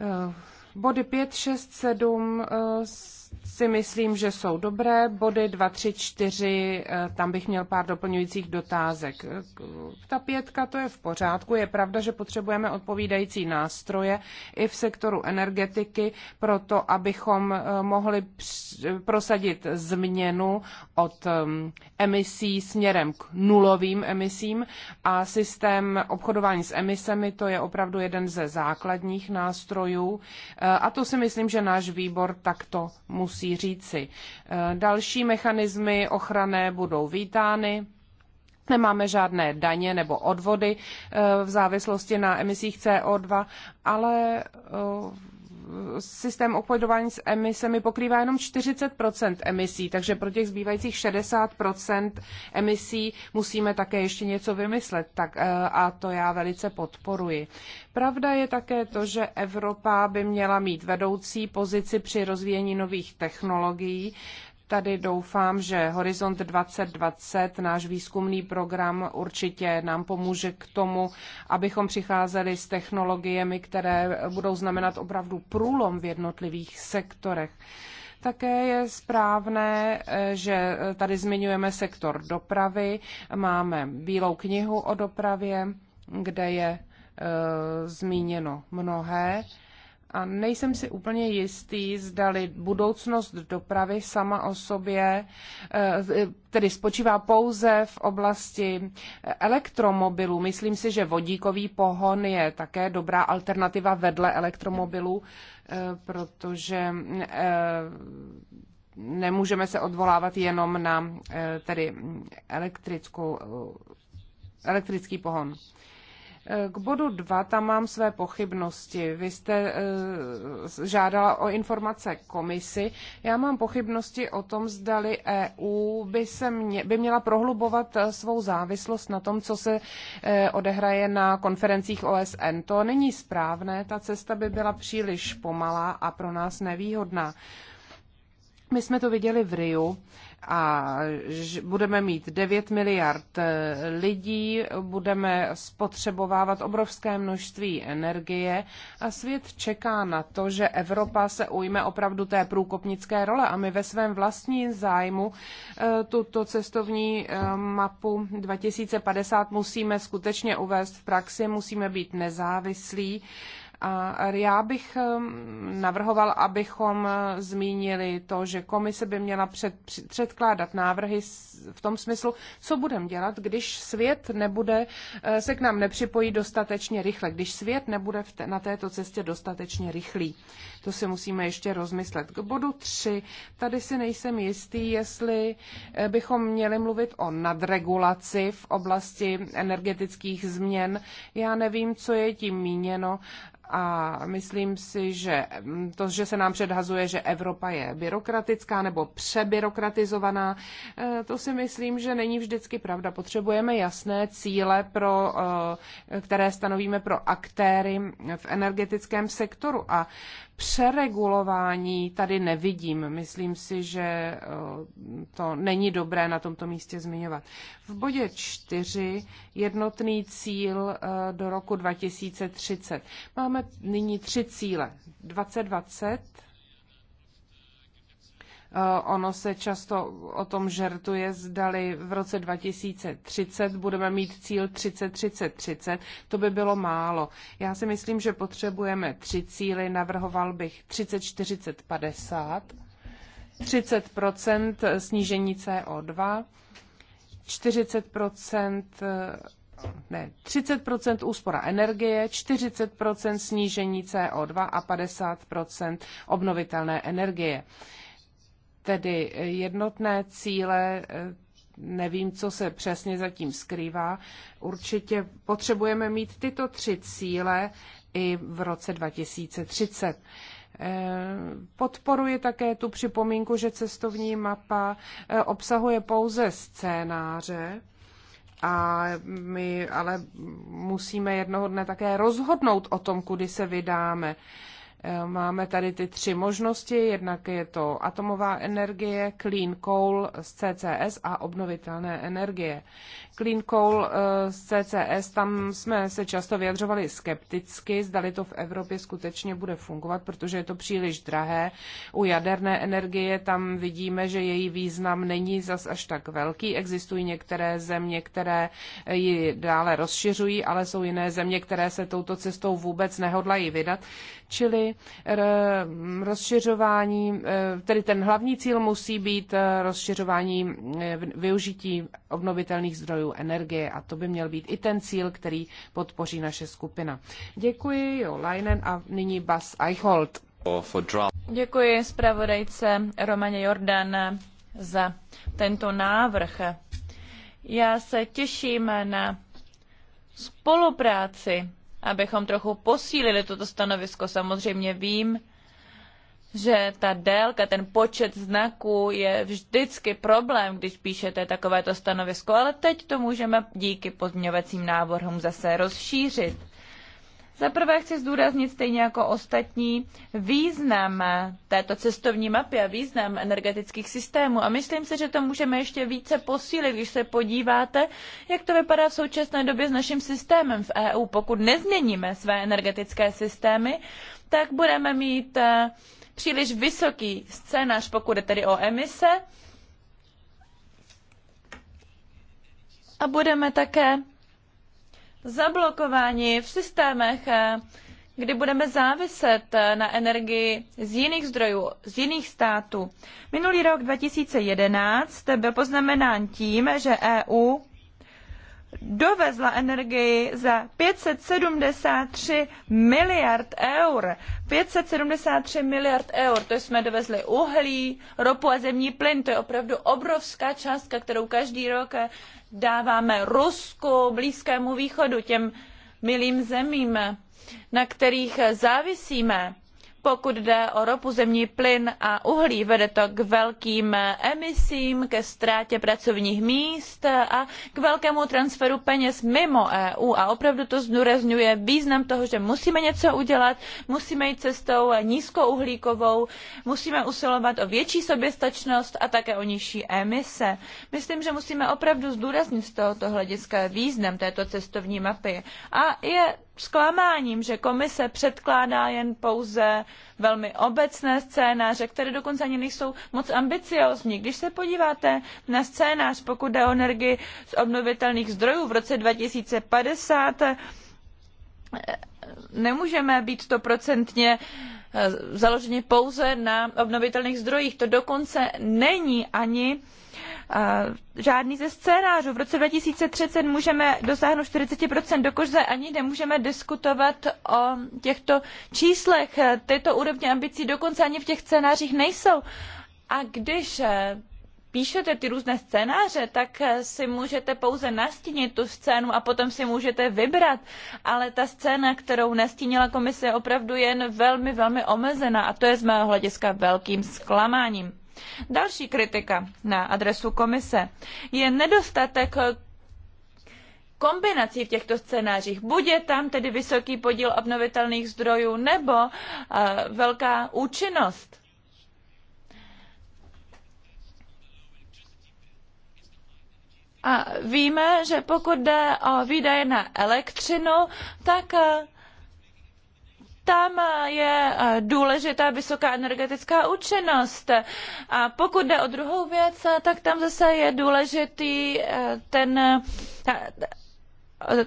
Eh, body 5, 6, 7 si myslím, že jsou dobré. Body 2, 3, 4, tam bych měl pár doplňujících dotázek. Ta pětka, to je v pořádku. Je pravda, že potřebujeme odpovídající nástroje i v sektoru energetiky, proto abychom eh, mohli prosadit změnu od ehm, emisí směrem k nulovým emisím a systém obchodování s emisemi, to je opravdu jeden ze základních nástrojů. Eh, a to si myslím, že náš výbor takto musí musí říci. Eh, další mechanismy ochrany budou vítány. Nemáme žádné daně nebo odvody eh, v závislosti na emisích CO2, ale eh, systém obchodování s emisemi pokrývá jenom 40 emisí, takže pro těch zbývajících 60 emisí musíme také ještě něco vymyslet. Tak, eh, a to já velice podporuji. Pravda je také to, že Evropa by měla mít vedoucí pozici při rozvíjení nových technologií, Tady doufám, že Horizont 2020, náš výzkumný program, určitě nám pomůže k tomu, abychom přicházeli s technologiemi, které budou znamenat opravdu průlom v jednotlivých sektorech. Také je správné, že tady zmiňujeme sektor dopravy. Máme Bílou knihu o dopravě, kde je e, zmíněno mnohé. E, a nejsem si úplně jistý, zdali budoucnost dopravy sama o sobě eh, tedy spočívá pouze v oblasti elektromobilů. Myslím si, že vodíkový pohon je také dobrá alternativa vedle elektromobilů, eh, protože eh, nemůžeme se odvolávat jenom na tedy elektrickou, elektrický pohon. K bodu 2 tam mám své pochybnosti. Vy jste e, žádala o informace komisi. Já mám pochybnosti o tom, zdali EU by, se mě, by měla prohlubovat eh, svou závislost na tom, co se e, odehraje na konferencích OSN. To není správné, ta cesta by byla příliš pomalá a pro nás nevýhodná. My jsme to viděli v Riu a budeme mít 9 miliard eh, lidí, budeme spotřebovávat obrovské množství energie a svět čeká na to, že Evropa se ujme opravdu té průkopnické role a my ve svém vlastním zájmu eh, tuto cestovní eh, mapu 2050 musíme skutečně uvést v praxi, musíme být nezávislí a já bych um, navrhoval, abychom uh, zmínili to, že komise by měla před, předkládat návrhy v tom smyslu, co budeme dělat, když svět nebude, uh, se k nám nepřipojí dostatečně rychle, když svět nebude te, na této cestě dostatečně rychlý. To si musíme ještě rozmyslet. K bodu 3. Tady si nejsem jistý, jestli eh, bychom měli mluvit o nadregulaci v oblasti energetických změn. Já nevím, co je tím míněno. A myslím si, že to, že se nám předhazuje, že Evropa je byrokratická nebo přebyrokratizovaná, eh, to si myslím, že není vždycky pravda. Potřebujeme jasné cíle, pro, eh, které stanovíme pro aktéry v energetickém sektoru. A přeregulování tady nevidím. Myslím si, že eh, to není dobré na tomto místě zmiňovat. V bodě čtyři jednotný cíl eh, do roku 2030. Máme nyní tři cíle. 2020, Eh, ono se často o tom žertuje, zdali v roce 2030 budeme mít cíl 30-30-30. To by bylo málo. Já si myslím, že potřebujeme tři cíly. Navrhoval bych 30-40-50, 30 snížení CO2, 40 eh, ne, 30 úspora energie, 40 snížení CO2 a 50 obnovitelné energie tedy jednotné cíle, eh, nevím, co se přesně zatím skrývá. Určitě potřebujeme mít tyto tři cíle i v roce 2030. Eh, podporuji také tu připomínku, že cestovní mapa eh, obsahuje pouze scénáře, a my ale musíme jednoho dne také rozhodnout o tom, kudy se vydáme. Máme tady ty tři možnosti, jednak je to atomová energie, clean coal z CCS a obnovitelné energie. Clean coal eh, z CCS, tam jsme se často vyjadřovali skepticky, zdali to v Evropě skutečně bude fungovat, protože je to příliš drahé. U jaderné energie tam vidíme, že její význam není zas až tak velký. Existují některé země, které ji dále rozšiřují, ale jsou jiné země, které se touto cestou vůbec nehodlají vydat. Čili Eh, rozšiřování, eh, tedy ten hlavní cíl musí být eh, rozšiřování využití obnovitelných zdrojů energie a to by měl být i ten cíl, který podpoří naše skupina. Děkuji, jo, Leinen a nyní Bas Eichholt. Děkuji zpravodajce Romaně Jordan za tento návrh. Já se těším na spolupráci abychom trochu posílili toto stanovisko. Samozřejmě vím, že ta délka, ten počet znaků je vždycky problém, když píšete takovéto stanovisko, ale teď to můžeme díky pozměňovacím návrhům zase rozšířit. Za prvé chci zdůraznit stejně jako ostatní význam této cestovní mapy a význam energetických systémů. A myslím si, že to můžeme ještě více posílit, když se podíváte, jak to vypadá v současné době s naším systémem v EU. Pokud nezměníme své energetické systémy, tak budeme mít eh, příliš vysoký scénář, pokud je tedy o emise. A budeme také zablokováni v systémech, eh, kdy budeme záviset eh, na energii z jiných zdrojů, z jiných států. Minulý rok 2011 byl poznamenán tím, že EU dovezla energii za 573 miliard eur. 573 miliard eur, to jsme dovezli uhlí, ropu a zemní plyn. To je opravdu obrovská částka, kterou každý rok dáváme Rusku, Blízkému východu, těm milým zemím, na kterých závisíme pokud jde o ropu, zemní plyn a uhlí, vede to k velkým emisím, ke ztrátě pracovních míst a k velkému transferu peněz mimo EU. A opravdu to zdůrazňuje význam toho, že musíme něco udělat, musíme jít cestou nízkouhlíkovou, musíme usilovat o větší soběstačnost a také o nižší emise. Myslím, že musíme opravdu zdůraznit z tohoto hlediska význam této cestovní mapy. A je zklamáním, že komise předkládá jen pouze velmi obecné scénáře, které dokonce ani nejsou moc ambiciozní. Když se podíváte na scénář, pokud jde o energii z obnovitelných zdrojů v roce 2050, nemůžeme být stoprocentně eh, založeni pouze na obnovitelných zdrojích. To dokonce není ani žádný ze scénářů. V roce 2030 můžeme dosáhnout 40%, dokonce ani nemůžeme diskutovat o těchto číslech. Tyto úrovně ambicí dokonce ani v těch scénářích nejsou. A když eh, píšete ty různé scénáře, tak eh, si můžete pouze nastínit tu scénu a potom si můžete vybrat. Ale ta scéna, kterou nastínila komise, je opravdu jen velmi, velmi omezená a to je z mého hlediska velkým zklamáním. Další kritika na adresu komise je nedostatek kombinací v těchto scénářích. Buď je tam tedy vysoký podíl obnovitelných zdrojů nebo uh, velká účinnost. A víme, že pokud jde o výdaje na elektřinu, tak uh, tam eh, je eh, důležitá vysoká energetická účinnost. A pokud jde o druhou věc, eh, tak tam zase je důležitý ten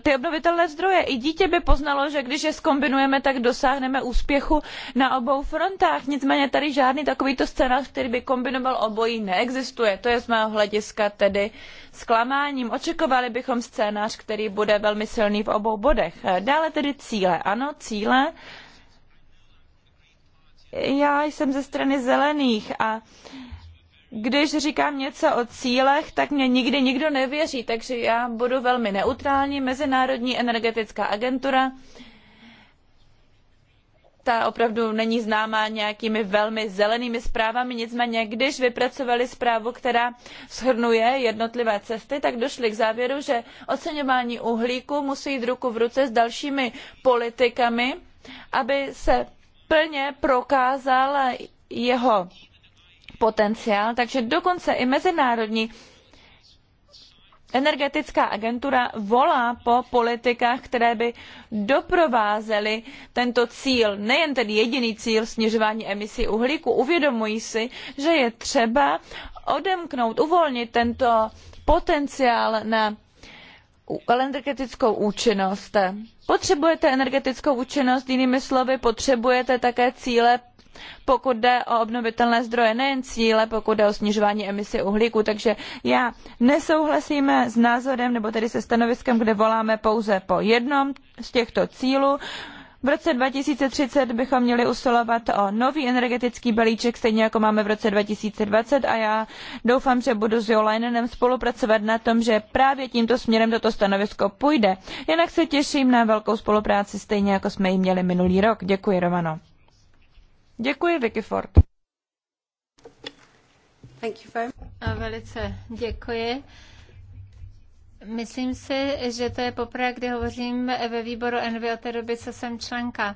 ty obnovitelné zdroje. I dítě by poznalo, že když je skombinujeme, tak dosáhneme úspěchu na obou frontách. Nicméně tady žádný takovýto scénář, který by kombinoval obojí, neexistuje. To je z mého hlediska tedy zklamáním. Očekovali bychom scénář, který bude velmi silný v obou bodech. Dále tedy cíle. Ano, cíle. Já jsem ze strany zelených a když říkám něco o cílech, tak mě nikdy nikdo nevěří, takže já budu velmi neutrální. Mezinárodní energetická agentura, ta opravdu není známá nějakými velmi zelenými zprávami, nicméně když vypracovali zprávu, která shrnuje jednotlivé cesty, tak došli k závěru, že oceňování uhlíku musí jít ruku v ruce s dalšími politikami, aby se plně prokázal jeho potenciál, takže dokonce i Mezinárodní energetická agentura volá po politikách, které by doprovázely tento cíl, nejen ten jediný cíl snižování emisí uhlíku. Uvědomují si, že je třeba odemknout, uvolnit tento potenciál na energetickou účinnost. Potřebujete energetickou účinnost, jinými slovy, potřebujete také cíle, pokud jde o obnovitelné zdroje, nejen cíle, pokud jde o snižování emisí uhlíku. Takže já nesouhlasím s názorem, nebo tedy se stanoviskem, kde voláme pouze po jednom z těchto cílů. Uh, v roce 2030 bychom měli usilovat o nový energetický balíček, stejně jako máme v roce 2020 a já doufám, že budu s Jolainenem spolupracovat na tom, že právě tímto směrem toto stanovisko půjde. Jinak se těším na velkou spolupráci, stejně jako jsme ji měli minulý rok. Děkuji, Romano. Děkuji, Vicky Ford. Thank you very much. A velice děkuji. Myslím si, že to je poprvé, kdy hovořím ve výboru Envy od té doby, co jsem členka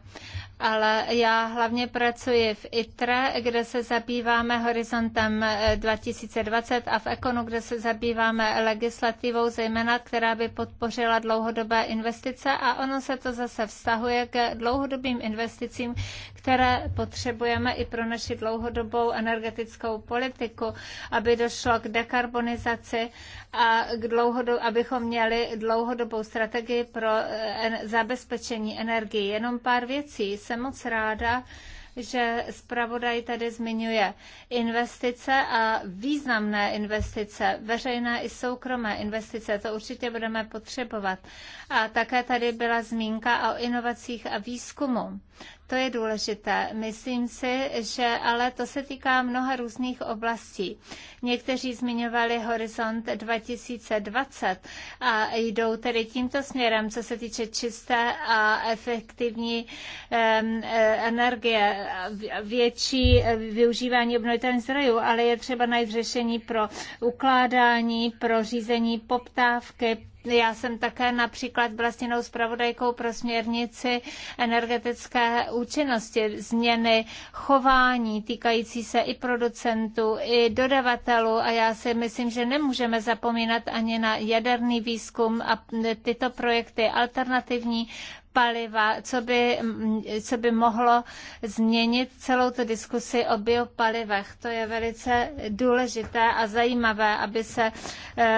ale já hlavně pracuji v ITRE, kde se zabýváme horizontem 2020 eh, a v Ekonu, kde se zabýváme legislativou, zejména která by podpořila dlouhodobé investice a ono se to zase vztahuje k dlouhodobým investicím, které potřebujeme i pro naši dlouhodobou energetickou politiku, aby došlo k dekarbonizaci a k dlouhodob- abychom měli dlouhodobou strategii pro eh, zabezpečení energii. Jenom pár věcí jsem moc ráda, že zpravodaj tady zmiňuje investice a významné investice, veřejné i soukromé investice, to určitě budeme potřebovat. A také tady byla zmínka o inovacích a výzkumu. To je důležité. Myslím si, že ale to se týká mnoha různých oblastí. Někteří zmiňovali horizont 2020 a jdou tedy tímto směrem, co se týče čisté a efektivní eh, energie, větší eh, využívání obnovitelných zdrojů, ale je třeba najít řešení pro ukládání, pro řízení poptávky, já jsem také například byla stěnou zpravodajkou pro směrnici energetické účinnosti, změny chování týkající se i producentů, i dodavatelů a já si myslím, že nemůžeme zapomínat ani na jaderný výzkum a tyto projekty alternativní paliva, co by, co by mohlo změnit celou tu diskusi o biopalivech. To je velice důležité a zajímavé, aby se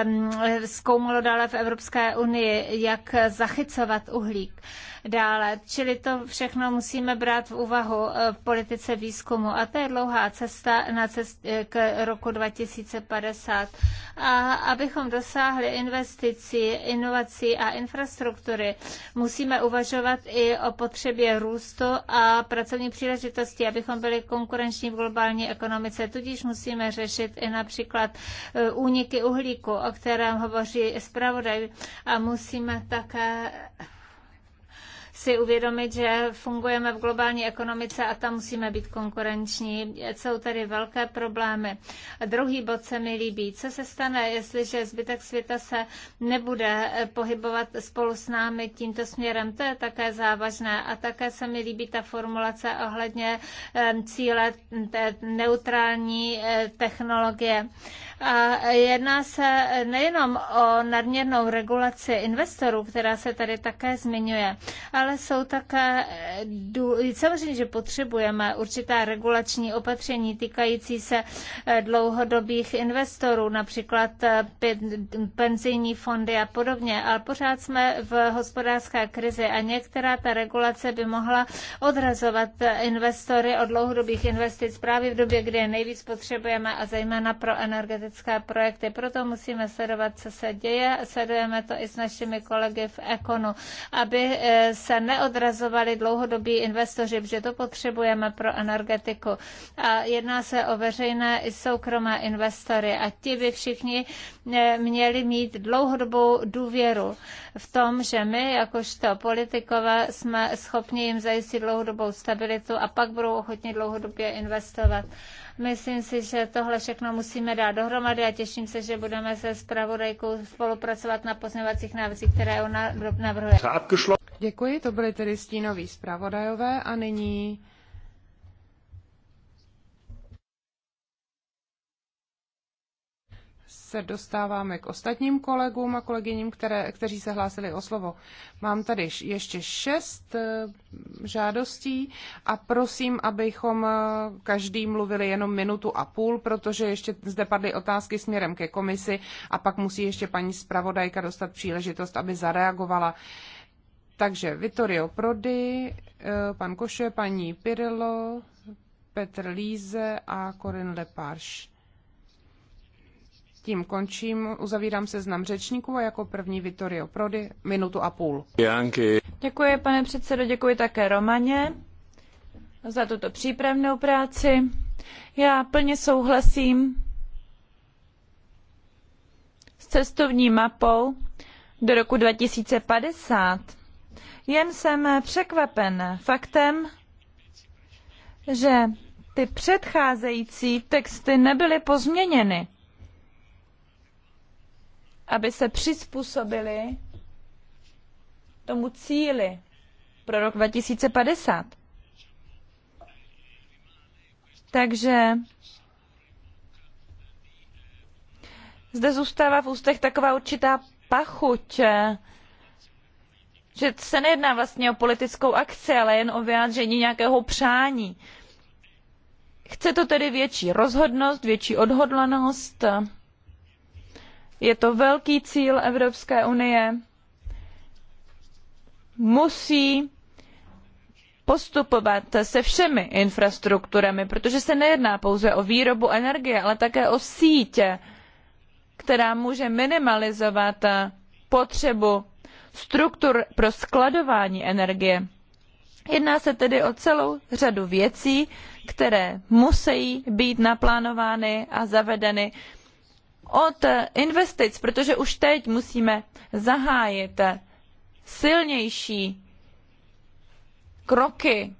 um, zkoumalo dále v Evropské unii, jak zachycovat uhlík dále. Čili to všechno musíme brát v úvahu eh, v politice výzkumu a to je dlouhá cesta na cest eh, k roku 2050. A abychom dosáhli investicí, inovací a infrastruktury, musíme uvažovat i o potřebě růstu a pracovní příležitosti, abychom byli konkurenční v globální ekonomice. Tudíž musíme řešit i například eh, úniky uhlíku, o kterém hovoří zpravodaj. A musíme také si uvědomit, že fungujeme v globální ekonomice a tam musíme být konkurenční. Jsou tady velké problémy. A druhý bod se mi líbí. Co se stane, jestliže zbytek světa se nebude pohybovat spolu s námi tímto směrem? To je také závažné. A také se mi líbí ta formulace ohledně eh, cíle neutrální eh, technologie. A jedná se nejenom o nadměrnou regulaci investorů, která se tady také zmiňuje, ale jsou také, samozřejmě, že potřebujeme určitá regulační opatření týkající se eh, dlouhodobých investorů, například eh, penzijní fondy a podobně, ale pořád jsme v hospodářské krizi a některá ta regulace by mohla odrazovat eh, investory od dlouhodobých investic právě v době, kdy je nejvíc potřebujeme a zejména pro energetické energetické projekty. Proto musíme sledovat, co se děje. Sledujeme to i s našimi kolegy v Ekonu, aby eh, se neodrazovali dlouhodobí investoři, protože to potřebujeme pro energetiku. A jedná se o veřejné i soukromé investory a ti by všichni eh, měli mít dlouhodobou důvěru v tom, že my, jakožto politikové, jsme schopni jim zajistit dlouhodobou stabilitu a pak budou ochotni dlouhodobě investovat. Myslím si, že tohle všechno musíme dát dohromady a těším se, že budeme se pravodajkou spolupracovat na pozměvacích návrzích, které ona navrhuje. Děkuji, to byly tedy stínoví zpravodajové a nyní se dostáváme k ostatním kolegům a kolegyním, které, kteří se hlásili o slovo. Mám tady ještě šest eh, žádostí a prosím, abychom eh, každý mluvili jenom minutu a půl, protože ještě zde padly otázky směrem ke komisi a pak musí ještě paní zpravodajka dostat příležitost, aby zareagovala. Takže Vittorio Prodi, eh, pan Koše, paní Pirillo, Petr Líze a Corinne Lepage. Tím končím, uzavírám seznam řečníků a jako první Vittorio Prody minutu a půl. Janky. Děkuji, pane předsedo, děkuji také Romaně za tuto přípravnou práci. Já plně souhlasím s cestovní mapou do roku 2050. Jen jsem překvapen faktem, že ty předcházející texty nebyly pozměněny aby se přizpůsobili tomu cíli pro rok 2050. Takže zde zůstává v ústech taková určitá pachuť, že se nejedná vlastně o politickou akci, ale jen o vyjádření nějakého přání. Chce to tedy větší rozhodnost, větší odhodlanost, je to velký cíl Evropské unie. Musí postupovat se všemi infrastrukturami, protože se nejedná pouze o výrobu energie, ale také o sítě, která může minimalizovat potřebu struktur pro skladování energie. Jedná se tedy o celou řadu věcí, které musejí být naplánovány a zavedeny od investic, protože už teď musíme zahájit silnější kroky,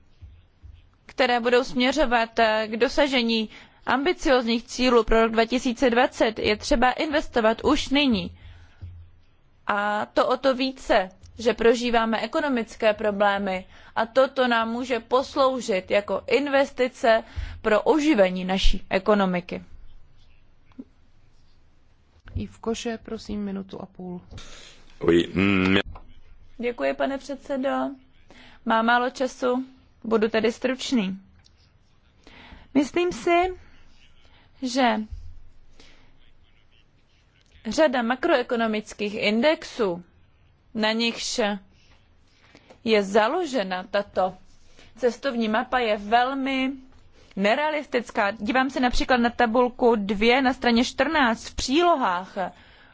které budou směřovat k dosažení ambiciózních cílů pro rok 2020. Je třeba investovat už nyní. A to o to více, že prožíváme ekonomické problémy a toto nám může posloužit jako investice pro oživení naší ekonomiky. I v koše, prosím, minutu a půl. Mm, Děkuji, pane předsedo. Má málo času, budu tedy stručný. Myslím si, že řada makroekonomických indexů, na nichž je založena tato cestovní mapa, je velmi nerealistická. Dívám se například na tabulku 2 na straně 14 v přílohách.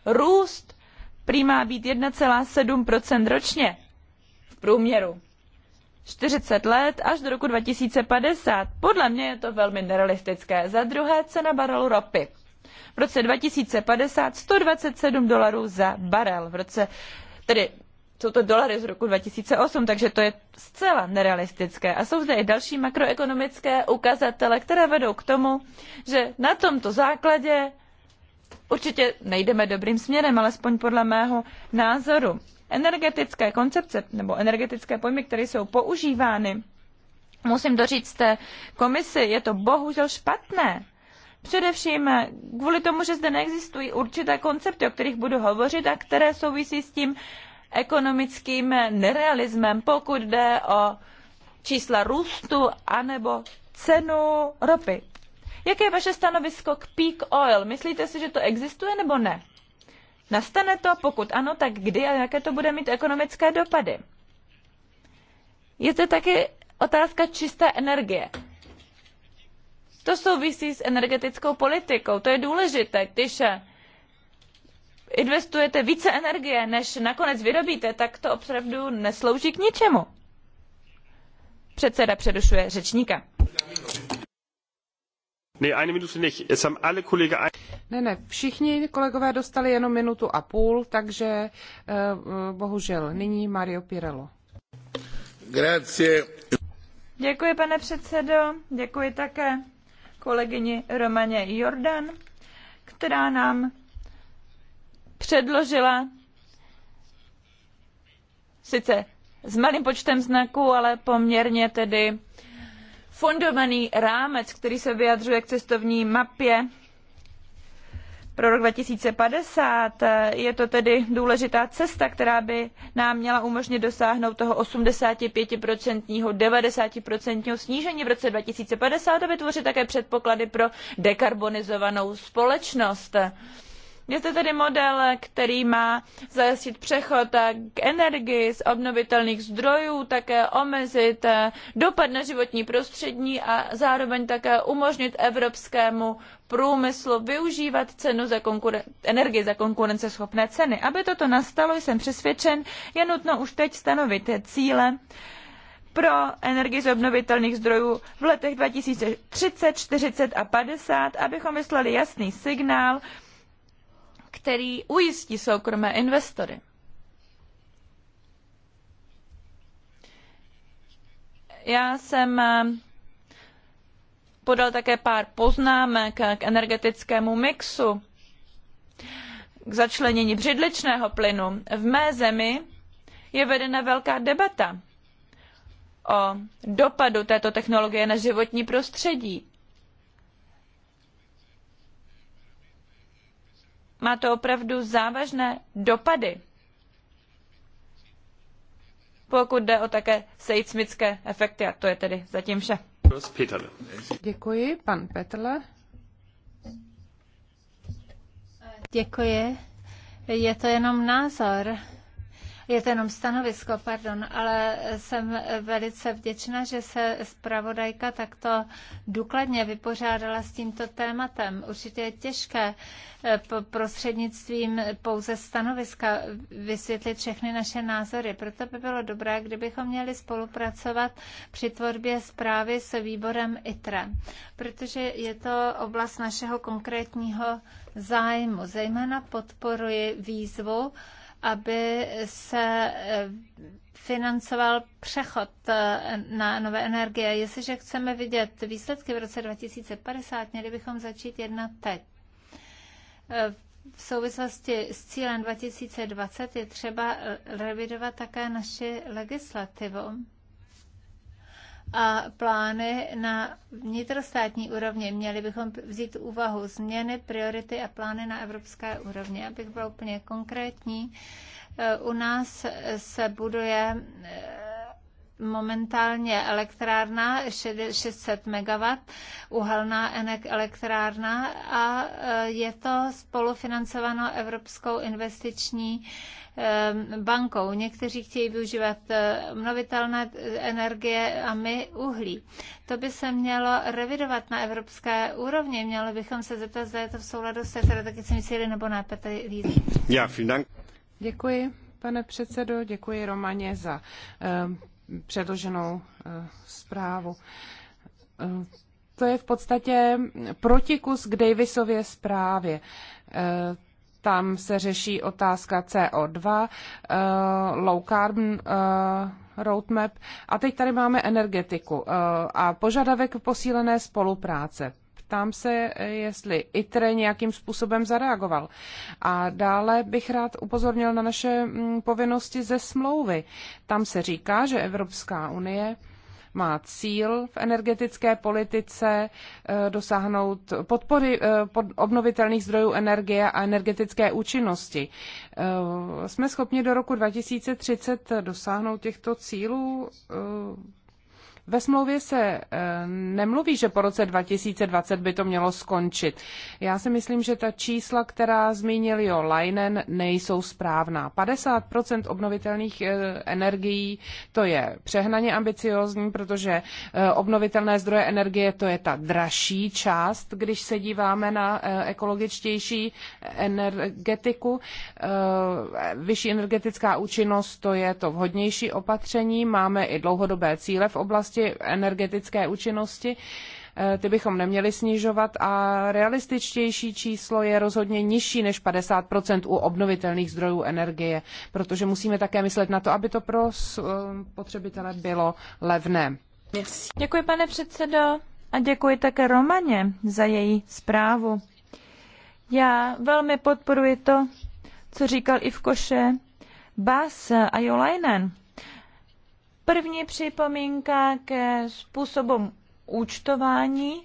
Růst prý má být 1,7 ročně v průměru. 40 let až do roku 2050. Podle mě je to velmi nerealistické. Za druhé cena barelu ropy. V roce 2050 127 dolarů za barel. V roce tedy jsou to dolary z roku 2008, takže to je zcela nerealistické. A jsou zde i další makroekonomické ukazatele, které vedou k tomu, že na tomto základě určitě nejdeme dobrým směrem, alespoň podle mého názoru. Energetické koncepce nebo energetické pojmy, které jsou používány, musím doříct té komisi, je to bohužel špatné. Především kvůli tomu, že zde neexistují určité koncepty, o kterých budu hovořit a které souvisí s tím, ekonomickým nerealismem, pokud jde o čísla růstu anebo cenu ropy. Jaké je vaše stanovisko k peak oil? Myslíte si, že to existuje nebo ne? Nastane to, pokud ano, tak kdy a jaké to bude mít ekonomické dopady? Je to taky otázka čisté energie. To souvisí s energetickou politikou, to je důležité. Když investujete více energie, než nakonec vyrobíte, tak to opravdu neslouží k ničemu. Předseda předušuje řečníka. Ne, ne, všichni kolegové dostali jenom minutu a půl, takže eh, bohužel nyní Mario Pirello. Grazie. Děkuji, pane předsedo. Děkuji také kolegyni Romaně Jordan, která nám předložila, sice s malým počtem znaků, ale poměrně tedy fundovaný rámec, který se vyjadřuje k cestovní mapě pro rok 2050. Je to tedy důležitá cesta, která by nám měla umožnit dosáhnout toho 85%, 90% snížení v roce 2050 a vytvořit také předpoklady pro dekarbonizovanou společnost. Je to tedy model, který má zajistit přechod k energii z obnovitelných zdrojů, také omezit eh, dopad na životní prostředí a zároveň také umožnit evropskému průmyslu využívat cenu za konkuren- energii za konkurenceschopné ceny. Aby toto nastalo, jsem přesvědčen, je nutno už teď stanovit cíle pro energii z obnovitelných zdrojů v letech 2030, 40 a 50, abychom vyslali jasný signál, který ujistí soukromé investory. Já jsem eh, podal také pár poznámek k energetickému mixu, k začlenění břidličného plynu. V mé zemi je vedena velká debata o dopadu této technologie na životní prostředí. Má to opravdu závažné dopady, pokud jde o také seismické efekty. A to je tedy zatím vše. Děkuji, pan Petrle. Děkuji. Je to jenom názor. Je to jenom stanovisko, pardon, ale jsem velice vděčná, že se zpravodajka takto důkladně vypořádala s tímto tématem. Určitě je těžké eh, prostřednictvím pouze stanoviska vysvětlit všechny naše názory. Proto by bylo dobré, kdybychom měli spolupracovat při tvorbě zprávy s výborem ITRE, protože je to oblast našeho konkrétního zájmu. Zejména podporuji výzvu, aby se eh, financoval přechod eh, na nové energie. Jestliže chceme vidět výsledky v roce 2050, měli bychom začít jednat teď. Eh, v souvislosti s cílem 2020 je třeba revidovat také naši legislativu a plány na vnitrostátní úrovni. Měli bychom vzít úvahu změny, priority a plány na evropské úrovni. Abych byla úplně konkrétní, eh, u nás se buduje eh, momentálně elektrárna 600 MW, uhelná elektrárna a eh, je to spolufinancováno Evropskou investiční Eh, bankou. Někteří chtějí využívat mnovitelné eh, eh, energie a my uhlí. To by se mělo revidovat na evropské úrovni. Mělo bychom se zeptat, zda je to v souladu se strategickými cíly nebo ne. Petr Já, Děkuji, pane předsedo. Děkuji, Romaně, za eh, předloženou uh, zprávu. Eh, to je v podstatě protikus k Davisově zprávě. Tam se řeší otázka CO2, eh, low carbon eh, roadmap. A teď tady máme energetiku eh, a požadavek posílené spolupráce ptám se, jestli ITRE nějakým způsobem zareagoval. A dále bych rád upozornil na naše mm, povinnosti ze smlouvy. Tam se říká, že Evropská unie má cíl v energetické politice eh, dosáhnout podpory eh, obnovitelných zdrojů energie a energetické účinnosti. Eh, jsme schopni do roku 2030 dosáhnout těchto cílů? Ve smlouvě se eh, nemluví, že po roce 2020 by to mělo skončit. Já si myslím, že ta čísla, která zmínil Jo Leinen, nejsou správná. 50% obnovitelných eh, energií, to je přehnaně ambiciozní, protože eh, obnovitelné zdroje energie, to je ta dražší část, když se díváme na ekologičtější energetiku. Vyšší energetická účinnost, to je to vhodnější opatření. Máme i dlouhodobé cíle v oblasti oblasti energetické účinnosti. Eh, ty bychom neměli snižovat a realističtější číslo je rozhodně nižší než 50 u obnovitelných zdrojů energie, protože musíme také myslet na to, aby to pro eh, potřebitele bylo levné. Děkuji, pane předsedo, a děkuji také Romaně za její zprávu. Já velmi podporuji to, co říkal Ivkoše Bas a Jolainen. První připomínka ke způsobům účtování.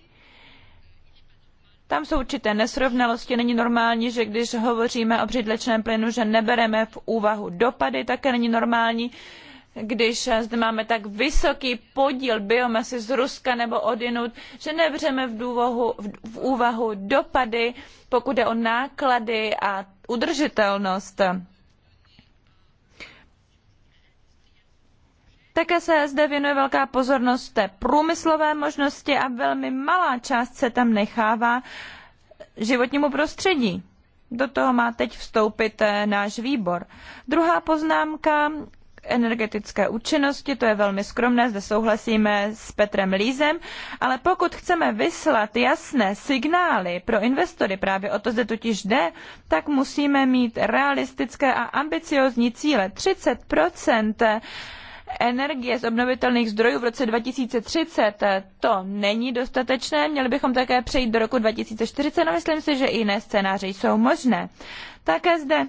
Tam jsou určité nesrovnalosti. Není normální, že když hovoříme o břidlečném plynu, že nebereme v úvahu dopady. Také není normální, když zde máme tak vysoký podíl biomasy z Ruska nebo odinut, že nebereme v, důvohu, v úvahu dopady, pokud je o náklady a udržitelnost Také se zde věnuje velká pozornost té průmyslové možnosti a velmi malá část se tam nechává životnímu prostředí. Do toho má teď vstoupit eh, náš výbor. Druhá poznámka k energetické účinnosti, to je velmi skromné, zde souhlasíme s Petrem Lízem, ale pokud chceme vyslat jasné signály pro investory, právě o to zde totiž jde, tak musíme mít realistické a ambiciózní cíle. 30 energie z obnovitelných zdrojů v roce 2030, eh, to není dostatečné. Měli bychom také přejít do roku 2040, no myslím si, že i jiné scénáře jsou možné. Také zde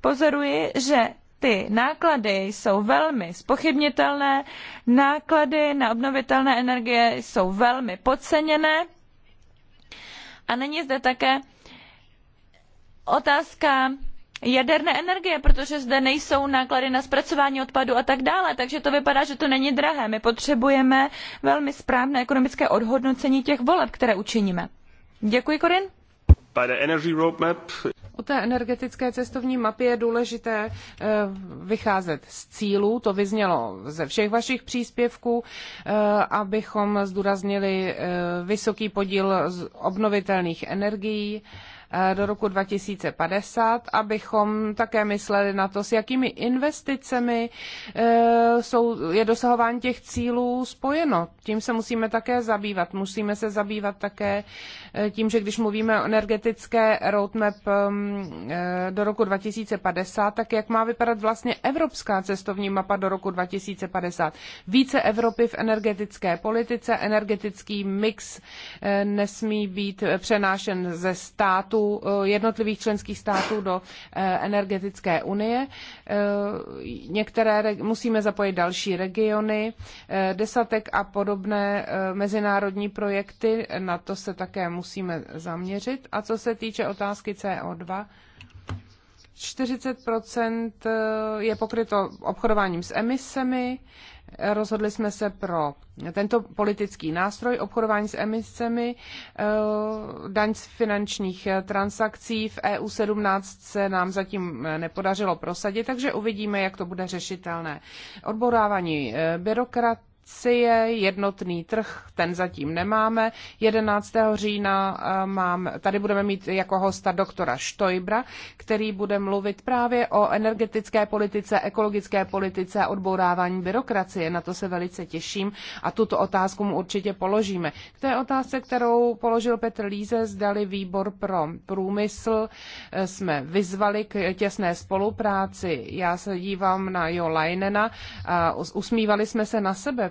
pozoruji, že ty náklady jsou velmi spochybnitelné, náklady na obnovitelné energie jsou velmi podceněné a není zde také otázka jaderné energie, protože zde nejsou náklady na zpracování odpadu a tak dále, takže to vypadá, že to není drahé. My potřebujeme velmi správné ekonomické odhodnocení těch voleb, které učiníme. Děkuji, corinne. U té energetické cestovní mapy je důležité eh, vycházet z cílů, to vyznělo ze všech vašich příspěvků, eh, abychom zdůraznili eh, vysoký podíl obnovitelných energií, Eh, do roku 2050, abychom také mysleli na to, s jakými investicemi eh, jsou, je dosahování těch cílů spojeno. Tím se musíme také zabývat. Musíme se zabývat také eh, tím, že když mluvíme o energetické roadmap ehm, do roku 2050, tak jak má vypadat vlastně evropská cestovní mapa do roku 2050. Více Evropy v energetické politice, energetický mix nesmí být přenášen ze státu vstupu eh, jednotlivých členských států do eh, energetické unie. Eh, některé musíme zapojit další regiony, desatek a podobné mezinárodní projekty, na to se také musíme zaměřit. A co se týče otázky CO2, 40 je pokryto obchodováním s emisemi, Rozhodli jsme se pro tento politický nástroj obchodování s emisemi, eh, daň z finančních eh, transakcí v EU 17 se nám zatím eh, nepodařilo prosadit, takže uvidíme, jak to bude řešitelné. Odborávání byrokrat je jednotný trh, ten zatím nemáme. 11. října eh, mám, tady budeme mít jako hosta doktora Štojbra, který bude mluvit právě o energetické politice, ekologické politice a odbourávání byrokracie. Na to se velice těším a tuto otázku mu určitě položíme. K té otázce, kterou položil Petr Líze, zdali výbor pro průmysl, eh, jsme vyzvali k těsné spolupráci. Já se dívám na Jo Leinena a usmívali jsme se na sebe,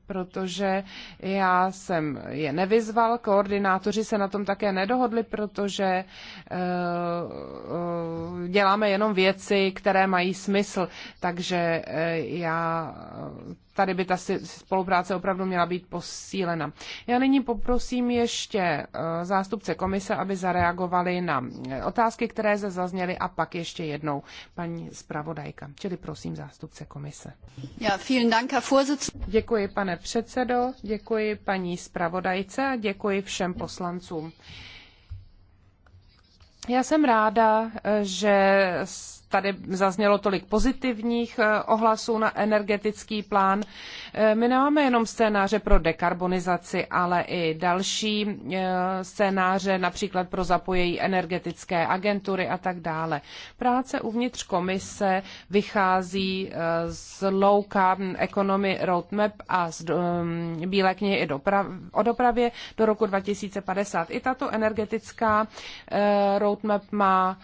protože já jsem je nevyzval, koordinátoři se na tom také nedohodli, protože eh, eh, děláme jenom věci, které mají smysl, takže eh, já tady by ta spolupráce opravdu měla být posílena. Já nyní poprosím ještě zástupce komise, aby zareagovali na otázky, které se zazněly a pak ještě jednou paní zpravodajka. Čili prosím zástupce komise. Ja, vielen Dank, Herr Děkuji, pane předsedo, děkuji paní zpravodajce a děkuji všem poslancům. Já jsem ráda, že tady zaznělo tolik pozitivních eh, ohlasů na energetický plán. Eh, my nemáme jenom scénáře pro dekarbonizaci, ale i další eh, scénáře, například pro zapojení energetické agentury a tak dále. Práce uvnitř komise vychází z low carbon economy roadmap a z mm, bílé knihy i doprav, o dopravě do roku 2050. I tato energetická roadmap má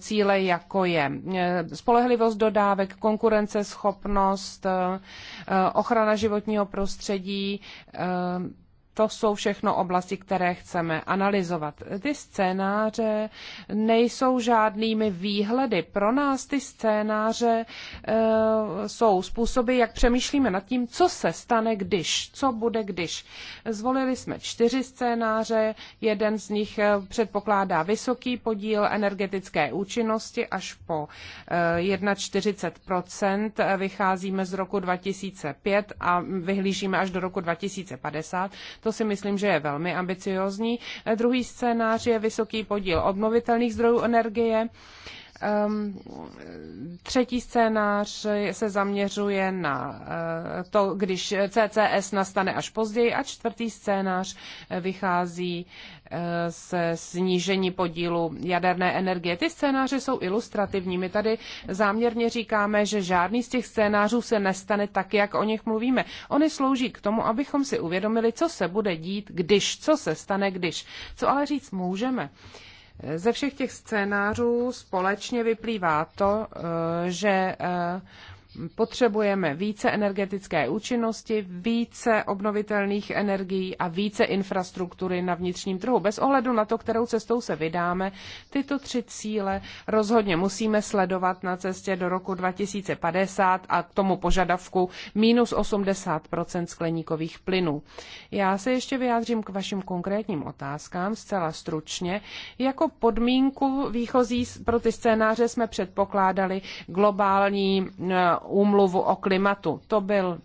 cíle, jako je Eh, spolehlivost dodávek, konkurenceschopnost, eh, ochrana životního prostředí, eh, to jsou všechno oblasti, které chceme analyzovat. Ty scénáře nejsou žádnými výhledy. Pro nás ty scénáře e, jsou způsoby, jak přemýšlíme nad tím, co se stane, když, co bude, když. Zvolili jsme čtyři scénáře, jeden z nich e, předpokládá vysoký podíl energetické účinnosti až po e, 41 vycházíme z roku 2005 a vyhlížíme až do roku 2050. To si myslím, že je velmi ambiciozní. Druhý scénář je vysoký podíl obnovitelných zdrojů energie. Třetí scénář se zaměřuje na eh, to, když CCS nastane až později a čtvrtý scénář vychází eh, se snížení podílu jaderné energie. Ty scénáře jsou ilustrativní. My tady záměrně říkáme, že žádný z těch scénářů se nestane tak, jak o nich mluvíme. Ony slouží k tomu, abychom si uvědomili, co se bude dít, když, co se stane, když. Co ale říct můžeme. Uh, ze všech těch scénářů společně vyplývá to, eh, že eh, Potřebujeme více energetické účinnosti, více obnovitelných energií a více infrastruktury na vnitřním trhu. Bez ohledu na to, kterou cestou se vydáme, tyto tři cíle rozhodně musíme sledovat na cestě do roku 2050 a k tomu požadavku minus 80 skleníkových plynů. Já se ještě vyjádřím k vašim konkrétním otázkám zcela stručně. Jako podmínku výchozí pro ty scénáře jsme předpokládali globální eh, úmluvu o klimatu. To byl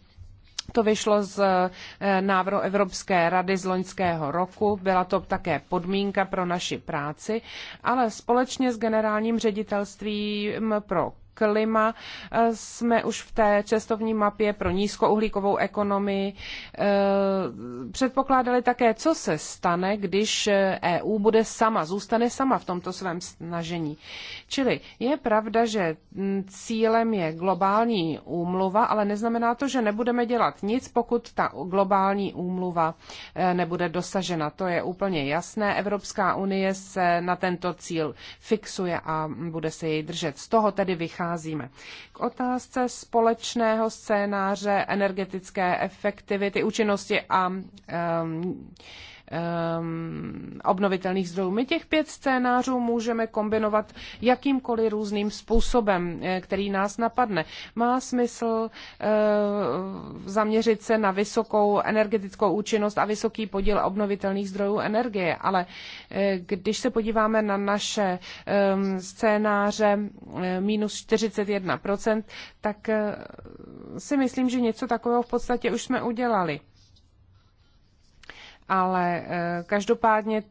to vyšlo z eh, návrhu Evropské rady z loňského roku, byla to také podmínka pro naši práci, ale společně s generálním ředitelstvím pro klima. E, jsme už v té cestovní mapě pro nízkouhlíkovou ekonomii. E, předpokládali také, co se stane, když EU bude sama, zůstane sama v tomto svém snažení. Čili je pravda, že cílem je globální úmluva, ale neznamená to, že nebudeme dělat nic, pokud ta globální úmluva e, nebude dosažena. To je úplně jasné. Evropská unie se na tento cíl fixuje a bude se jej držet. Z toho tedy vychází nacházíme. K otázce společného scénáře energetické efektivity, účinnosti a um, um, obnovitelných zdrojů. My těch pět scénářů můžeme kombinovat jakýmkoliv různým způsobem, eh, který nás napadne. Má smysl uh, zaměřit se na vysokou energetickou účinnost a vysoký podíl obnovitelných zdrojů energie, ale uh, když se podíváme na naše um, scénáře uh, minus 41%, tak uh, si myslím, že něco takového v podstatě už jsme udělali ale eh, každopádně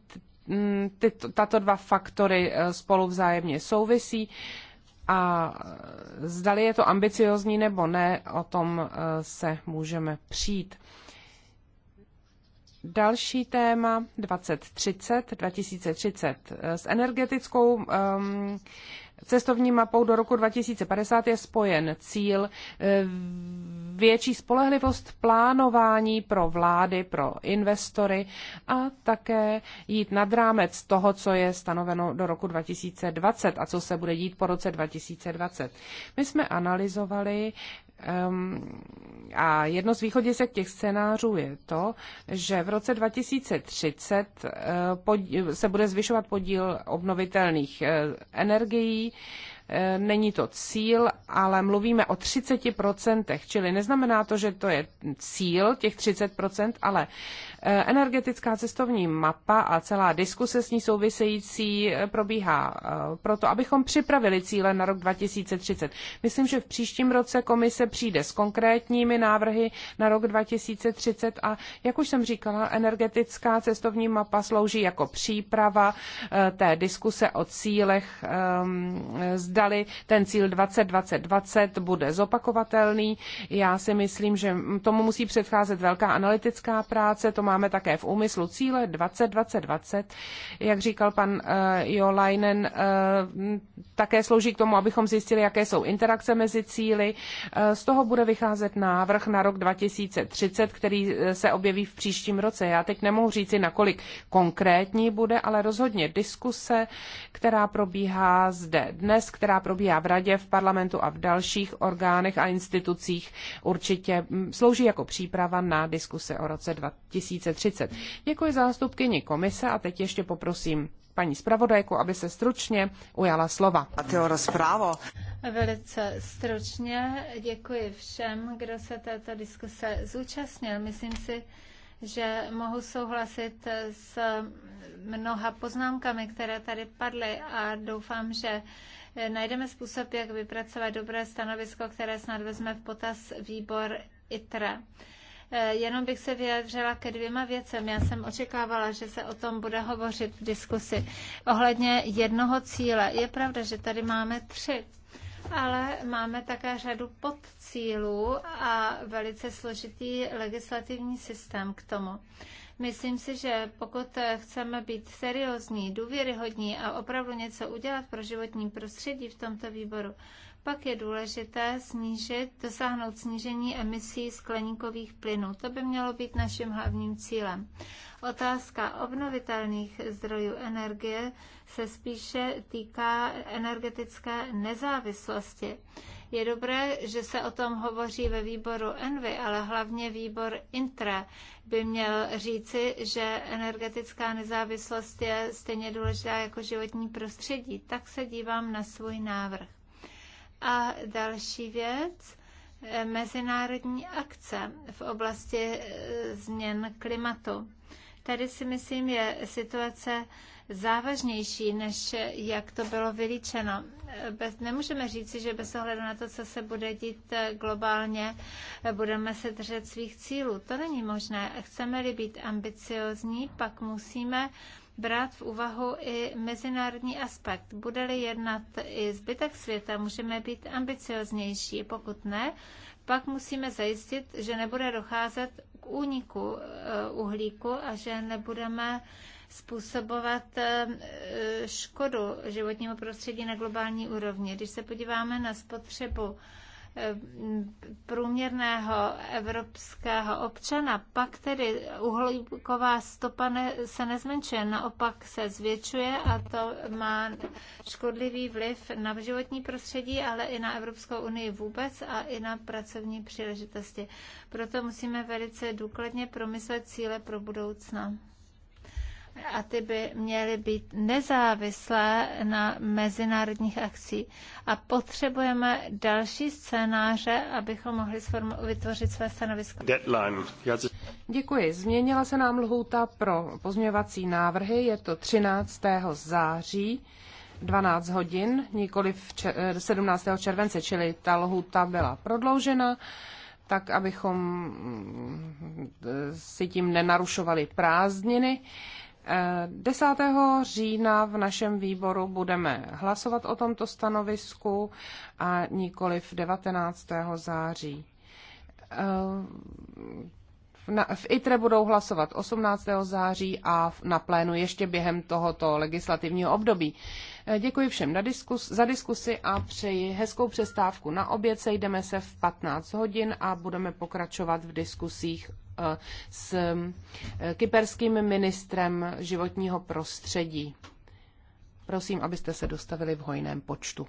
mm, ty tato dva faktory eh, spolu vzájemně souvisí a eh, zdali je to ambiciozní nebo ne, o tom se můžeme přijít. Další téma 2030, 2030 s energetickou um, cestovní mapou do roku 2050 je spojen cíl eh, větší spolehlivost plánování pro vlády, pro investory a také jít nad rámec toho, co je stanoveno do roku 2020 a co se bude dít po roce 2020. My jsme analyzovali Um, a jedno z východisek těch scénářů je to, že v roce 2030 eh, se bude zvyšovat podíl obnovitelných eh, energií Eh, není to cíl, ale mluvíme o 30%, čili neznamená to, že to je cíl těch 30%, ale eh, energetická cestovní mapa a celá diskuse s ní související eh, probíhá proto, abychom připravili cíle na rok 2030. Myslím, že v příštím roce komise přijde s konkrétními návrhy na rok 2030 a, jak už jsem říkala, energetická cestovní mapa slouží jako příprava té diskuse o cílech. Ehm, zda zdali ten cíl 2020 bude zopakovatelný. Já si myslím, že tomu musí předcházet velká analytická práce, to máme také v úmyslu cíle 2020. Jak říkal pan uh, Leinen, uh, také slouží k tomu, abychom zjistili, jaké jsou interakce mezi cíly. Uh, z toho bude vycházet návrh na rok 2030, který se objeví v příštím roce. Já teď nemohu říci, nakolik konkrétní bude, ale rozhodně diskuse, která probíhá zde dnes, která která probíhá v radě, v parlamentu a v dalších orgánech a institucích, určitě mm, slouží jako příprava na diskuse o roce 2030. Děkuji zástupkyni komise a teď ještě poprosím paní zpravodajku, aby se stručně ujala slova. A ty rozprávo. Velice stručně děkuji všem, kdo se této diskuse zúčastnil. Myslím si, že mohu souhlasit s mnoha poznámkami, které tady padly a doufám, že najdeme způsob, jak vypracovat dobré stanovisko, které snad vezme v potaz výbor ITRE. Eh, jenom bych se vyjadřila ke dvěma věcem. Já jsem očekávala, že se o tom bude hovořit v diskusi. Ohledně jednoho cíle. Je pravda, že tady máme tři ale máme také řadu podcílů a velice složitý legislativní systém k tomu. Myslím si, že pokud chceme být seriózní, důvěryhodní a opravdu něco udělat pro životní prostředí v tomto výboru, pak je důležité snížit, dosáhnout snížení emisí skleníkových plynů. To by mělo být naším hlavním cílem. Otázka obnovitelných zdrojů energie se spíše týká energetické nezávislosti. Je dobré, že se o tom hovoří ve výboru Envy, ale hlavně výbor Intra by měl říci, že energetická nezávislost je stejně důležitá jako životní prostředí. Tak se dívám na svůj návrh. A další věc, mezinárodní akce v oblasti e, změn klimatu. Tady si myslím, je situace závažnější, než jak to bylo vylíčeno bez, nemůžeme říci, že bez ohledu na to, co se bude dít eh, globálně, eh, budeme se držet svých cílů. To není možné. Chceme-li být ambiciozní, pak musíme brát v úvahu i mezinárodní aspekt. Bude-li jednat i zbytek světa, můžeme být ambicioznější. Pokud ne, pak musíme zajistit, že nebude docházet k úniku eh, uhlíku a že nebudeme způsobovat eh, škodu životnímu prostředí na globální úrovni. Když se podíváme na spotřebu eh, průměrného evropského občana, pak tedy uhlíková stopa ne, se nezmenšuje, naopak se zvětšuje a to má škodlivý vliv na životní prostředí, ale i na Evropskou unii vůbec a i na pracovní příležitosti. Proto musíme velice důkladně promyslet cíle pro budoucna a ty by měly být nezávislé na mezinárodních akcích. A potřebujeme další scénáře, abychom mohli vytvořit své stanovisko. Deadline. Děkuji. Změnila se nám lhůta pro pozměňovací návrhy. Je to 13. září 12 hodin, nikoli 17. Eh, července, čili ta lhůta byla prodloužena tak abychom mm, eh, si tím nenarušovali prázdniny. 10. října v našem výboru budeme hlasovat o tomto stanovisku a nikoli v 19. září na, v ITRE budou hlasovat 18. září a na plénu ještě během tohoto legislativního období. Eh, děkuji všem na diskus, za diskusi a přeji hezkou přestávku na oběd. Sejdeme se v 15 hodin a budeme pokračovat v diskusích eh, s eh, kyperským ministrem životního prostředí. Prosím, abyste se dostavili v hojném počtu.